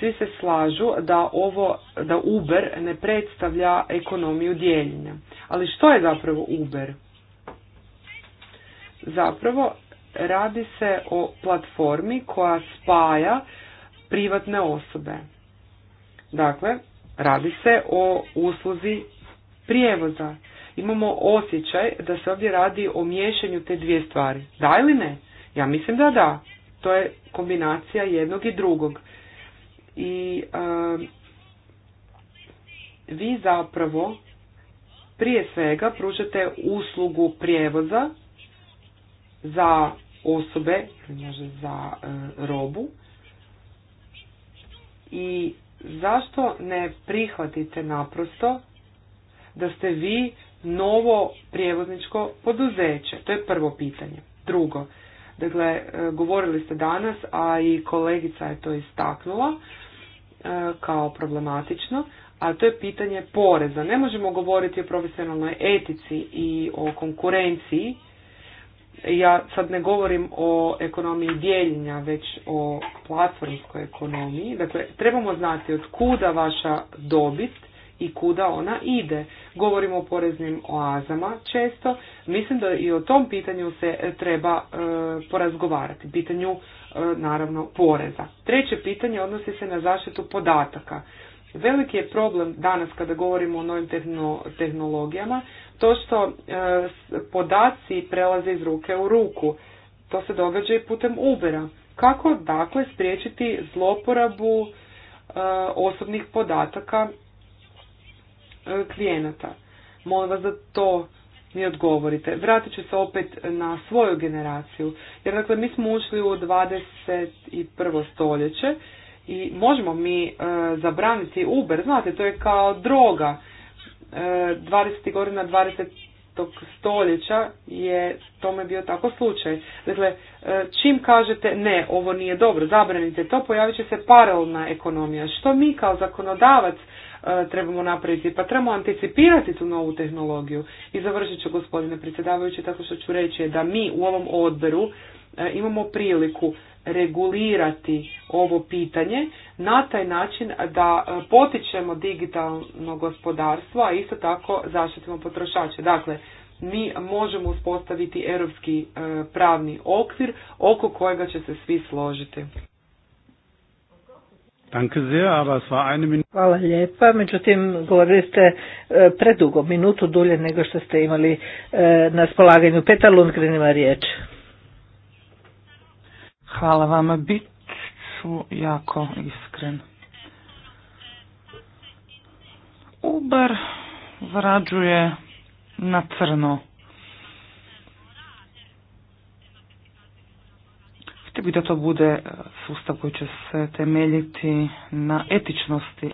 Svi se slažu da ovo, da Uber ne predstavlja ekonomiju dijeljenja. Ali što je zapravo Uber? Zapravo radi se o platformi koja spaja privatne osobe. Dakle, radi se o usluzi prijevoza. Imamo osjećaj da se ovdje radi o miješanju te dvije stvari. Da ili ne? Ja mislim da da. To je kombinacija jednog i drugog. I um, vi zapravo prije svega pružate uslugu prijevoza za osobe, znači za e, robu i zašto ne prihvatite naprosto da ste vi novo prijevozničko poduzeće? To je prvo pitanje. Drugo, dakle, e, govorili ste danas, a i kolegica je to istaknula e, kao problematično, a to je pitanje poreza. Ne možemo govoriti o profesionalnoj etici i o konkurenciji ja sad ne govorim o ekonomiji dijeljenja, već o platformskoj ekonomiji. Dakle, trebamo znati od kuda vaša dobit i kuda ona ide. Govorimo o poreznim oazama često. Mislim da i o tom pitanju se e, treba e, porazgovarati. Pitanju, e, naravno, poreza. Treće pitanje odnosi se na zaštitu podataka. Veliki je problem danas kada govorimo o novim tehnologijama to što e, podaci prelaze iz ruke u ruku. To se događa i putem Ubera. Kako dakle spriječiti zloporabu e, osobnih podataka e, klijenata? Molim vas da to mi odgovorite. Vratit ću se opet na svoju generaciju. Jer dakle mi smo ušli u 21. stoljeće i možemo mi e, zabraniti Uber, znate, to je kao droga. E, 20. godina 20. stoljeća je tome bio tako slučaj. Dakle, e, čim kažete ne, ovo nije dobro, zabranite to, pojavit će se paralelna ekonomija. Što mi kao zakonodavac e, trebamo napraviti? Pa trebamo anticipirati tu novu tehnologiju. I završit ću gospodine predsjedavajući tako što ću reći je da mi u ovom odboru imamo priliku regulirati ovo pitanje na taj način da e, potičemo digitalno gospodarstvo, a isto tako zaštitimo potrošače. Dakle, mi možemo uspostaviti europski e, pravni okvir oko kojega će se svi složiti. Hvala lijepa, međutim govorili ste e, predugo, minutu dulje nego što ste imali na spolaganju. Petar Lundgren ima riječ. Hvala vama bit su jako iskren. Uber zarađuje na crno. Htio bi da to bude e, sustav koji će se temeljiti na etičnosti.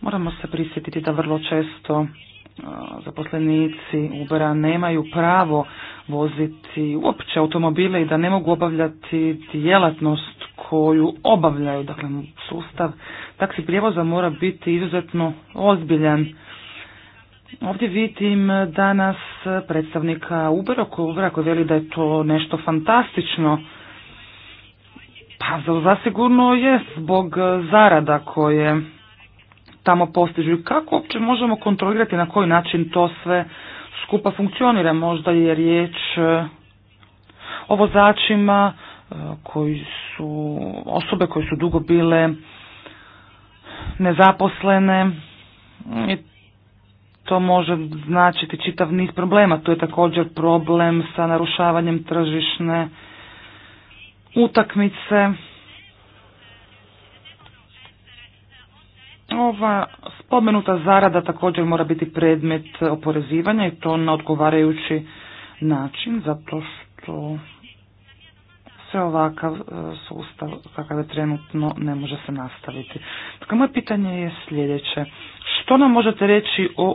Moramo se prisjetiti da vrlo često zaposlenici Ubera nemaju pravo voziti uopće automobile i da ne mogu obavljati djelatnost koju obavljaju. Dakle, sustav taksi prijevoza mora biti izuzetno ozbiljan. Ovdje vidim danas predstavnika Ubera koji veli da je to nešto fantastično. Pa zasigurno je zbog zarada koje tamo postižu i kako uopće možemo kontrolirati na koji način to sve skupa funkcionira. Možda je riječ e, o vozačima e, koji su osobe koje su dugo bile nezaposlene i to može značiti čitav niz problema. To je također problem sa narušavanjem tržišne utakmice. Ova spomenuta zarada također mora biti predmet oporezivanja i to na odgovarajući način, zato što se ovakav e, sustav kakav je trenutno ne može se nastaviti. Dakle, moje pitanje je sljedeće. Što nam možete reći o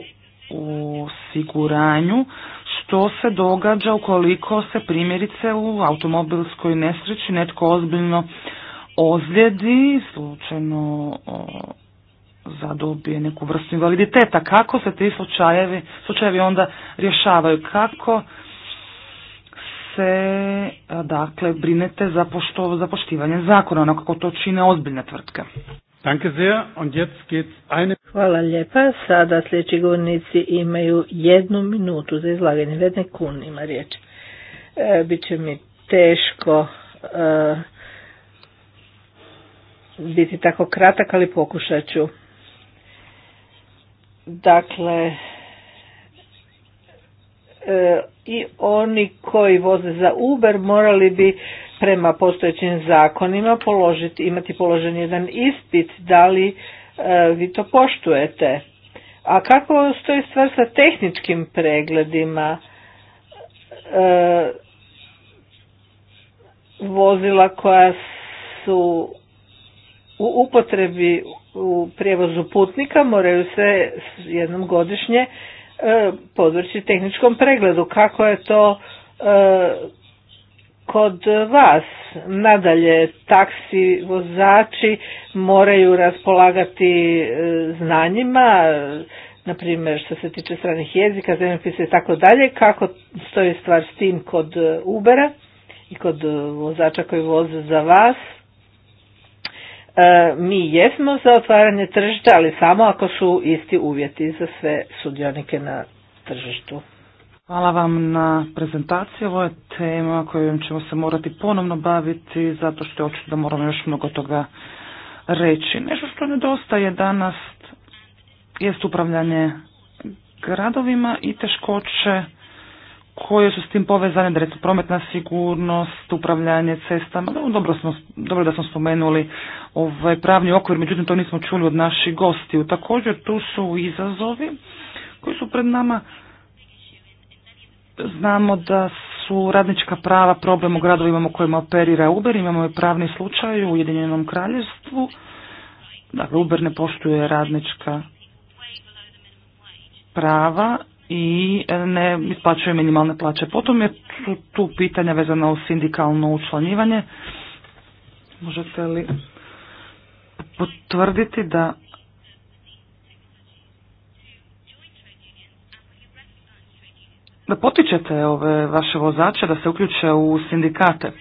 osiguranju što se događa ukoliko se primjerice u automobilskoj nesreći netko ozbiljno ozljedi, slučajno zadobije neku vrstu invaliditeta. Kako se ti slučajevi, slučajevi onda rješavaju? Kako se dakle brinete za, pošto, poštivanje zakona, ono kako to čine ozbiljne tvrtke? Danke sehr. Und jetzt geht's eine... Hvala lijepa. Sada sljedeći govornici imaju jednu minutu za izlaganje. Vedne kun ima riječ. E, Biće mi teško e, biti tako kratak, ali pokušat ću. Dakle, e, i oni koji voze za Uber morali bi prema postojećim zakonima položiti, imati položen jedan ispit da li e, vi to poštujete. A kako stoji stvar sa tehničkim pregledima e, vozila koja su u upotrebi u prijevozu putnika moraju se jednom godišnje e, podvrći tehničkom pregledu. Kako je to e, kod vas? Nadalje, taksi vozači moraju raspolagati e, znanjima, na primjer što se tiče stranih jezika, zemljopisa i tako dalje. Kako stoji stvar s tim kod Ubera i kod vozača koji voze za vas? E, mi jesmo za otvaranje tržišta, ali samo ako su isti uvjeti za sve sudionike na tržištu. Hvala vam na prezentaciji. Ovo je tema kojom ćemo se morati ponovno baviti zato što je očito da moramo još mnogo toga reći. Nešto što nedostaje danas jest upravljanje gradovima i teškoće koje su s tim povezane, da recimo prometna sigurnost, upravljanje cestama. Dobro, smo, dobro da smo spomenuli ovaj pravni okvir, međutim to nismo čuli od naših gostiju. Također tu su izazovi koji su pred nama. Znamo da su radnička prava problem u gradovima u kojima operira Uber, imamo i pravni slučaj u Ujedinjenom kraljevstvu. Dakle, Uber ne poštuje radnička prava i e, ne isplaćuje minimalne plaće. Potom je tu, tu pitanja vezana uz sindikalno učlanjivanje. Možete li potvrditi da da potičete ove vaše vozače da se uključe u sindikate.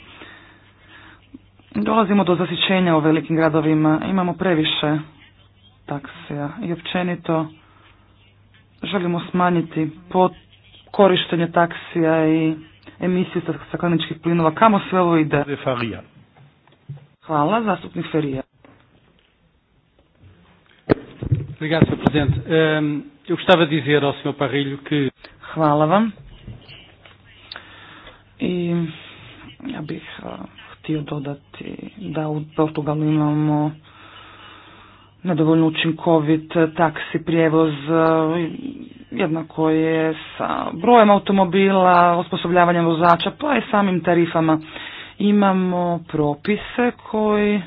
Dolazimo do zasićenja u velikim gradovima. Imamo previše taksija i općenito želimo smanjiti pot, korištenje taksija i emisiju stakleničkih plinova. Kamo sve ovo ide? Hvala, zastupnik Ferija. Obrigado, ehm, Hvala vam. I ja bih eh, htio dodati da u Portugalu imamo nedovoljno učinkovit taksi prijevoz, e, jednako je sa brojem automobila, osposobljavanjem vozača, pa i samim tarifama. Imamo propise koji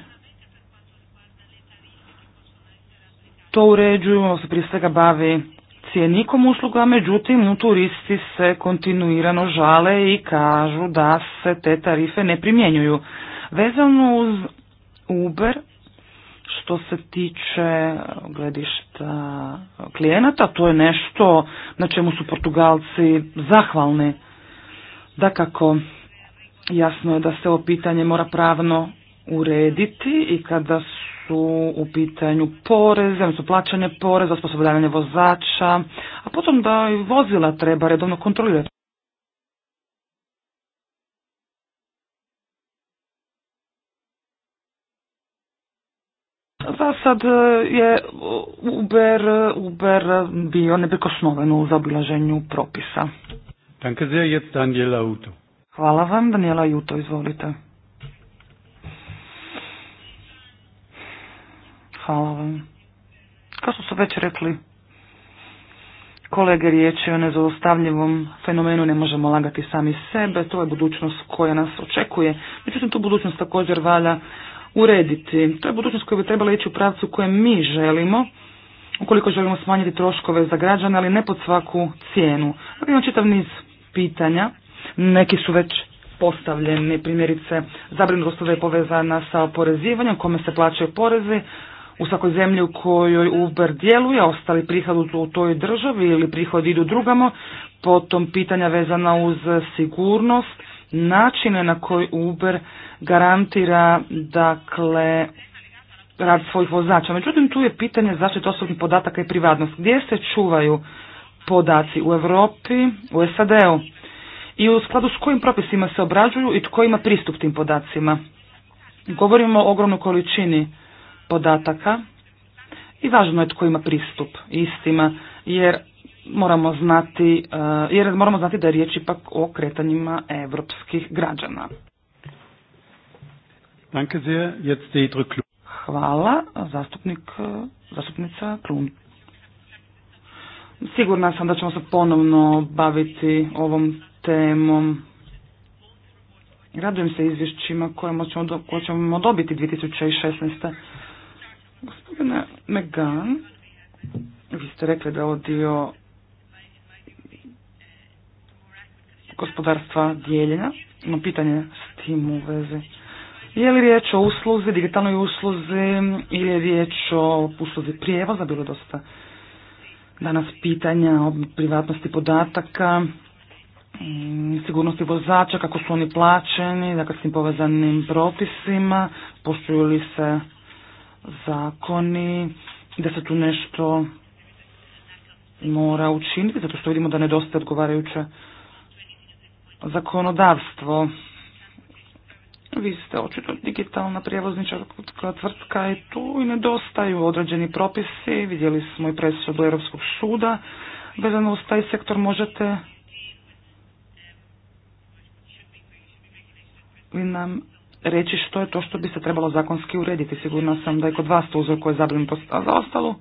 to uređuju, ono se prije svega bavi cijenikom usluga, međutim turisti se kontinuirano žale i kažu da se te tarife ne primjenjuju. Vezano uz Uber, što se tiče gledišta klijenata, to je nešto na čemu su Portugalci zahvalni. kako jasno je da se ovo pitanje mora pravno urediti i kada su u pitanju poreze, odnosno plaćanje poreza, osposobljavanje vozača, a potom da i vozila treba redovno kontrolirati. sad e, je e, Uber, e, Uber bio neprikosnoven u zaobilaženju propisa. Danke sehr, jetzt Daniela Hvala vam, Daniela Juto, izvolite. Hvala vam. Kao što su već rekli, kolege riječi o nezaustavljivom fenomenu ne možemo lagati sami sebe, to je budućnost koja nas očekuje. Međutim, tu budućnost također valja urediti. To je budućnost koja bi trebala ići u pravcu koje mi želimo, ukoliko želimo smanjiti troškove za građane, ali ne pod svaku cijenu. Dakle, imam čitav niz pitanja, neki su već postavljeni, primjerice zabrinutost je povezana sa oporezivanjem, kome se plaćaju porezi, u svakoj zemlji u kojoj Uber djeluje, ostali prihod u toj državi ili prihod idu drugamo, potom pitanja vezana uz sigurnost, načine na koji Uber garantira dakle rad svojih vozača. Međutim, tu je pitanje zaštite osobnih podataka i privatnost. Gdje se čuvaju podaci u Europi, u SAD-u? I u skladu s kojim propisima se obrađuju i tko ima pristup tim podacima? Govorimo o ogromnoj količini podataka i važno je tko ima pristup istima, jer moramo znati, eh, jer moramo znati da je riječ ipak o kretanjima evropskih građana. Danke sehr. Jetzt die Hvala, zastupnik, eh, zastupnica Klum. Sigurna sam da ćemo se ponovno baviti ovom temom. Radujem se izvješćima koje ćemo, koje ćemo dobiti 2016. Gospodine Megan, vi ste rekli da je ovo dio gospodarstva dijeljenja. no pitanje s tim u vezi. Je li riječ o usluzi, digitalnoj usluzi ili je riječ o usluzi prijevoza? Bilo je dosta danas pitanja o privatnosti podataka, mm, sigurnosti vozača, kako su oni plaćeni, dakle s tim povezanim propisima, poštuju li se zakoni, da se tu nešto mora učiniti, zato što vidimo da nedostaje odgovarajuće zakonodavstvo. Vi ste očito digitalna prijevoznička tvrtka i tu i nedostaju određeni propisi. Vidjeli smo i presudu Europskog suda. Vezano uz taj sektor možete nam reći što je to što bi se trebalo zakonski urediti. Sigurno sam da je kod vas to uzor koje je za ostalo.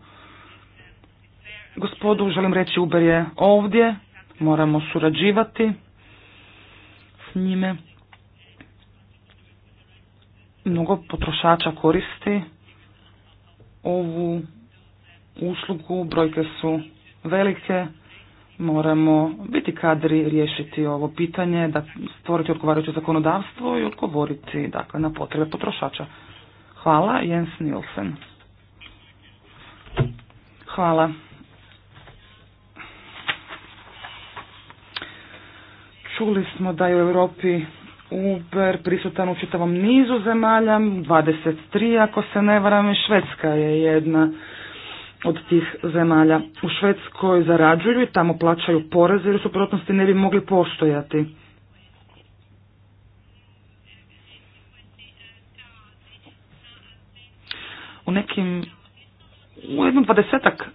Gospodu želim reći Uber je ovdje, moramo surađivati njime. Mnogo potrošača koristi ovu uslugu, brojke su velike, moramo biti kadri riješiti ovo pitanje, da stvoriti odgovarajuće zakonodavstvo i odgovoriti dakle, na potrebe potrošača. Hvala, Jens nielsen Hvala. Čuli smo da je u Europi Uber prisutan u čitavom nizu zemalja, 23 ako se ne varam i Švedska je jedna od tih zemalja. U Švedskoj zarađuju i tamo plaćaju poreze jer u suprotnosti ne bi mogli postojati. U nekim, u jednom dvadesetak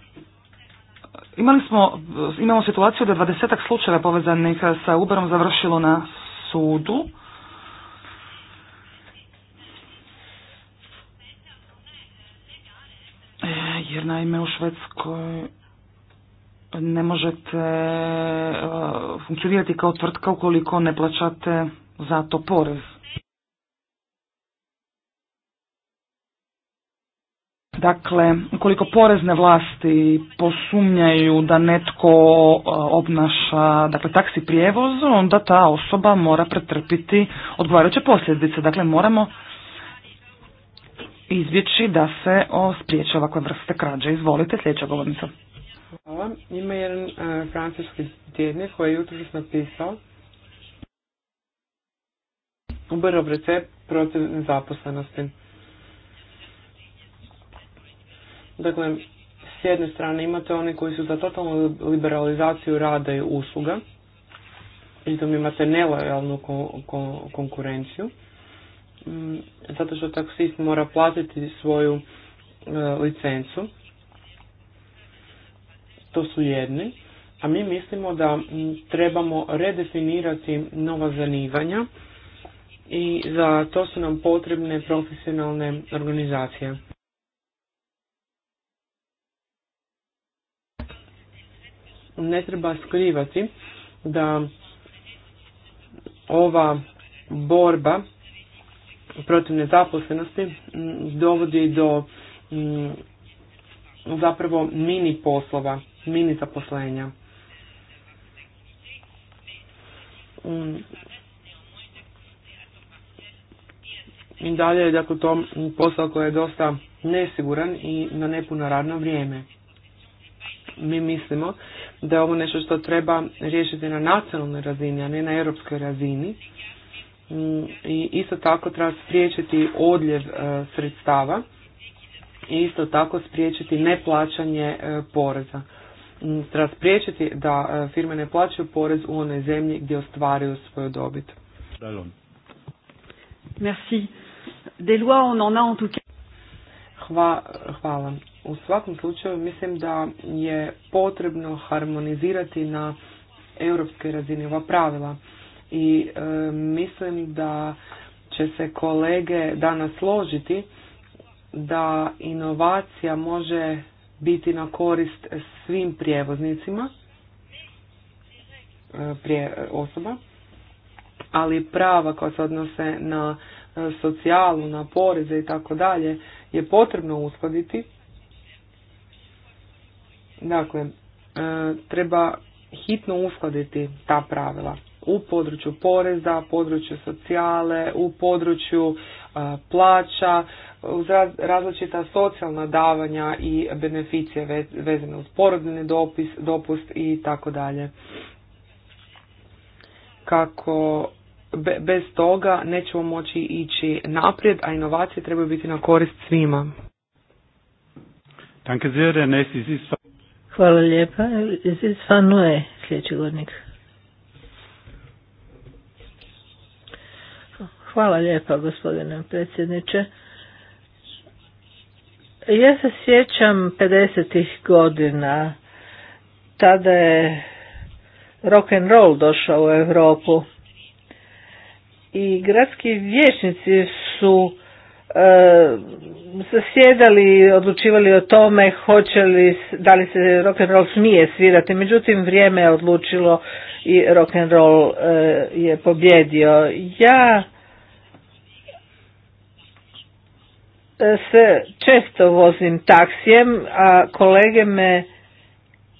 Imali smo, imamo situaciju da je dvadesetak slučajeva povezanih sa Uberom završilo na sudu. E, jer naime u Švedskoj ne možete e, funkcionirati kao tvrtka ukoliko ne plaćate za to porez. Dakle, ukoliko porezne vlasti posumnjaju da netko e, obnaša dakle, taksi prijevoz, onda ta osoba mora pretrpiti odgovarajuće posljedice. Dakle, moramo izbjeći da se spriječe ovakve vrste krađe. Izvolite, sljedeća govornica. Hvala. Ima jedan uh, francuski tjednik koji je jutro napisao Uber recept protiv nezaposlenosti. Dakle, s jedne strane imate one koji su za totalnu liberalizaciju rada i usluga, pritom imate nelojalnu konkurenciju, mm, zato što taksist mora platiti svoju e, licencu. To su jedni. A mi mislimo da trebamo redefinirati nova zanimanja i za to su nam potrebne profesionalne organizacije. ne treba skrivati da ova borba protiv nezaposlenosti dovodi do zapravo mini poslova, mini zaposlenja. I mm. dalje je dakle to posao koji je dosta nesiguran i na nepuno radno vrijeme. Mi mislimo da je ovo nešto što treba riješiti na nacionalnoj razini, a ne na europskoj razini. Mm, I isto tako treba spriječiti odljev e, sredstava i isto tako spriječiti neplaćanje e, poreza. Mm, treba spriječiti da e, firme ne plaćaju porez u onoj zemlji gdje ostvaruju svoju dobit. Merci. Des lois, on en a en Hva, hvala. U svakom slučaju mislim da je potrebno harmonizirati na europske razini ova pravila i e, mislim da će se kolege danas složiti da inovacija može biti na korist svim prijevoznicima e, prije e, osoba, ali prava koja se odnose na socijalu, na poreze i tako dalje je potrebno uskladiti. Dakle, e, treba hitno uskladiti ta pravila u području poreza, području socijale, u području e, plaća, uz različita socijalna davanja i beneficije vezane uz porodni dopis, dopust i tako dalje. Kako bez toga nećemo moći ići naprijed, a inovacije trebaju biti na korist svima. Hvala lijepa. je sljedeći godnik. Hvala lijepa gospodine predsjedniče. Ja se sjećam 50. godina. Tada je rock and roll došao u Europu i gradski vijećnici su e, zasjedali, odlučivali o tome hoće li, da li se rock and roll smije svirati, međutim vrijeme je odlučilo i rock and roll e, je pobjedio. Ja e, se često vozim taksijem, a kolege me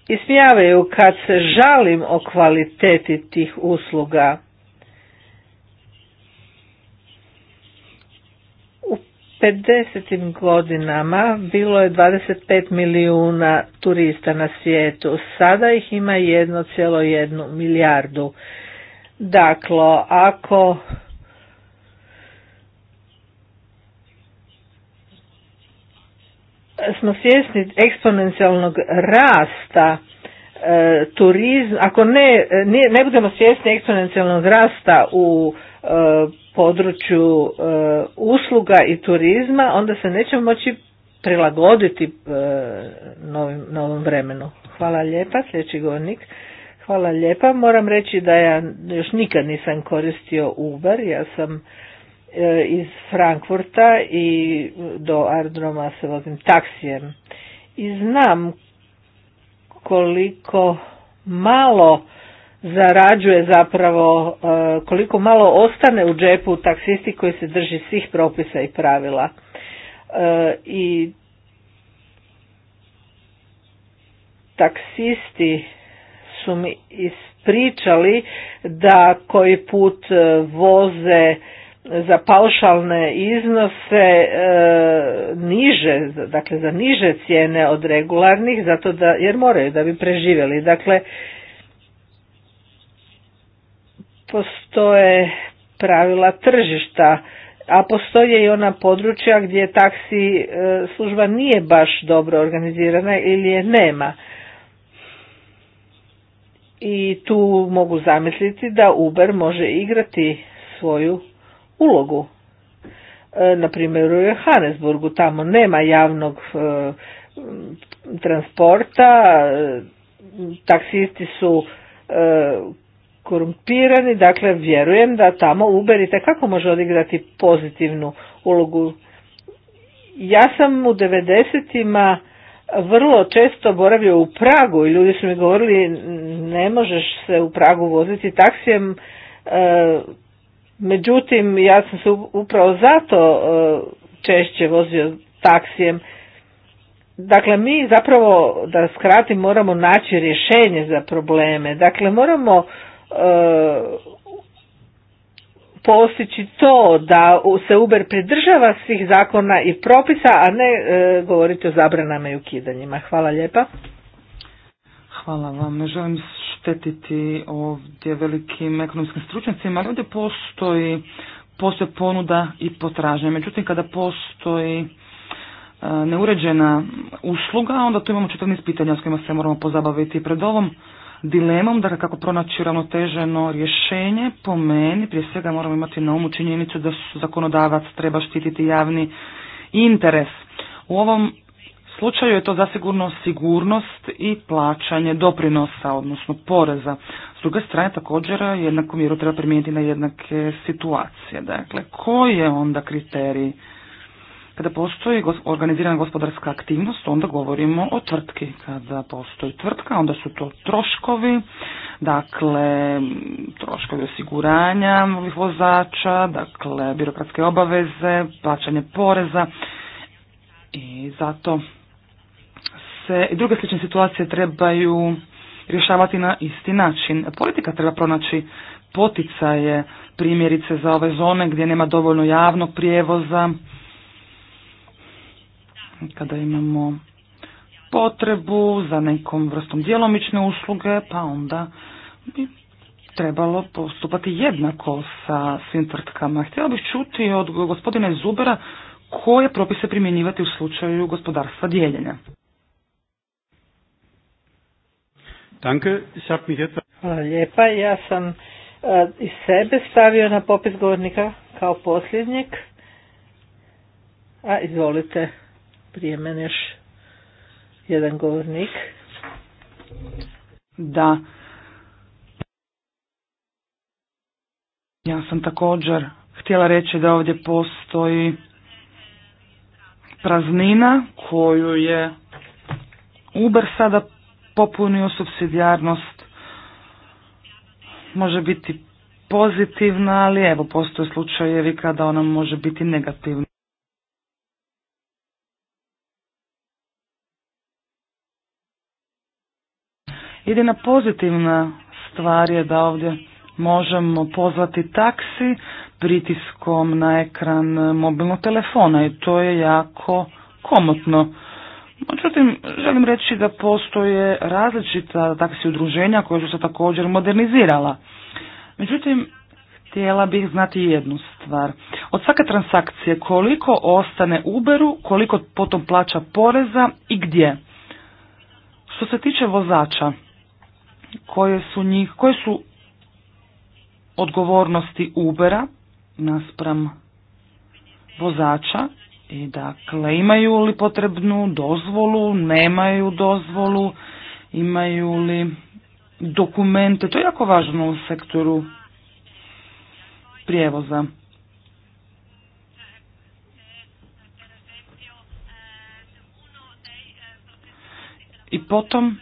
ismijavaju kad se žalim o kvaliteti tih usluga. 50. godinama bilo je 25 milijuna turista na svijetu, sada ih ima 1,1 milijardu. Dakle, ako smo svjesni eksponencijalnog rasta e, turizma, ako ne, e, ne, budemo svjesni eksponencijalnog rasta u e, području e, usluga i turizma, onda se nećemo moći prilagoditi e, novom vremenu. Hvala lijepa, sljedeći govornik. Hvala lijepa. Moram reći da ja još nikad nisam koristio Uber. Ja sam e, iz Frankfurta i do aerodroma se vozim taksijem. I znam koliko malo zarađuje zapravo e, koliko malo ostane u džepu taksisti koji se drži svih propisa i pravila. E, I taksisti su mi ispričali da koji put e, voze za paušalne iznose niže, dakle za niže cijene od regularnih, zato da, jer moraju da bi preživjeli. Dakle, postoje pravila tržišta, a postoje i ona područja gdje taksi e, služba nije baš dobro organizirana ili je nema. I tu mogu zamisliti da Uber može igrati svoju ulogu. E, na primjer u Johannesburgu tamo nema javnog e, transporta, taksisti su korumpirani, dakle vjerujem da tamo uberite kako može odigrati pozitivnu ulogu. Ja sam u 90-ima vrlo često boravio u Pragu i ljudi su mi govorili ne možeš se u Pragu voziti taksijem, e, međutim ja sam se upravo zato e, češće vozio taksijem. Dakle, mi zapravo, da skratim, moramo naći rješenje za probleme. Dakle, moramo E, postići to da se Uber pridržava svih zakona i propisa, a ne e, govoriti o zabranama i ukidanjima. Hvala lijepa. Hvala vam. Ne želim štetiti ovdje velikim ekonomskim stručnjacima, ovdje postoji, ponuda i potražnja. Međutim, kada postoji e, neuređena usluga, onda tu imamo čitav pitanja s kojima se moramo pozabaviti. Pred ovom dilemom, dakle kako pronaći uravnoteženo rješenje, po meni prije svega moramo imati na umu činjenicu da zakonodavac treba štititi javni interes. U ovom slučaju je to zasigurno sigurnost i plaćanje doprinosa, odnosno poreza. S druge strane također jednaku mjeru treba primijeniti na jednake situacije. Dakle, koji je onda kriterij kada postoji organizirana gospodarska aktivnost, onda govorimo o tvrtki. Kada postoji tvrtka, onda su to troškovi, dakle, troškovi osiguranja ovih vozača, dakle, birokratske obaveze, plaćanje poreza i zato se i druge slične situacije trebaju rješavati na isti način. Politika treba pronaći poticaje primjerice za ove zone gdje nema dovoljno javnog prijevoza, kada imamo potrebu za nekom vrstom djelomične usluge, pa onda bi trebalo postupati jednako sa svim tvrtkama. Htjela bih čuti od gospodina Zubera koje propise primjenjivati u slučaju gospodarstva dijeljenja. Danke, Hvala lijepa. Ja sam e, i sebe stavio na popis govornika kao posljednjeg. A izvolite, prije mene još jedan govornik. Da. Ja sam također htjela reći da ovdje postoji praznina koju je Uber sada popunio subsidijarnost. Može biti pozitivna, ali evo postoje slučajevi kada ona može biti negativna. Jedina pozitivna stvar je da ovdje možemo pozvati taksi pritiskom na ekran mobilnog telefona i to je jako komotno. Međutim, želim reći da postoje različita taksi udruženja koja su se također modernizirala. Međutim, htjela bih znati jednu stvar. Od svake transakcije koliko ostane Uberu, koliko potom plaća poreza i gdje. Što se tiče vozača, koje su njih, koje su odgovornosti Ubera naspram vozača i dakle imaju li potrebnu dozvolu, nemaju dozvolu, imaju li dokumente, to je jako važno u sektoru prijevoza. I potom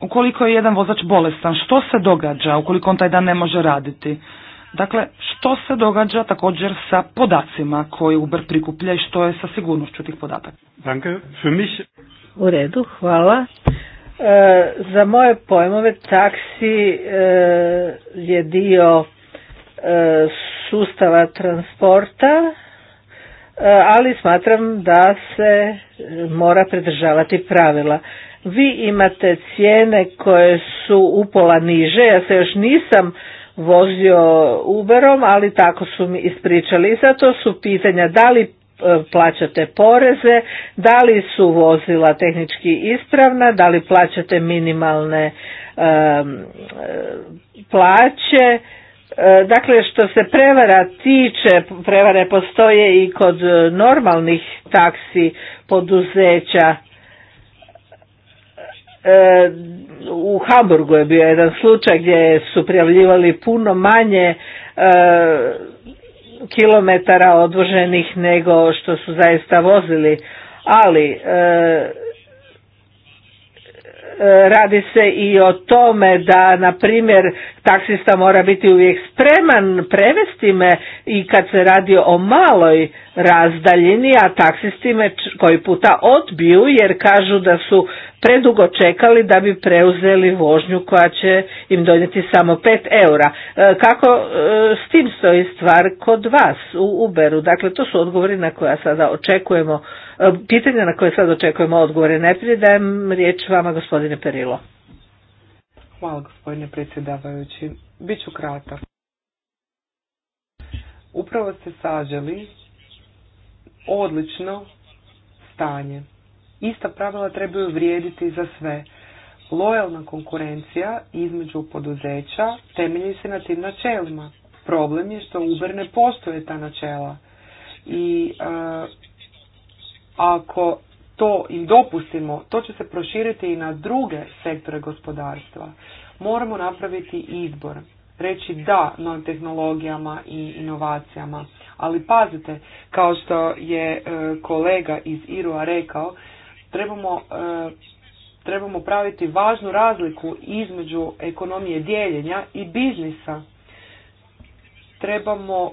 ukoliko je jedan vozač bolestan, što se događa ukoliko on taj dan ne može raditi? Dakle, što se događa također sa podacima koje Uber prikuplja i što je sa sigurnošću tih podataka? Danke, für mich. U redu, hvala. E, za moje pojmove taksi e, je dio e, sustava transporta, ali smatram da se mora pridržavati pravila. Vi imate cijene koje su upola niže, ja se još nisam vozio Uberom, ali tako su mi ispričali. I zato su pitanja da li e, plaćate poreze, da li su vozila tehnički ispravna, da li plaćate minimalne e, plaće. E, dakle, što se prevara tiče, prevare postoje i kod normalnih taksi poduzeća E, u Hamburgu je bio jedan slučaj gdje su prijavljivali puno manje e, kilometara odvoženih nego što su zaista vozili, ali e, radi se i o tome da na primjer taksista mora biti uvijek spreman prevesti me i kad se radi o maloj razdaljini, a taksisti me koji puta odbiju jer kažu da su predugo čekali da bi preuzeli vožnju koja će im donijeti samo 5 eura. E, kako e, s tim stoji stvar kod vas u Uberu? Dakle, to su odgovori na koja sada očekujemo, e, pitanja na koje sada očekujemo odgovore. Najprije dajem riječ vama, gospodine Perilo. Hvala, gospodine predsjedavajući. Biću kratak. Upravo ste saželi odlično stanje ista pravila trebaju vrijediti za sve. Lojalna konkurencija između poduzeća temelji se na tim načelima. Problem je što Uber ne postoje ta načela. I e, ako to im dopustimo, to će se proširiti i na druge sektore gospodarstva. Moramo napraviti izbor, reći da novim tehnologijama i inovacijama. Ali pazite, kao što je e, kolega iz Irua rekao, trebamo, e, trebamo praviti važnu razliku između ekonomije dijeljenja i biznisa. Trebamo e,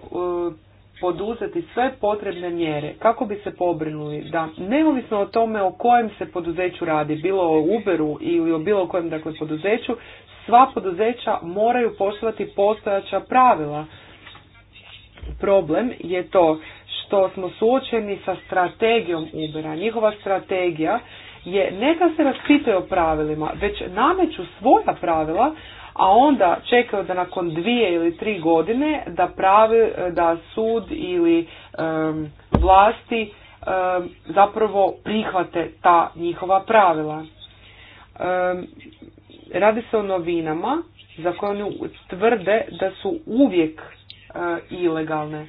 poduzeti sve potrebne mjere kako bi se pobrinuli da neovisno o tome o kojem se poduzeću radi, bilo o Uberu ili o bilo kojem dakle, poduzeću, sva poduzeća moraju poštovati postojaća pravila. Problem je to što smo suočeni sa strategijom Ubera. Njihova strategija je ne da se raspitaju o pravilima, već nameću svoja pravila, a onda čekaju da nakon dvije ili tri godine da, pravi, da sud ili vlasti zapravo prihvate ta njihova pravila. radi se o novinama za koje oni tvrde da su uvijek e, ilegalne.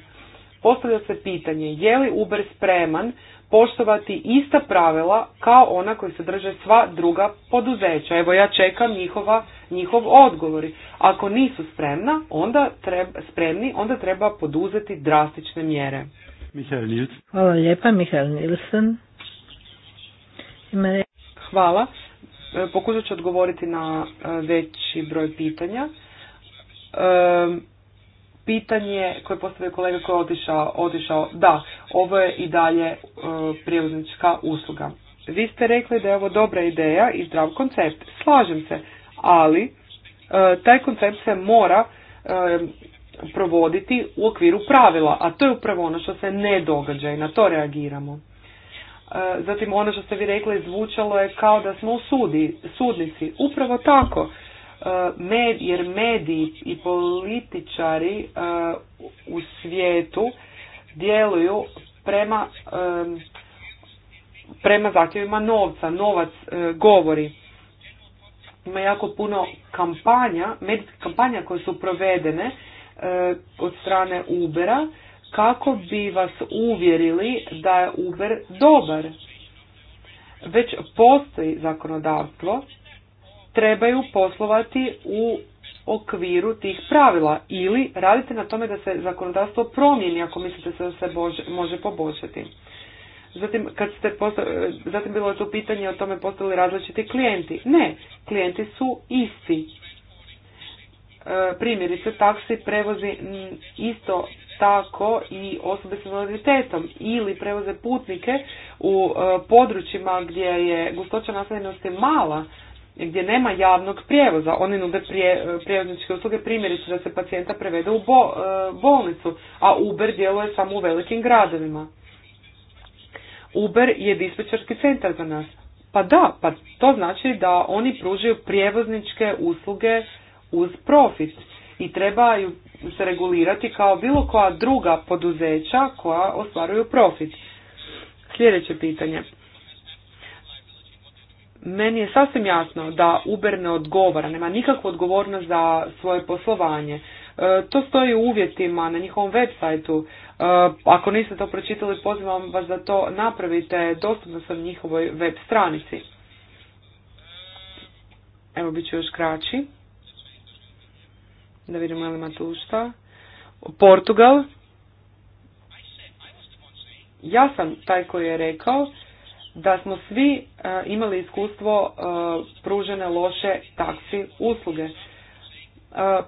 Postavlja se pitanje je li Uber spreman poštovati ista pravila kao ona koji se drže sva druga poduzeća. Evo ja čekam njihova, njihov odgovor. Ako nisu spremna, onda treba, spremni, onda treba poduzeti drastične mjere. Hvala lijepa, Mihael Nilsen. Hvala. E, pokušat ću odgovoriti na e, veći broj pitanja. E, pitanje koje postavio kolega koji je otišao, otišao, da, ovo je i dalje e, usluga. Vi ste rekli da je ovo dobra ideja i zdrav koncept. Slažem se, ali e, taj koncept se mora e, provoditi u okviru pravila, a to je upravo ono što se ne događa i na to reagiramo. E, zatim ono što ste vi rekli zvučalo je kao da smo u sudi, sudnici. Upravo tako Eh, jer mediji i političari eh, u svijetu djeluju prema, prema zahtjevima novca, novac eh, govori. Ima jako puno kampanja, medijske kampanja koje su provedene od strane Ubera kako bi vas uvjerili da je Uber dobar. Već postoji zakonodavstvo trebaju poslovati u okviru tih pravila ili radite na tome da se zakonodavstvo promijeni ako mislite se da se može poboljšati. Zatim, kad ste zatim bilo je to pitanje o tome postavili različiti klijenti. Ne, klijenti su isti. E, primjerice, taksi prevozi isto tako i osobe s invaliditetom ili prevoze putnike u e, područjima gdje je gustoća naseljenosti mala, gdje nema javnog prijevoza. Oni nude prije, e, prijevozničke usluge primjerice da se pacijenta prevede u bo, e, bolnicu, a Uber djeluje samo u velikim gradovima. Uber je dispečarski centar za nas. Pa da, pa to znači da oni pružaju prijevozničke usluge uz profit i trebaju se regulirati kao bilo koja druga poduzeća koja ostvaruju profit. Sljedeće pitanje. Meni je sasvim jasno da Uber ne odgovara, nema nikakvu odgovornost za svoje poslovanje. E, to stoji u uvjetima na njihovom web sajtu. E, ako niste to pročitali, pozivam vas da to napravite dostupno sam njihovoj web stranici. Evo, bit ću još kraći. Da vidimo je li ima tu šta. Portugal. Ja sam taj koji je rekao da smo svi e, imali iskustvo e, pružene loše taksi usluge. E,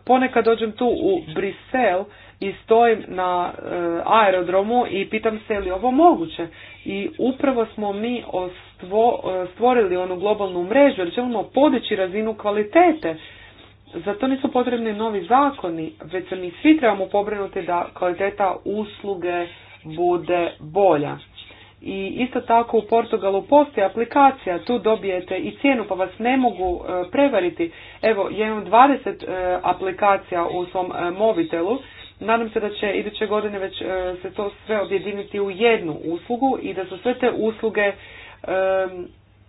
ponekad dođem tu u Brisel i stojim na aerodromu i pitam se je li ovo moguće. I upravo smo mi stvorili onu globalnu mrežu jer ćemo podići razinu kvalitete. Za to nisu potrebni novi zakoni, već se mi svi trebamo pobrinuti da kvaliteta usluge bude bolja. I isto tako u Portugalu postoji aplikacija, tu dobijete i cijenu pa vas ne mogu e, prevariti. Evo, ja imam 20 e, aplikacija u svom e, mobitelu. Nadam se da će iduće godine već se to sve objediniti u jednu uslugu i da su sve te usluge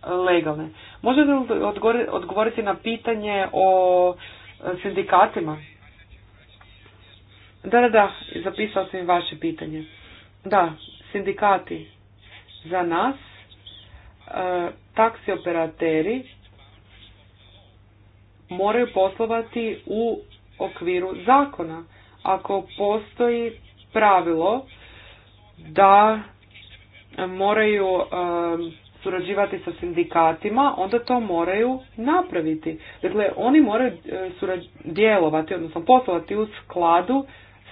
legalne. Možete li odgovoriti na pitanje o sindikatima? Da, da, da, zapisao sam i vaše pitanje. Da, sindikati. Za nas e, taksi operateri moraju poslovati u okviru zakona. Ako postoji pravilo da moraju e, surađivati sa sindikatima, onda to moraju napraviti. Dakle, oni moraju e, djelovati, odnosno poslovati u skladu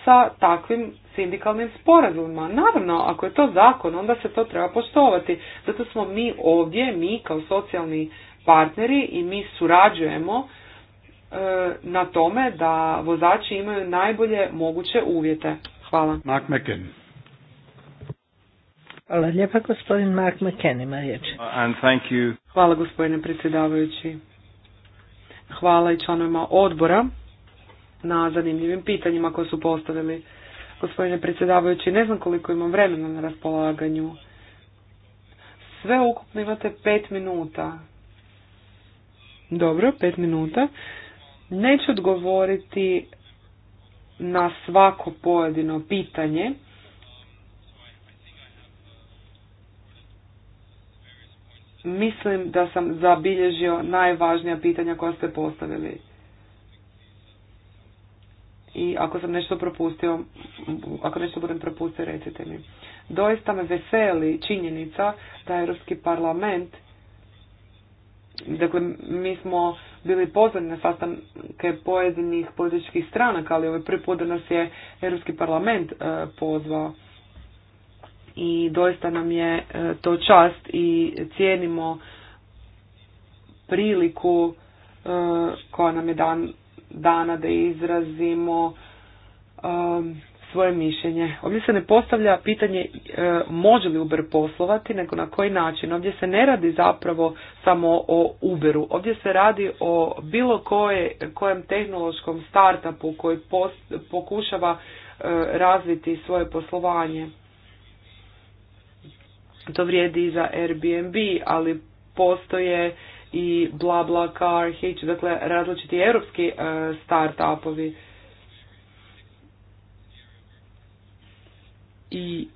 sa takvim sindikalnim sporazumima. Naravno, ako je to zakon, onda se to treba poštovati. Zato smo mi ovdje, mi kao socijalni partneri i mi surađujemo e, na tome da vozači imaju najbolje moguće uvjete. Hvala. Mark Hvala lijepa gospodin Mark ima riječ. Hvala gospodine predsjedavajući. Hvala i članovima odbora na zanimljivim pitanjima koje su postavili. Gospodine predsjedavajući, ne znam koliko imam vremena na raspolaganju. Sve ukupno imate pet minuta. Dobro, pet minuta. Neću odgovoriti na svako pojedino pitanje. Mislim da sam zabilježio najvažnija pitanja koja ste postavili i ako sam nešto propustio, ako nešto budem propustio, recite mi. Doista me veseli činjenica da je Europski parlament, dakle mi smo bili pozvani na sastanke pojedinih političkih stranaka, ali ovaj prvi put nas je Europski parlament e, pozvao i doista nam je e, to čast i cijenimo priliku e, koja nam je dan dana da izrazimo um, svoje mišljenje. Ovdje se ne postavlja pitanje e, može li Uber poslovati, nego na koji način. Ovdje se ne radi zapravo samo o Uberu. Ovdje se radi o bilo koje, kojem tehnološkom startupu koji pokušava uh, razviti svoje poslovanje. To vrijedi i za Airbnb, ali postoje i bla bla car, hitch, dakle različiti europski e, start-upovi. I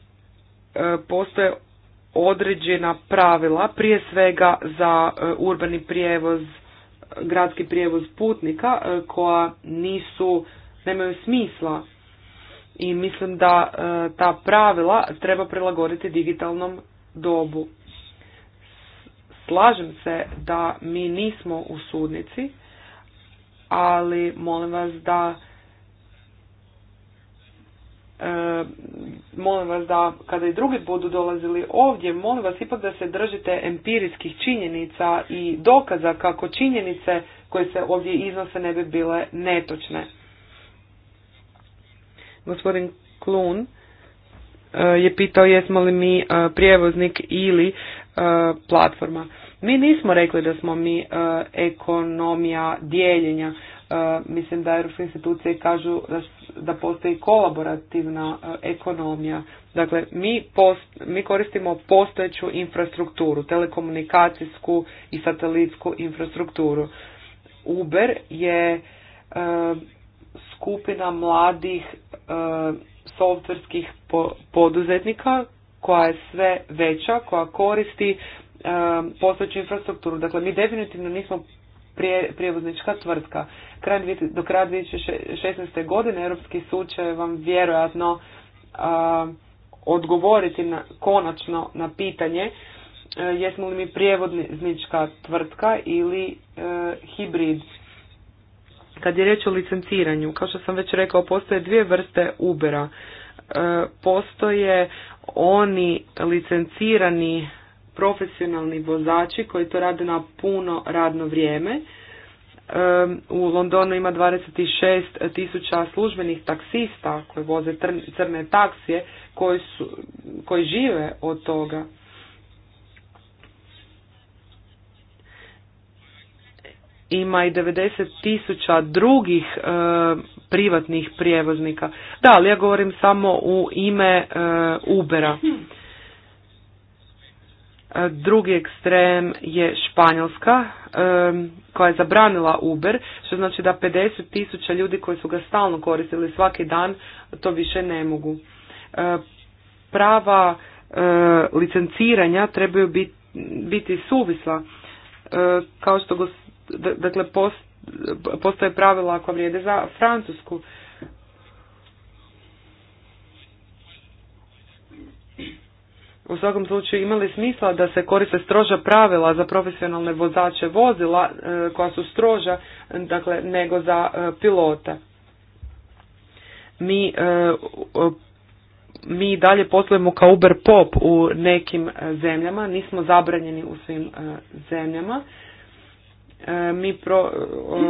e, postoje određena pravila, prije svega za e, urbani prijevoz, gradski prijevoz putnika koja nisu, nemaju smisla i mislim da ta pravila treba prilagoditi digitalnom dobu. Slažem se da mi nismo u sudnici, ali molim vas da e, molim vas da kada i drugi budu dolazili ovdje, molim vas ipak da se držite empirijskih činjenica i dokaza kako činjenice koje se ovdje iznose ne bi bile netočne. Gospodin Klun e, je pitao jesmo li mi e, prijevoznik ili E, platforma. Mi nismo rekli da smo mi e, ekonomija dijeljenja. E, mislim da europske institucije kažu da postoji kolaborativna ekonomija. Dakle, mi, mi koristimo postojeću infrastrukturu, telekomunikacijsku i satelitsku infrastrukturu. Uber je skupina mladih softverskih poduzetnika koja je sve veća, koja koristi e, postojeću infrastrukturu. Dakle, mi definitivno nismo prije, prijevoznička tvrtka. Kraj, do kraja 2016. godine Europski sud će vam vjerojatno e, odgovoriti na, konačno na pitanje e, jesmo li mi prijevoznička tvrtka ili hibrid. Kad je riječ o licenciranju, kao što sam već rekao, postoje dvije vrste Ubera. Postoje oni licencirani profesionalni vozači koji to rade na puno radno vrijeme. U Londonu ima 26 tisuća službenih taksista koji voze crne taksije koji, su, koji žive od toga. Ima i 90 tisuća drugih privatnih prijevoznika. Da, ali ja govorim samo u ime e, Ubera. Hm. E, drugi ekstrem je Španjolska e, koja je zabranila Uber, što znači da 50 tisuća ljudi koji su ga stalno koristili svaki dan to više ne mogu. Prava licenciranja trebaju biti suvisla. Kao što dakle, post, postoje pravila ako vrijede za Francusku. U svakom slučaju imali smisla da se koriste stroža pravila za profesionalne vozače vozila e, koja su stroža dakle, nego za e, pilota. Mi, e, mi dalje poslujemo kao Uber Pop u nekim zemljama, nismo zabranjeni u svim zemljama E, mi pro,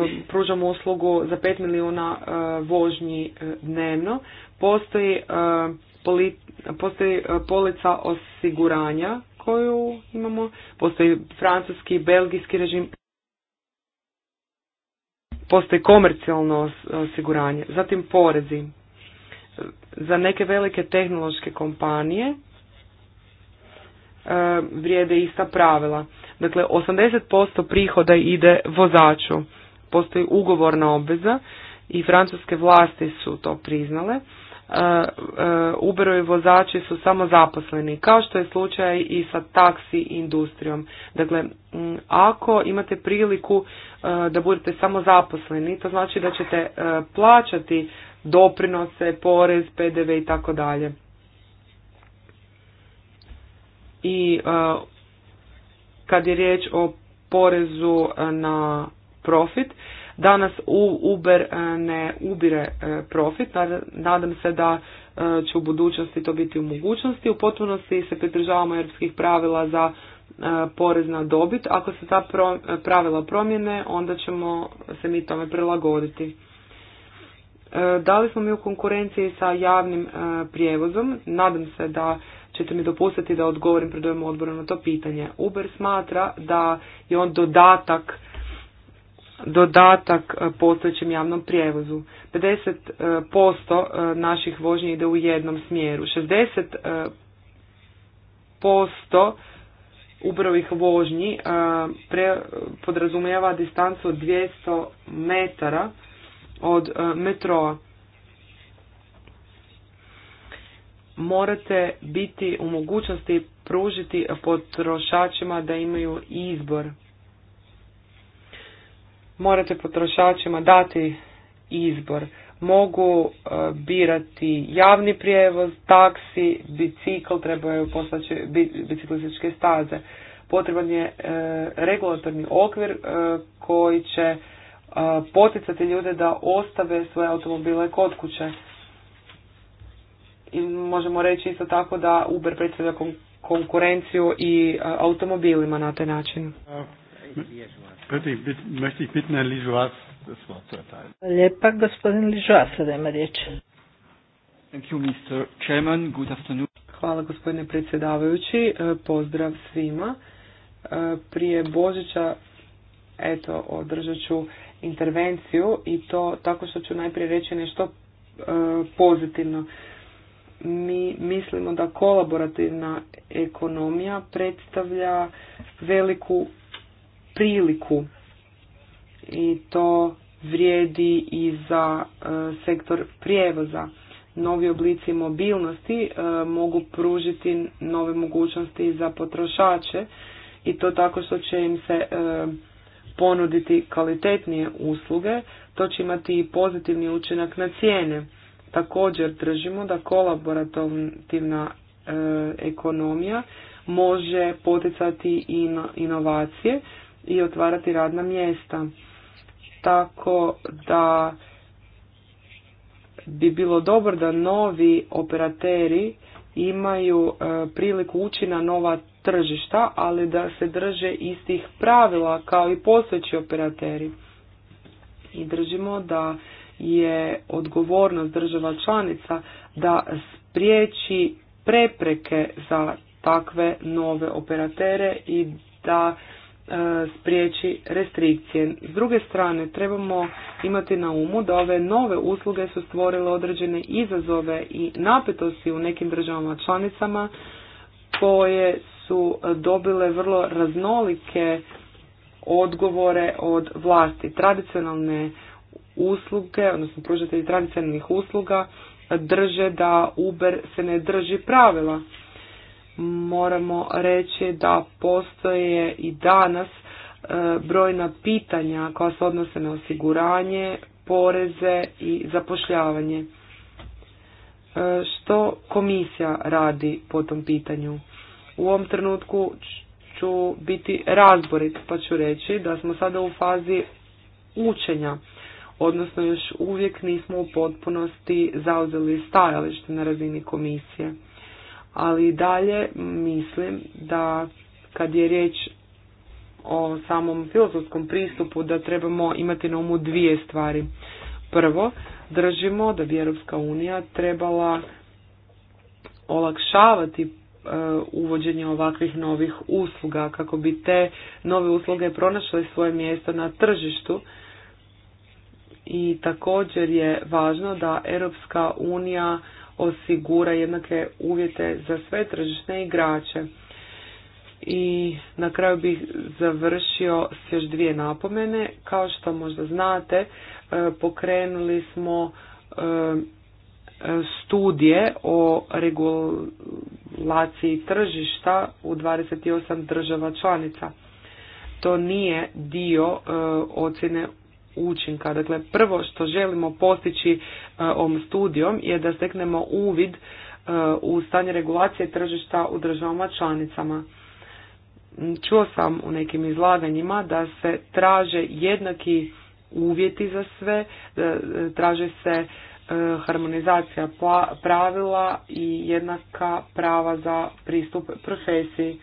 e, pružamo uslugu za 5 milijuna e, vožnji dnevno. Postoji, postoji polica osiguranja koju imamo, postoji francuski i belgijski režim, postoji komercijalno osiguranje, zatim porezi. Za neke velike tehnološke kompanije E, vrijede ista pravila. Dakle, 80% prihoda ide vozaču. Postoji ugovorna obveza i francuske vlasti su to priznale. E, e, Uberovi vozači su samo zaposleni, kao što je slučaj i sa taksi industrijom. Dakle, ako imate priliku da budete samo zaposleni, to znači da ćete plaćati doprinose, porez, PDV i tako dalje i e, kad je riječ o porezu e, na profit, danas Uber e, ne ubire profit, nadam se da će u budućnosti to biti u mogućnosti. U potpunosti se pridržavamo europskih pravila za porez na dobit. Ako se ta pravila promjene, onda ćemo se mi tome prilagoditi. Da li smo mi u konkurenciji sa javnim prijevozom? Nadam se da ćete mi dopustiti da odgovorim pred ovim odborom na to pitanje. Uber smatra da je on dodatak dodatak e, postojećem javnom prijevozu. 50% e, e, naših vožnji ide u jednom smjeru. 60% Uberovih vožnji podrazumijeva distancu od 200 metara od metroa. morate biti u mogućnosti pružiti potrošačima da imaju izbor. Morate potrošačima dati izbor. Mogu e, birati javni prijevoz, taksi, bicikl, trebaju poslaći biciklističke staze. Potreban je e, regulatorni okvir e, koji će poticati ljude da ostave svoje automobile kod kuće i možemo reći isto tako da Uber predstavlja konkurenciju i e, automobilima na taj način. Lijepa, gospodin Ližuas, sada ima riječ. Hvala gospodine predsjedavajući, e, pozdrav svima. E, prije Božića eto, održat ću intervenciju i to tako što ću najprije reći nešto pozitivno mi mislimo da kolaborativna ekonomija predstavlja veliku priliku i to vrijedi i za e, sektor prijevoza. Novi oblici mobilnosti e, mogu pružiti nove mogućnosti za potrošače i to tako što će im se e, ponuditi kvalitetnije usluge, to će imati i pozitivni učinak na cijene. Također držimo da kolaborativna e, ekonomija može poticati i inovacije i otvarati radna mjesta. Tako da bi bilo dobro da novi operateri imaju e, priliku ući na nova tržišta, ali da se drže istih pravila kao i postojeći operateri. I držimo da je odgovornost država članica da spriječi prepreke za takve nove operatere i da e, spriječi restrikcije. S druge strane, trebamo imati na umu da ove nove usluge su stvorile određene izazove i napetosti u nekim državama članicama koje su dobile vrlo raznolike odgovore od vlasti. Tradicionalne usluge, odnosno pružatelji tradicionalnih usluga drže da Uber se ne drži pravila. Moramo reći da postoje i danas e, brojna pitanja koja se odnose na osiguranje, poreze i zapošljavanje. E, što komisija radi po tom pitanju? U ovom trenutku ću biti razborit pa ću reći da smo sada u fazi učenja odnosno još uvijek nismo u potpunosti zauzeli stajalište na razini komisije. Ali dalje mislim da kad je riječ o samom filozofskom pristupu da trebamo imati na umu dvije stvari. Prvo, držimo da bi Europska unija trebala olakšavati e, uvođenje ovakvih novih usluga kako bi te nove usluge pronašle svoje mjesto na tržištu i također je važno da Europska unija osigura jednake uvjete za sve tržišne igrače. I na kraju bih završio s još dvije napomene. Kao što možda znate, e, pokrenuli smo e, studije o regulaciji tržišta u 28 država članica. To nije dio e, ocjene učinka. Dakle, prvo što želimo postići e, ovom studijom je da steknemo uvid e, u stanje regulacije tržišta u državama članicama. Čuo sam u nekim izlaganjima da se traže jednaki uvjeti za sve, e, traže se harmonizacija pravila i jednaka prava za pristup profesiji.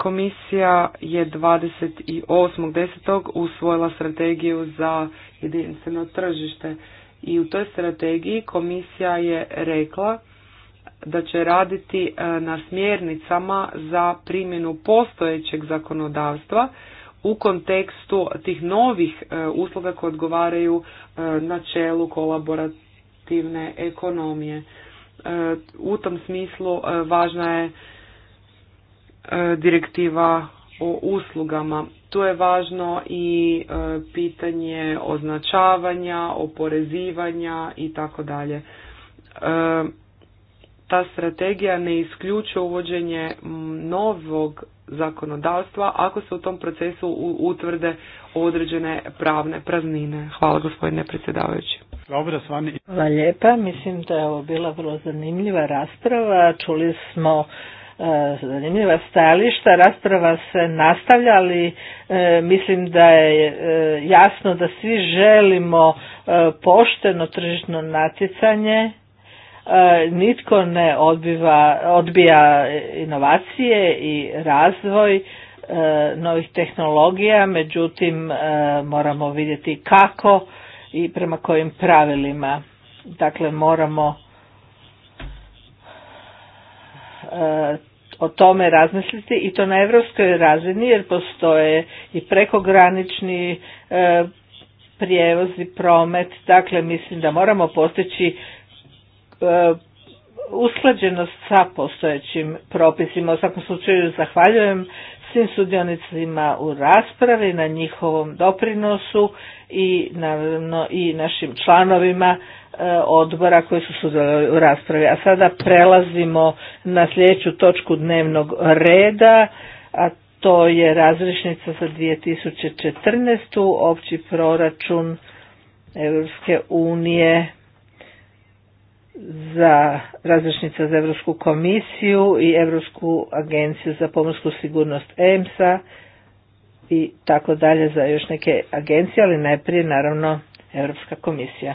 Komisija je 28.10. usvojila strategiju za jedinstveno tržište i u toj strategiji komisija je rekla da će raditi e, na smjernicama za primjenu postojećeg zakonodavstva u kontekstu tih novih e, usluga koje odgovaraju e, načelu kolaborativne ekonomije. U tom smislu važna je E, direktiva o uslugama. Tu je važno i e, pitanje označavanja, oporezivanja i tako dalje. E, ta strategija ne isključuje uvođenje novog zakonodavstva ako se u tom procesu utvrde određene pravne praznine. Hvala gospodine predsjedavajući. Hvala lijepa, mislim da je ovo bila vrlo zanimljiva rasprava. Čuli smo E, zanimljiva stajališta. Rasprava se nastavlja, ali e, mislim da je e, jasno da svi želimo pošteno tržišno natjecanje. Nitko ne odbiva, odbija inovacije i razvoj novih tehnologija, međutim moramo vidjeti kako i prema kojim pravilima. Dakle, moramo o tome razmisliti i to na europskoj razini jer postoje i prekogranični e, i promet, dakle mislim da moramo postići e, usklađenost sa postojećim propisima. U svakom slučaju zahvaljujem svim sudionicima u raspravi na njihovom doprinosu i naravno i našim članovima E, odbora koji su sudjelovali u raspravi. A sada prelazimo na sljedeću točku dnevnog reda, a to je razrišnica za 2014. opći proračun Europske unije za razrišnica za Europsku komisiju i Europsku agenciju za pomorsku sigurnost EMSA i tako dalje za još neke agencije, ali najprije naravno Europska komisija.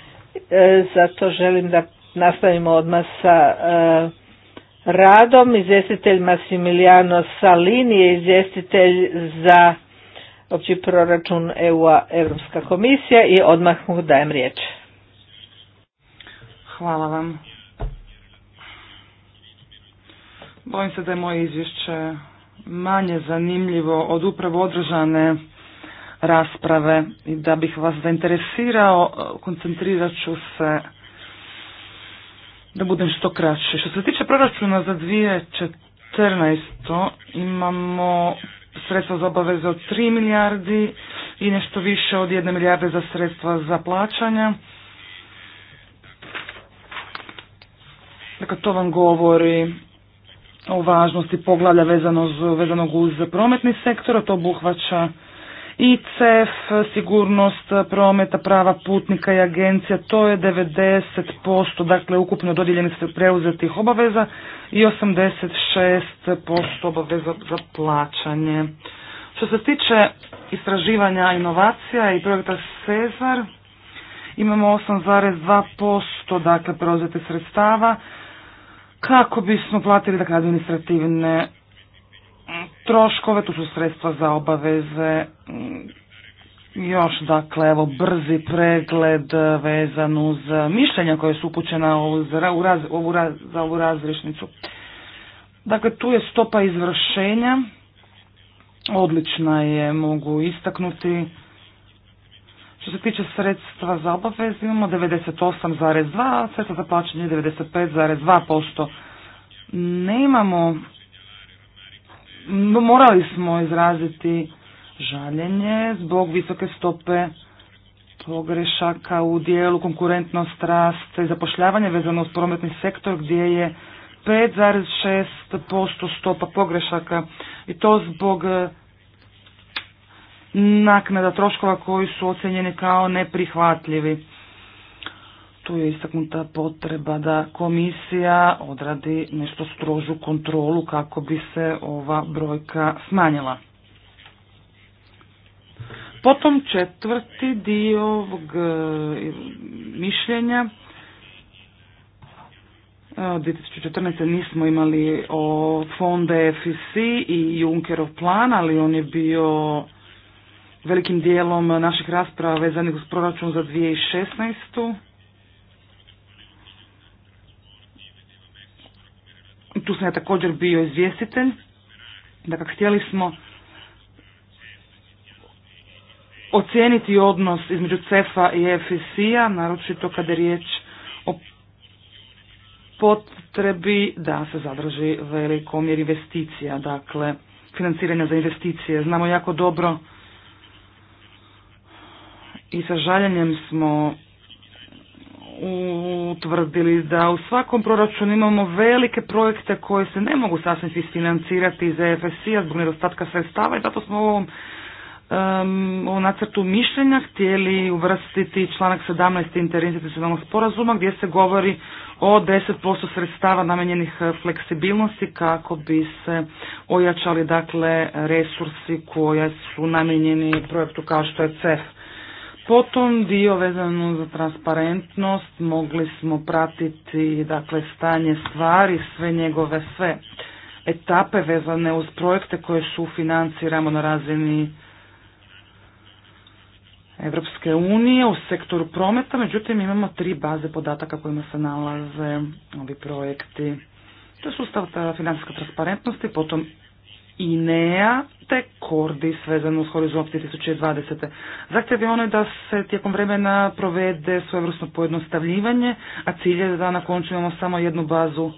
E, zato želim da nastavimo odmah sa e, radom. Izvjestitelj Massimiliano Salini je izvjestitelj za opći proračun EU-a Europska komisija i odmah mu dajem riječ. Hvala vam. Bojim se da je moje izvješće manje zanimljivo od upravo održane rasprave i da bih vas zainteresirao, e, koncentrirat ću se da budem što kraće. Što se tiče proračuna za 2014. imamo sredstva za obaveze od 3 milijardi i nešto više od 1 milijarde za sredstva za plaćanja. Dakle, to vam govori o važnosti poglavlja vezanog uz prometni sektor, a to obuhvaća ICF, sigurnost prometa, prava putnika i agencija, to je 90%, dakle ukupno dodijeljenih preuzetih obaveza i 86% obaveza za plaćanje. Što se tiče istraživanja inovacija i projekta Cezar, imamo 8,2% dakle preuzete sredstava kako bismo platili dakle, administrativne troškove, tu su sredstva za obaveze, mm, još dakle evo brzi pregled vezan uz mišljenja koje su upućena u za ovu razrišnicu. Dakle, tu je stopa izvršenja, odlična je, mogu istaknuti. Što se tiče sredstva za obavez, imamo 98,2, sredstva za plaćanje 95,2%. Nemamo morali smo izraziti žaljenje zbog visoke stope pogrešaka u dijelu konkurentnost, raste i zapošljavanje vezano uz prometni sektor gdje je 5,6% stopa pogrešaka i to zbog e, naknada troškova koji su ocijenjeni kao neprihvatljivi tu je istaknuta potreba da komisija odradi nešto strožu kontrolu kako bi se ova brojka smanjila. Potom četvrti dio ovog e, mišljenja. E, od 2014. nismo imali o fonde FEC i Junckerov plan, ali on je bio velikim dijelom naših rasprava vezanih uz proračun za 2016. tu sam ja također bio izvjestitelj, dakle htjeli smo ocijeniti odnos između CEFA i FSI-a, naročito kada je riječ o potrebi da se zadrži velikom jer investicija, dakle financiranja za investicije. Znamo jako dobro i sa žaljenjem smo utvrdili da u svakom proračunu imamo velike projekte koje se ne mogu sasvim isfinancirati iz EFSI-a zbog nedostatka sredstava i zato smo u ovom nacrtu mišljenja htjeli uvrstiti članak 17. interinstitucionalnog sporazuma gdje se govori o 10% sredstava namenjenih eh, fleksibilnosti kako bi se ojačali dakle resursi koje su namijenjeni projektu kao što je CEF. Potom dio vezano za transparentnost, mogli smo pratiti dakle, stanje stvari, sve njegove, sve etape vezane uz projekte koje su financiramo na razini Evropske unije u sektoru prometa, međutim imamo tri baze podataka kojima se nalaze ovi projekti. To je sustav financijske transparentnosti, potom INEA te Kordi svezano s Horizont 2020. Zahtjev je ono da se tijekom vremena provede svojevrsno pojednostavljivanje, a cilj je da na koncu samo jednu bazu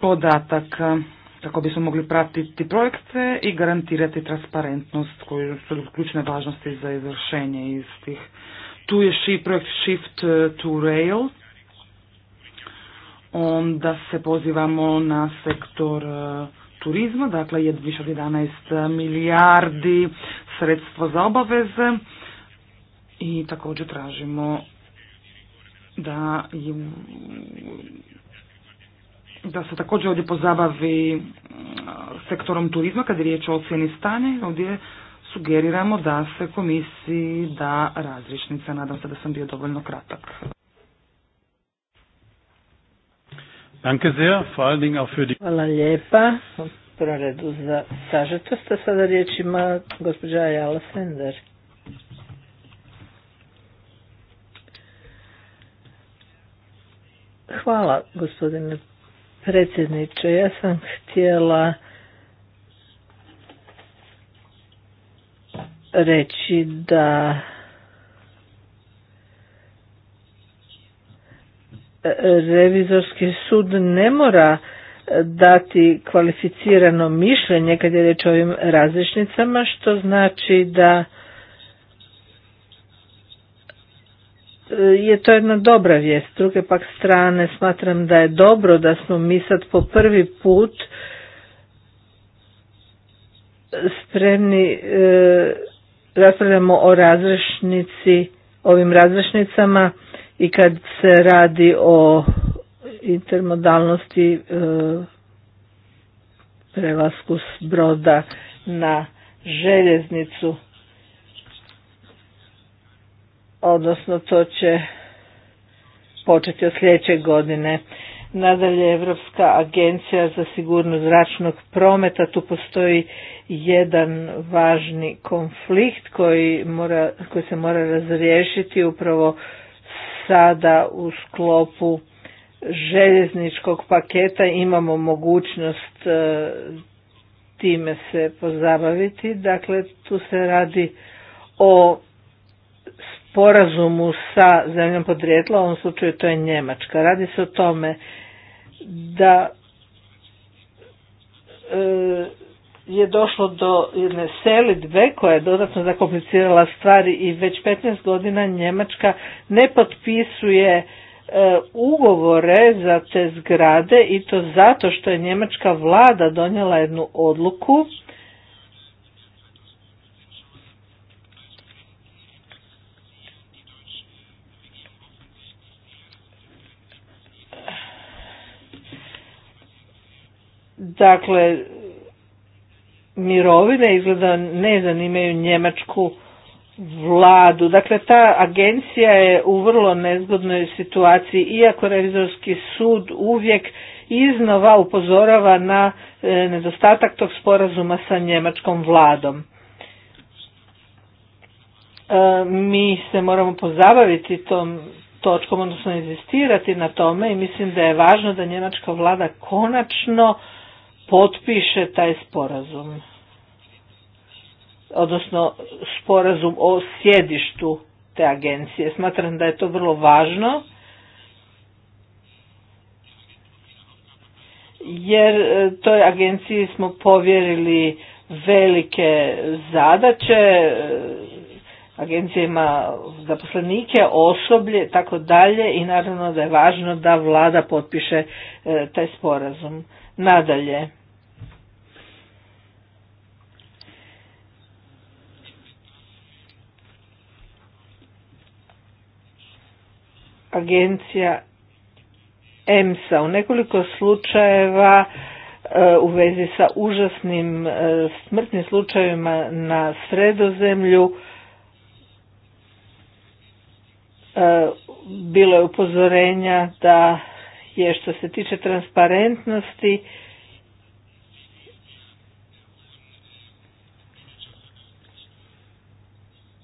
podataka kako bismo mogli pratiti projekte i garantirati transparentnost koju su ključne važnosti za izvršenje istih. Tu je projekt Shift to Rail, onda se pozivamo na sektor turizma, dakle je više od 11 milijardi sredstva za obaveze i također tražimo da da se također ovdje pozabavi sektorom turizma kad je riječ o ocjeni stanja ovdje sugeriramo da se komisiji da razrišnica. Nadam se da sam bio dovoljno kratak. Danke sehr, vor allen Dingen auch für die... Hvala lijepa, prvom redu za sažetost, a sada riječ ima gospođa Jala Sender. Hvala gospodine predsjedniče. Ja sam htjela reći da revizorski sud ne mora e, dati kvalificirano mišljenje kad je reč o ovim različnicama, što znači da e, je to jedna dobra vijest. druge pak strane smatram da je dobro da smo mi sad po prvi put spremni e, raspravljamo o razrešnici, ovim razrešnicama i kad se radi o intermodalnosti e, prelasku s broda na željeznicu odnosno to će početi od sljedeće godine. Nadalje, Evropska agencija za sigurnost zračnog prometa, tu postoji jedan važni konflikt koji, mora, koji se mora razriješiti upravo sada u sklopu željezničkog paketa imamo mogućnost e, time se pozabaviti. Dakle, tu se radi o sporazumu sa zemljom podrijetla, u ovom slučaju to je Njemačka. Radi se o tome da e, je došlo do jedne selitbe koja je dodatno zakomplicirala stvari i već 15 godina Njemačka ne potpisuje e, ugovore za te zgrade i to zato što je njemačka vlada donijela jednu odluku Dakle, mirovine izgleda ne zanimaju njemačku vladu. Dakle, ta agencija je u vrlo nezgodnoj situaciji, iako revizorski sud uvijek iznova upozorava na e, nedostatak tog sporazuma sa njemačkom vladom. E, mi se moramo pozabaviti tom točkom, odnosno inzistirati na tome i mislim da je važno da njemačka vlada konačno potpiše taj sporazum odnosno sporazum o sjedištu te agencije. Smatram da je to vrlo važno jer e, toj agenciji smo povjerili velike zadaće, e, agencija ima zaposlenike, osoblje, tako dalje i naravno da je važno da vlada potpiše e, taj sporazum. Nadalje, agencija EMSA u nekoliko slučajeva e, u vezi sa užasnim e, smrtnim slučajevima na sredozemlju e, bilo je upozorenja da je što se tiče transparentnosti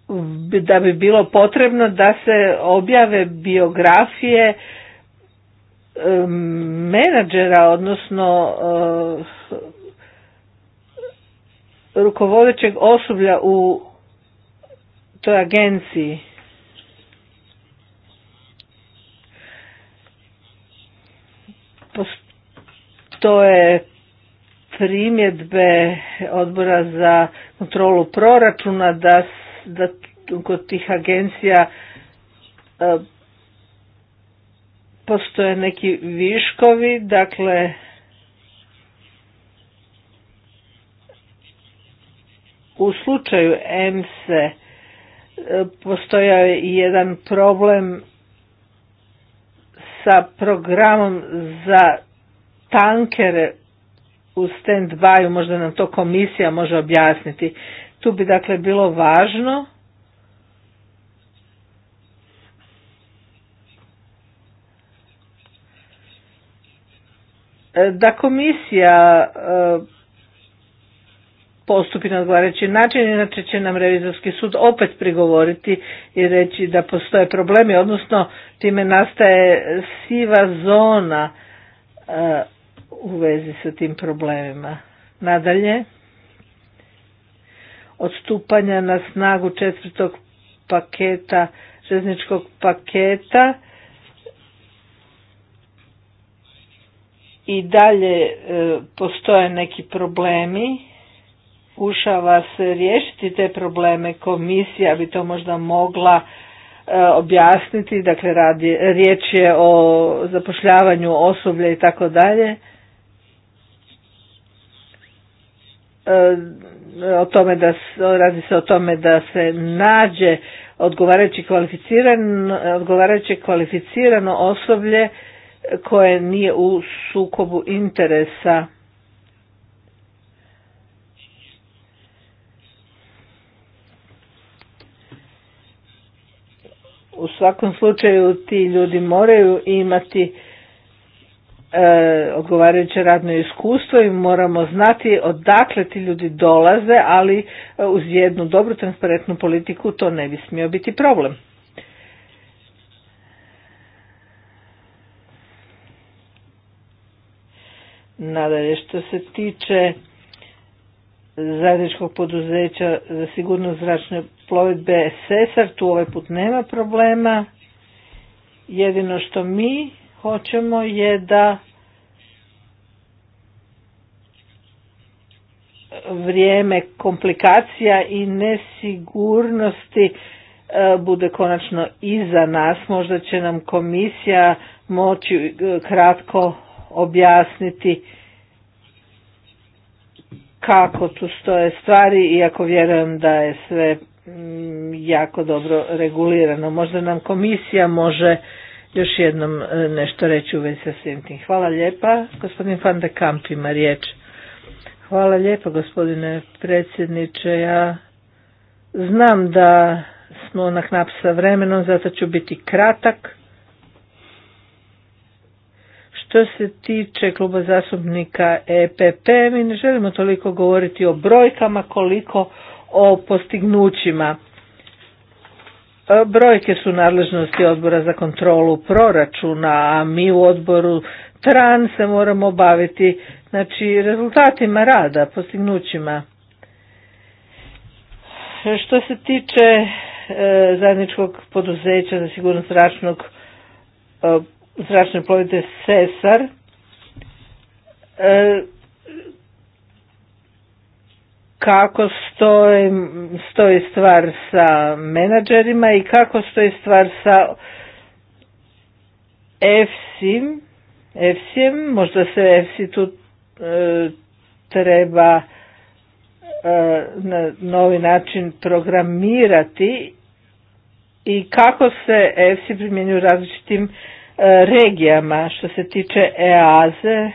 da bi bilo potrebno da se objave biografije e, menadžera, odnosno e, rukovodećeg osoblja u toj agenciji. To je primjedbe odbora za kontrolu proračuna da se da kod tih agencija e, postoje neki viškovi, dakle u slučaju EMSE e, i jedan problem sa programom za tankere u stand-by, možda nam to komisija može objasniti. Tu bi dakle bilo važno da komisija e, postupi na odgovarajući način, inače će nam revizorski sud opet prigovoriti i reći da postoje problemi, odnosno time nastaje siva zona e, u vezi sa tim problemima. Nadalje, odstupanja na snagu četvrtog paketa, željezničkog paketa i dalje e, postoje neki problemi. Ušava se riješiti te probleme, komisija bi to možda mogla e, objasniti, dakle radi, riječ je o zapošljavanju osoblja i tako dalje. E, o tome da radi se o tome da se nađe odgovarajuće kvalificirano osoblje koje nije u sukobu interesa. U svakom slučaju ti ljudi moraju imati E, odgovarajuće radno iskustvo i moramo znati odakle ti ljudi dolaze, ali e, uz jednu dobru transparentnu politiku to ne bi smio biti problem. Nadalje, što se tiče zajedničkog poduzeća za sigurnost zračne plovidbe SESAR, tu ovaj put nema problema. Jedino što mi hoćemo je da vrijeme komplikacija i nesigurnosti e, bude konačno iza nas. Možda će nam komisija moći e, kratko objasniti kako tu stoje stvari, iako vjerujem da je sve mm, jako dobro regulirano. Možda nam komisija može još jednom e, nešto reći u vezi sa svim tim. Hvala lijepa. Gospodin Van de Kamp ima riječ. Hvala lijepa gospodine predsjedniče. Ja znam da smo na knap sa vremenom, zato ću biti kratak. Što se tiče kluba zastupnika EPP, mi ne želimo toliko govoriti o brojkama koliko o postignućima. E, brojke su nadležnosti odbora za kontrolu proračuna, a mi u odboru TRAN se moramo baviti znači, rezultatima rada, postignućima. Što se tiče e, zajedničkog poduzeća za sigurnost zračnog e, zračne plovite Cesar kako stoji, stoji stvar sa menadžerima i kako stoji stvar sa EFSI-em. možda se EFSI tu e, treba e, na novi način programirati i kako se EFSI primjenju različitim e, regijama. Što se tiče EAZE,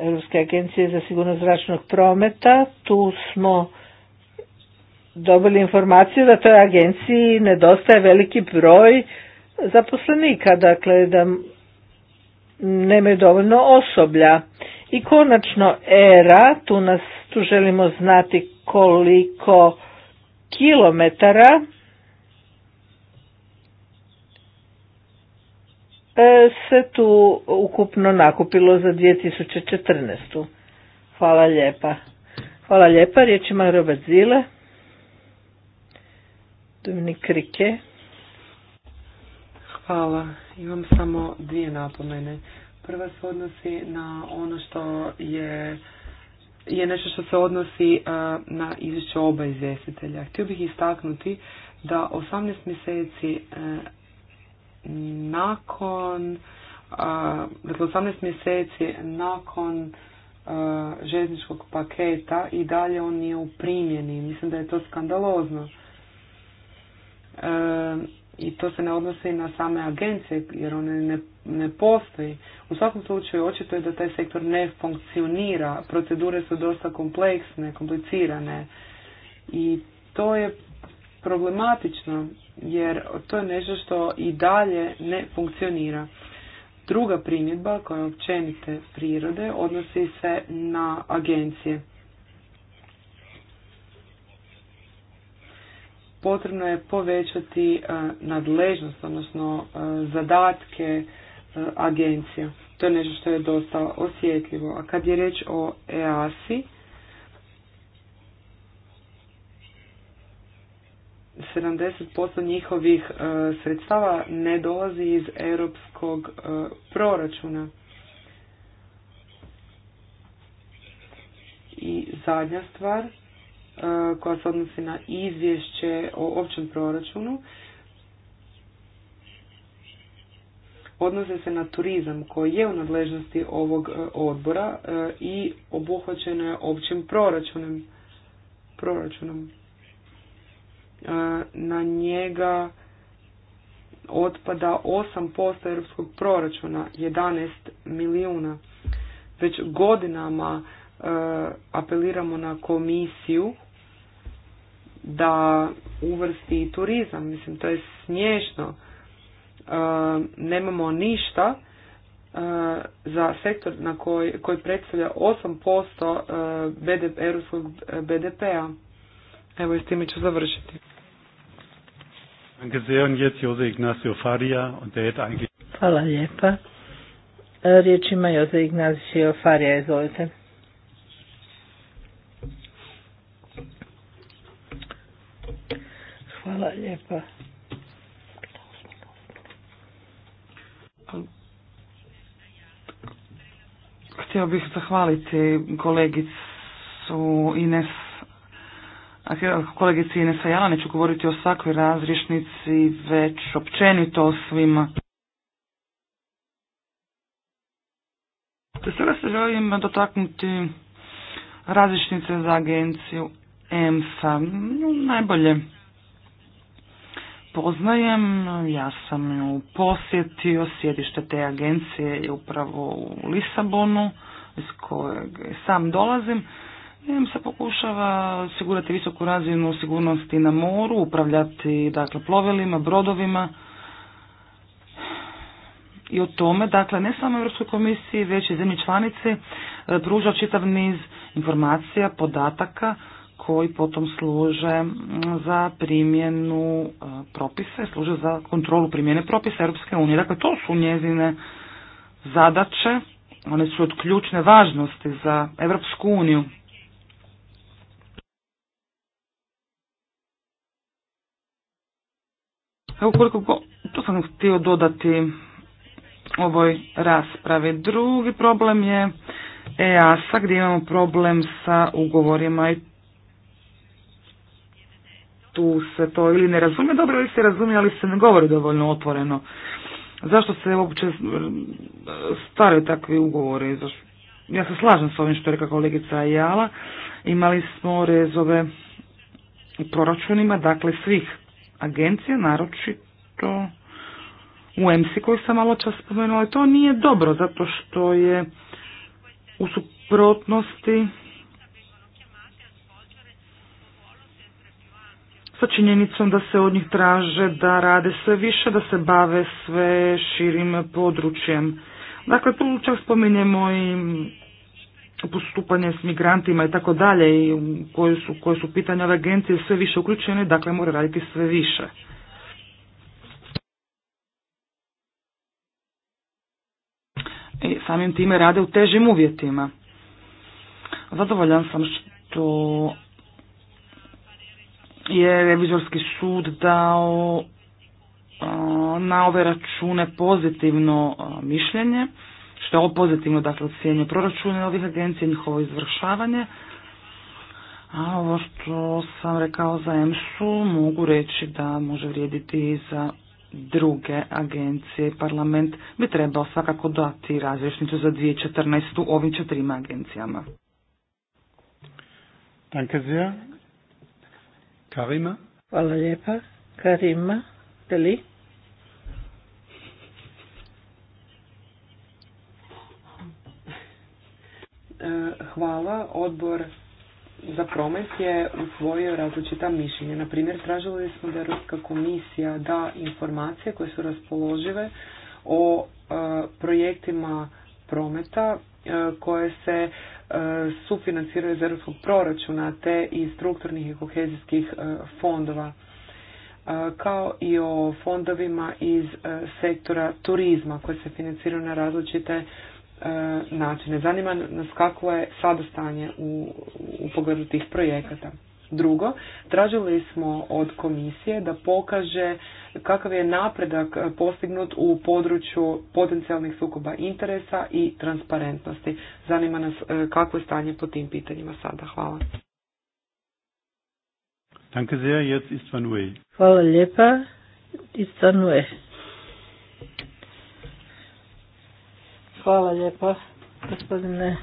Europske agencije za sigurnost zračnog prometa. Tu smo dobili informaciju da toj agenciji nedostaje veliki broj zaposlenika, dakle da nemaju dovoljno osoblja. I konačno ERA, tu, nas, tu želimo znati koliko kilometara E, se tu ukupno nakupilo za 2014. Hvala lijepa. Hvala lijepa, riječ ima Robert Zile. Dominik krike. Hvala, imam samo dvije napomene. Prva se odnosi na ono što je je nešto što se odnosi e, na izvješće oba izvjestitelja. Htio bih istaknuti da 18 mjeseci e, nakon, dakle 18 mjeseci nakon željezničkog paketa i dalje on nije u primjeni. Mislim da je to skandalozno. E, I to se ne odnosi na same agencije jer one ne, ne postoji. U svakom slučaju očito je da taj sektor ne funkcionira, procedure su dosta kompleksne, komplicirane i to je problematično jer to je nešto što i dalje ne funkcionira. Druga primjedba koja je općenite prirode odnosi se na agencije. Potrebno je povećati e, nadležnost, odnosno e, zadatke e, agencija. To je nešto što je dosta osjetljivo. A kad je reč o EASI, 70% njihovih e, sredstava ne dolazi iz europskog e, proračuna. I zadnja stvar e, koja se odnosi na izvješće o općem proračunu odnose se na turizam koji je u nadležnosti ovog odbora i obuhvaćeno je općim proračunom. proračunom na njega otpada 8% europskog proračuna, 11 milijuna. Već godinama apeliramo na komisiju da uvrsti turizam. Mislim, to je smiješno. Nemamo ništa za sektor na koji, koji predstavlja 8% BDP, europskog BDP-a. Evo i s time ću završiti. Hvala lijepa. E, riječ ima Jose Ignacio Farija, izvolite. Hvala lijepa. Htio bih zahvaliti kolegicu Ines kolegici Inesa neću govoriti o svakoj razrišnici, već općenito o svima. Sada se želim dotaknuti različnice za agenciju EMSA. Najbolje poznajem, ja sam ju posjetio, sjedište te agencije je upravo u Lisabonu, iz kojeg sam dolazim. Im se pokušava osigurati visoku razinu sigurnosti na moru, upravljati dakle, plovilima, brodovima i o tome, dakle, ne samo Europskoj komisiji, već i zemlji članici e, pruža čitav niz informacija, podataka koji potom služe za primjenu e, propisa, služe za kontrolu primjene propisa Europske unije. Dakle, to su njezine zadaće, one su od ključne važnosti za Europsku uniju. Evo koliko go, to sam htio dodati ovoj raspravi. Drugi problem je EASA gdje imamo problem sa ugovorima i tu se to ili ne razumije dobro ili se razumije ali se ne govori dovoljno otvoreno. Zašto se uopće stvaraju takvi ugovori? Ja se slažem s ovim što je rekla kolegica Jala. Imali smo rezove u proračunima, dakle svih agencija, naročito u EMSI koju sam malo čas spomenula. to nije dobro zato što je u suprotnosti sa činjenicom da se od njih traže da rade sve više, da se bave sve širim područjem. Dakle, tu čak spominjemo i postupanje s migrantima i tako dalje i koje su, koje su pitanja ove agencije sve više uključene, dakle mora raditi sve više. I samim time rade u težim uvjetima. Zadovoljan sam što je revizorski sud dao na ove račune pozitivno mišljenje što je ovo pozitivno, dakle, ocijenje proračuna ovih agencija, njihovo izvršavanje. A ovo što sam rekao za EMS-u mogu reći da može vrijediti i za druge agencije. Parlament bi trebao svakako dati razrešnicu za 2014. ovim četirima agencijama. Danke sehr. Karima. Hvala lijepa. Karima, Deli. E, hvala. Odbor za promet je usvojio različita mišljenja. Na primjer, tražili smo da Europska komisija da informacije koje su raspoložive o e, projektima prometa e, koje se sufinanciraju iz europskog proračuna te i strukturnih i kohezijskih fondova kao i o fondovima iz sektora turizma koji se financiraju na različite E, načine. Zanima nas kako je sada stanje u, u pogledu tih projekata. Drugo, tražili smo od komisije da pokaže kakav je napredak postignut u području potencijalnih sukoba interesa i transparentnosti. Zanima nas e, kakvo je stanje po tim pitanjima sada. Hvala. Hvala lijepa. Hvala lijepa, gospodine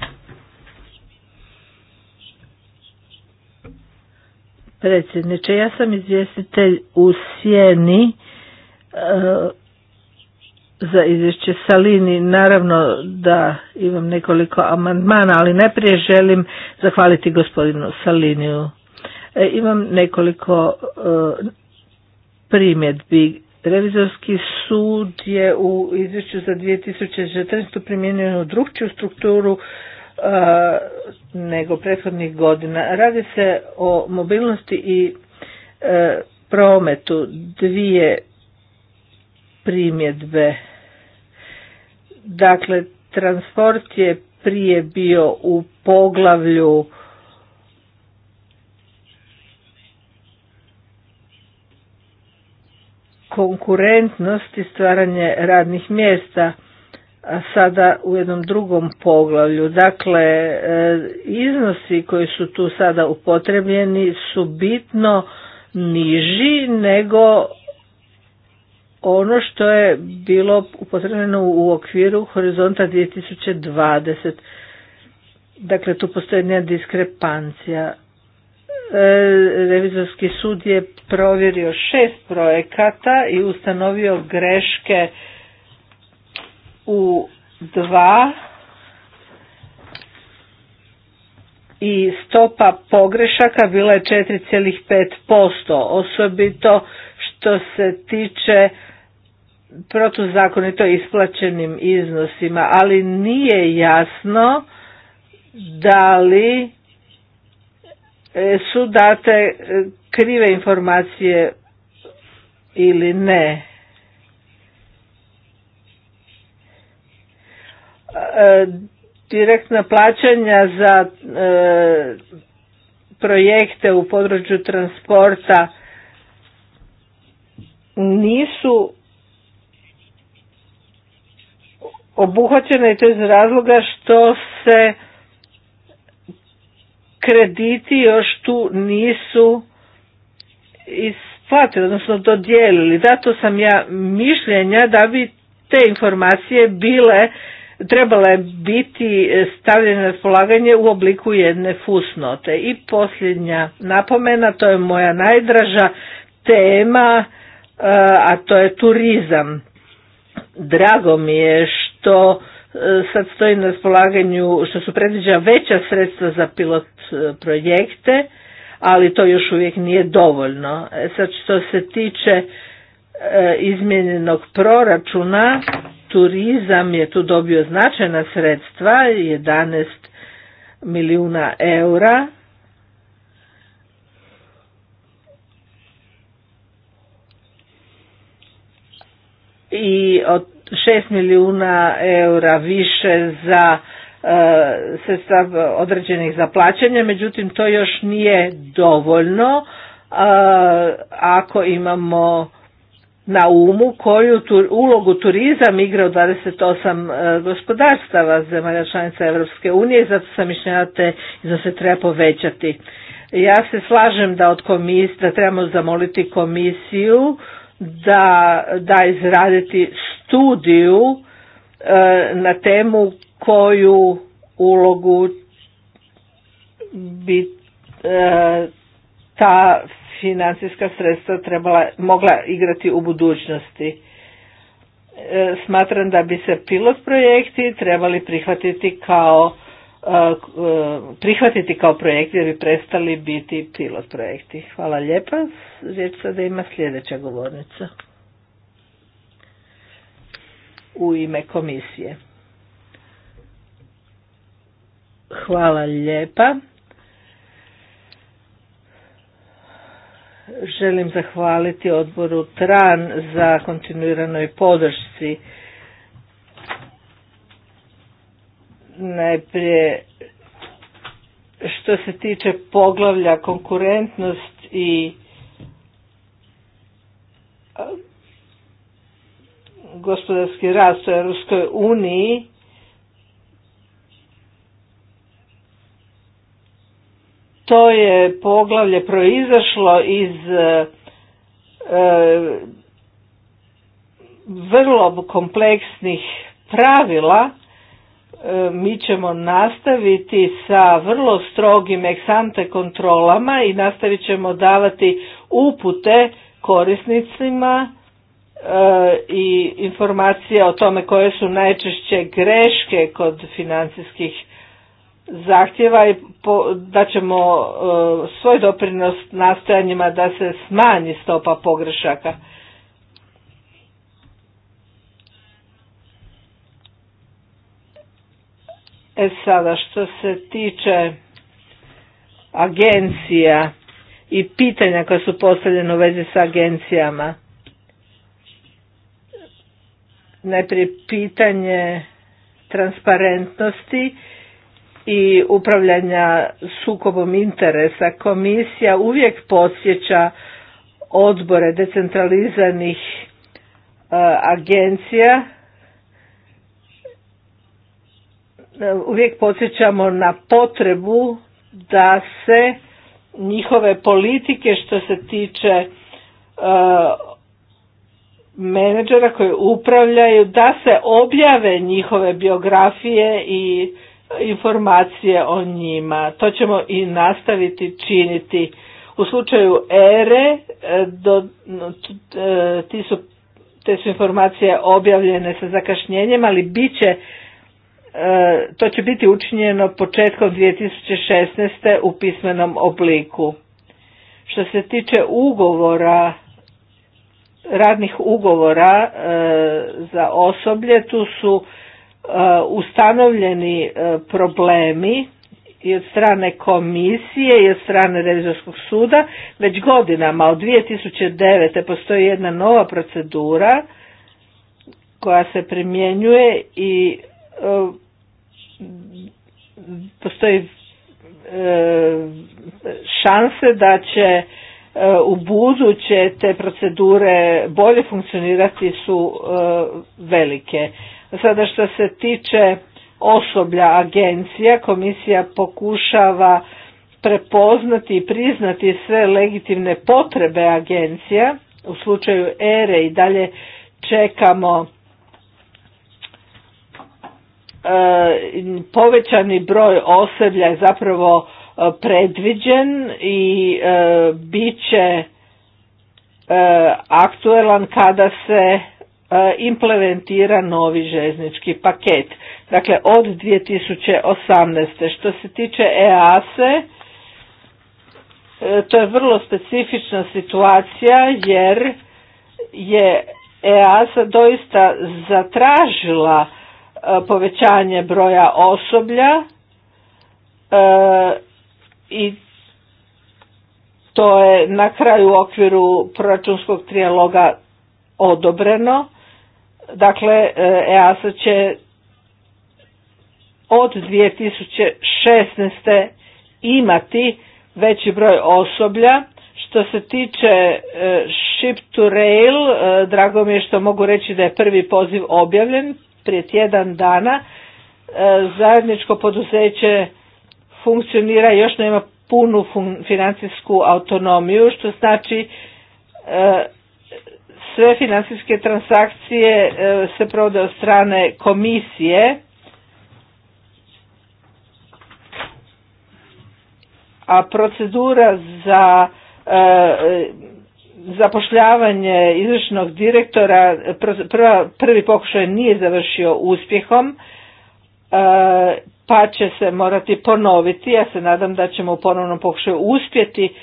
predsjedniče. Ja sam izvjestitelj u Sjeni e, za izvješće Salini. Naravno da imam nekoliko amandmana, ali najprije želim zahvaliti gospodinu Saliniju. E, imam nekoliko e, primjedbi Revizorski sud je u izvješću za 2014. primijenio jednu drugčiju strukturu nego prethodnih godina. Radi se o mobilnosti i e, prometu dvije primjedbe. Dakle, transport je prije bio u poglavlju konkurentnost i stvaranje radnih mjesta a sada u jednom drugom poglavlju. Dakle, e, iznosi koji su tu sada upotrebljeni su bitno niži nego ono što je bilo upotrebljeno u okviru horizonta 2020. Dakle, tu postoje jedna diskrepancija. E, revizorski sud je provjerio šest projekata i ustanovio greške u dva i stopa pogrešaka bila je 4,5%, osobito što se tiče protuzakonito isplaćenim iznosima, ali nije jasno da li E, su date e, krive informacije ili ne. E, direktna plaćanja za projekte u području transporta nisu obuhvaćene i to iz razloga što se krediti još tu nisu isplatili, odnosno dodijelili. Zato sam ja mišljenja da bi te informacije bile trebale biti stavljene na raspolaganje u obliku jedne fusnote. I posljednja napomena, to je moja najdraža tema, e, a to je turizam. Drago mi je što sad stoji na raspolaganju što su predviđa veća sredstva za pilot e, projekte, ali to još uvijek nije dovoljno. E, sad što se tiče e, izmijenjenog proračuna, turizam je tu dobio značajna sredstva, 11 milijuna eura. I od 6 milijuna eura više za e, sredstav određenih za plaćanje, međutim to još nije dovoljno e, ako imamo na umu koju ulogu turizam igra u 28 e, gospodarstava zemalja članica Europske unije i zato sam mišljena da se treba povećati. Ja se slažem da od komisije, da trebamo zamoliti komisiju da, da izraditi studiju e, na temu koju ulogu bi e, ta financijska sredstva trebala, mogla igrati u budućnosti. E, smatram da bi se pilot projekti trebali prihvatiti kao Eh, prihvatiti kao projekti jer bi prestali biti pilot projekti. Hvala lijepa. Riječ sada ima sljedeća govornica u ime komisije. Hvala lijepa. Želim zahvaliti odboru TRAN za kontinuiranoj podršci Najprije što se tiče poglavlja konkurentnost i gospodarski rast u Europskoj uniji to je poglavlje proizašlo iz e, e, vrlo kompleksnih pravila mi ćemo nastaviti sa vrlo strogim eksante kontrolama i nastavit ćemo davati upute korisnicima e, i informacije o tome koje su najčešće greške kod financijskih zahtjeva i da ćemo e, svoj doprinos nastojanjima da se smanji stopa pogrešaka. E sada što se tiče agencija i pitanja koja su postavljena u vezi sa agencijama. Najprije pitanje transparentnosti i upravljanja sukobom interesa. Komisija uvijek podsjeća odbore decentralizanih e, agencija E, uvijek podsjećamo na potrebu da se njihove politike što se tiče e, menadžera koji upravljaju da se objave njihove biografije i informacije o njima. To ćemo i nastaviti činiti. U slučaju ERE e, do, ti su, te su informacije objavljene sa zakašnjenjem, ali bit će E, to će biti učinjeno početkom 2016. u pismenom obliku. Što se tiče ugovora, radnih ugovora e, za osoblje, tu su e, ustanovljeni problemi i od strane komisije i od strane revizorskog suda. Već godinama od 2009. postoji jedna nova procedura koja se primjenjuje i postoji e, šanse da će e, u buduće te procedure bolje funkcionirati su e, velike. Sada što se tiče osoblja agencija, komisija pokušava prepoznati i priznati sve legitimne potrebe agencija. U slučaju ERE i dalje čekamo E, povećani broj osoblja je zapravo e, predviđen i e, bit će aktuelan kada se implementira novi željeznički paket. Dakle, od 2018. Što se tiče EASE, to je vrlo specifična situacija jer je EASA doista zatražila E, povećanje broja osoblja e, i to je na kraju u okviru proračunskog trijaloga odobreno. Dakle, e, EASA će od 2016. imati veći broj osoblja. Što se tiče Ship to Rail, drago mi je što mogu reći da je prvi poziv objavljen prije tjedan dana. E, zajedničko poduzeće funkcionira i još nema punu financijsku autonomiju, što znači e, sve financijske transakcije e, se provode od strane komisije, a procedura za zapošljavanje izvršnog direktora, prva, prvi pokušaj nije završio uspjehom, e, pa će se morati ponoviti. Ja se nadam da ćemo u ponovnom pokušaju uspjeti e,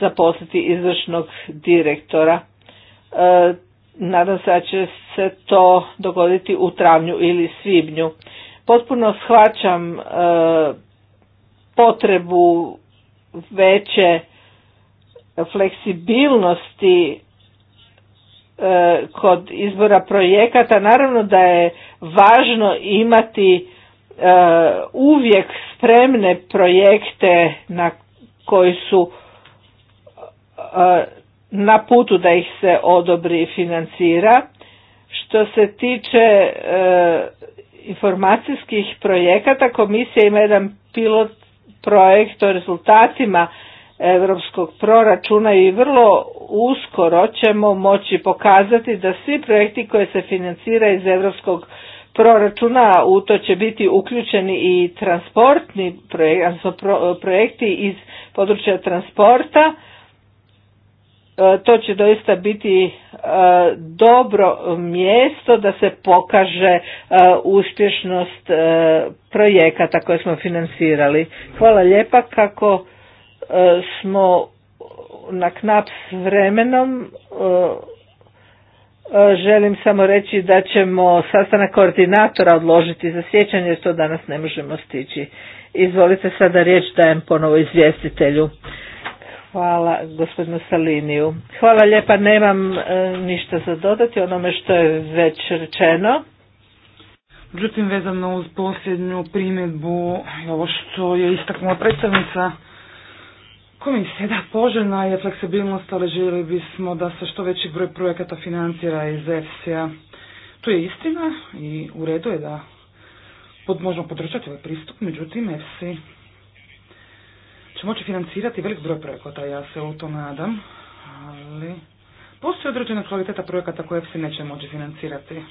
zaposliti izvršnog direktora. E, nadam se da će se to dogoditi u travnju ili svibnju. Potpuno shvaćam potrebu veće fleksibilnosti e, kod izbora projekata naravno da je važno imati e, uvijek spremne projekte na koji su e, na putu da ih se odobri i financira. Što se tiče informacijskih projekata, komisija ima jedan pilot projekt o rezultatima europskog proračuna i vrlo uskoro ćemo moći pokazati da svi projekti koje se financira iz europskog proračuna, u to će biti uključeni i transportni projekti iz područja transporta, e, to će doista biti e, dobro mjesto da se pokaže e, uspješnost projekata koje smo financirali. Hvala lijepa kako E, smo na knap s vremenom. E, e, želim samo reći da ćemo sastanak koordinatora odložiti za sjećanje jer to danas ne možemo stići. Izvolite sada riječ dajem ponovo izvjestitelju. Hvala gospodinu Saliniju. Hvala lijepa, nemam ništa za dodati onome što je već rečeno. Međutim, vezano uz posljednju primjedbu, ovo što je istaknula predstavnica Komisija da poželjna je fleksibilnost, ali željeli bismo da se što veći broj projekata financira iz EFSI-a. To je istina i u redu je da možemo podržati ovaj pristup, međutim EFSI će moći financirati velik broj projekata, ja se u to nadam, ali postoji određena kvaliteta projekata koje EFSI neće moći financirati,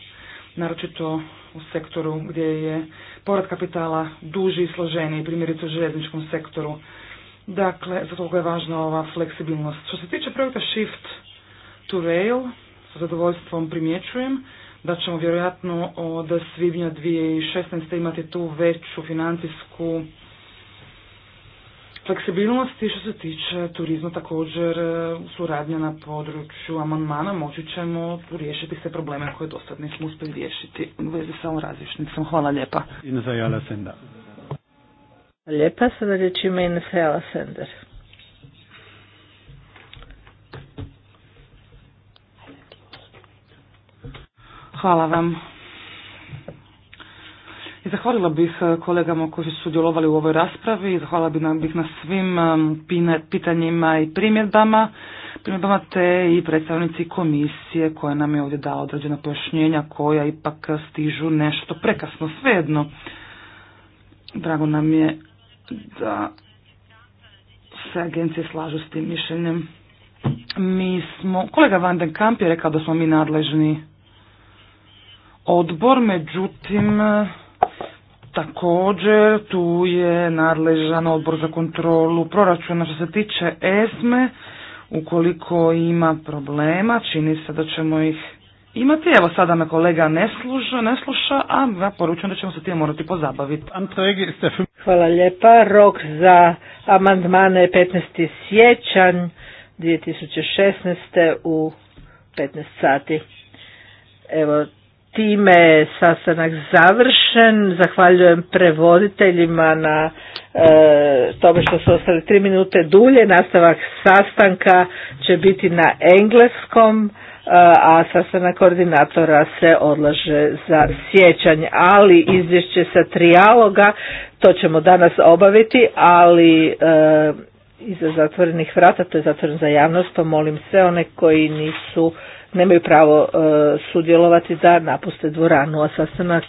naročito u sektoru gdje je povrat kapitala duži i složeniji, primjerice u željezničkom sektoru, Dakle, za toga je važna ova fleksibilnost. Što se tiče projekta Shift to Rail, sa zadovoljstvom primjećujem da ćemo vjerojatno od svibnja 2016. imati tu veću financijsku fleksibilnost i što se tiče turizma također e, suradnja na području amandmana moći ćemo riješiti sve probleme koje do nismo uspjeli riješiti u vezi sa ovom različnicom. Hvala lijepa. Lijepa, sada reći ima Sender. Hvala vam. I zahvalila bih e, kolegama koji su sudjelovali u ovoj raspravi zahvalila bih na, bih na svim e, pitanjima i primjedbama. Primjedbama te i predstavnici komisije koja nam je ovdje dala određena pojašnjenja koja ipak stižu nešto prekasno svejedno. Drago nam je da se agencije slažu s tim mišljenjem. Mi smo, kolega Van den Kamp je rekao da smo mi nadležni odbor, međutim također tu je nadležan odbor za kontrolu proračuna što se tiče ESME. Ukoliko ima problema, čini se da ćemo ih Imate, Evo sada me kolega ne, služa, ne sluša, a ja poručujem da ćemo se tijem morati pozabaviti. Hvala lijepa. Rok za amandmane je 15. sjećanj 2016. u 15 sati. Evo, time je sastanak završen. Zahvaljujem prevoditeljima na e, tome što su ostali tri minute dulje. Nastavak sastanka će biti na engleskom a sastanak koordinatora se odlaže za sjećanje, ali izvješće sa trijaloga, to ćemo danas obaviti, ali e, iza zatvorenih vrata, to je zatvoren za javnost, to molim sve one koji nisu, nemaju pravo e, sudjelovati da napuste dvoranu, a sastanak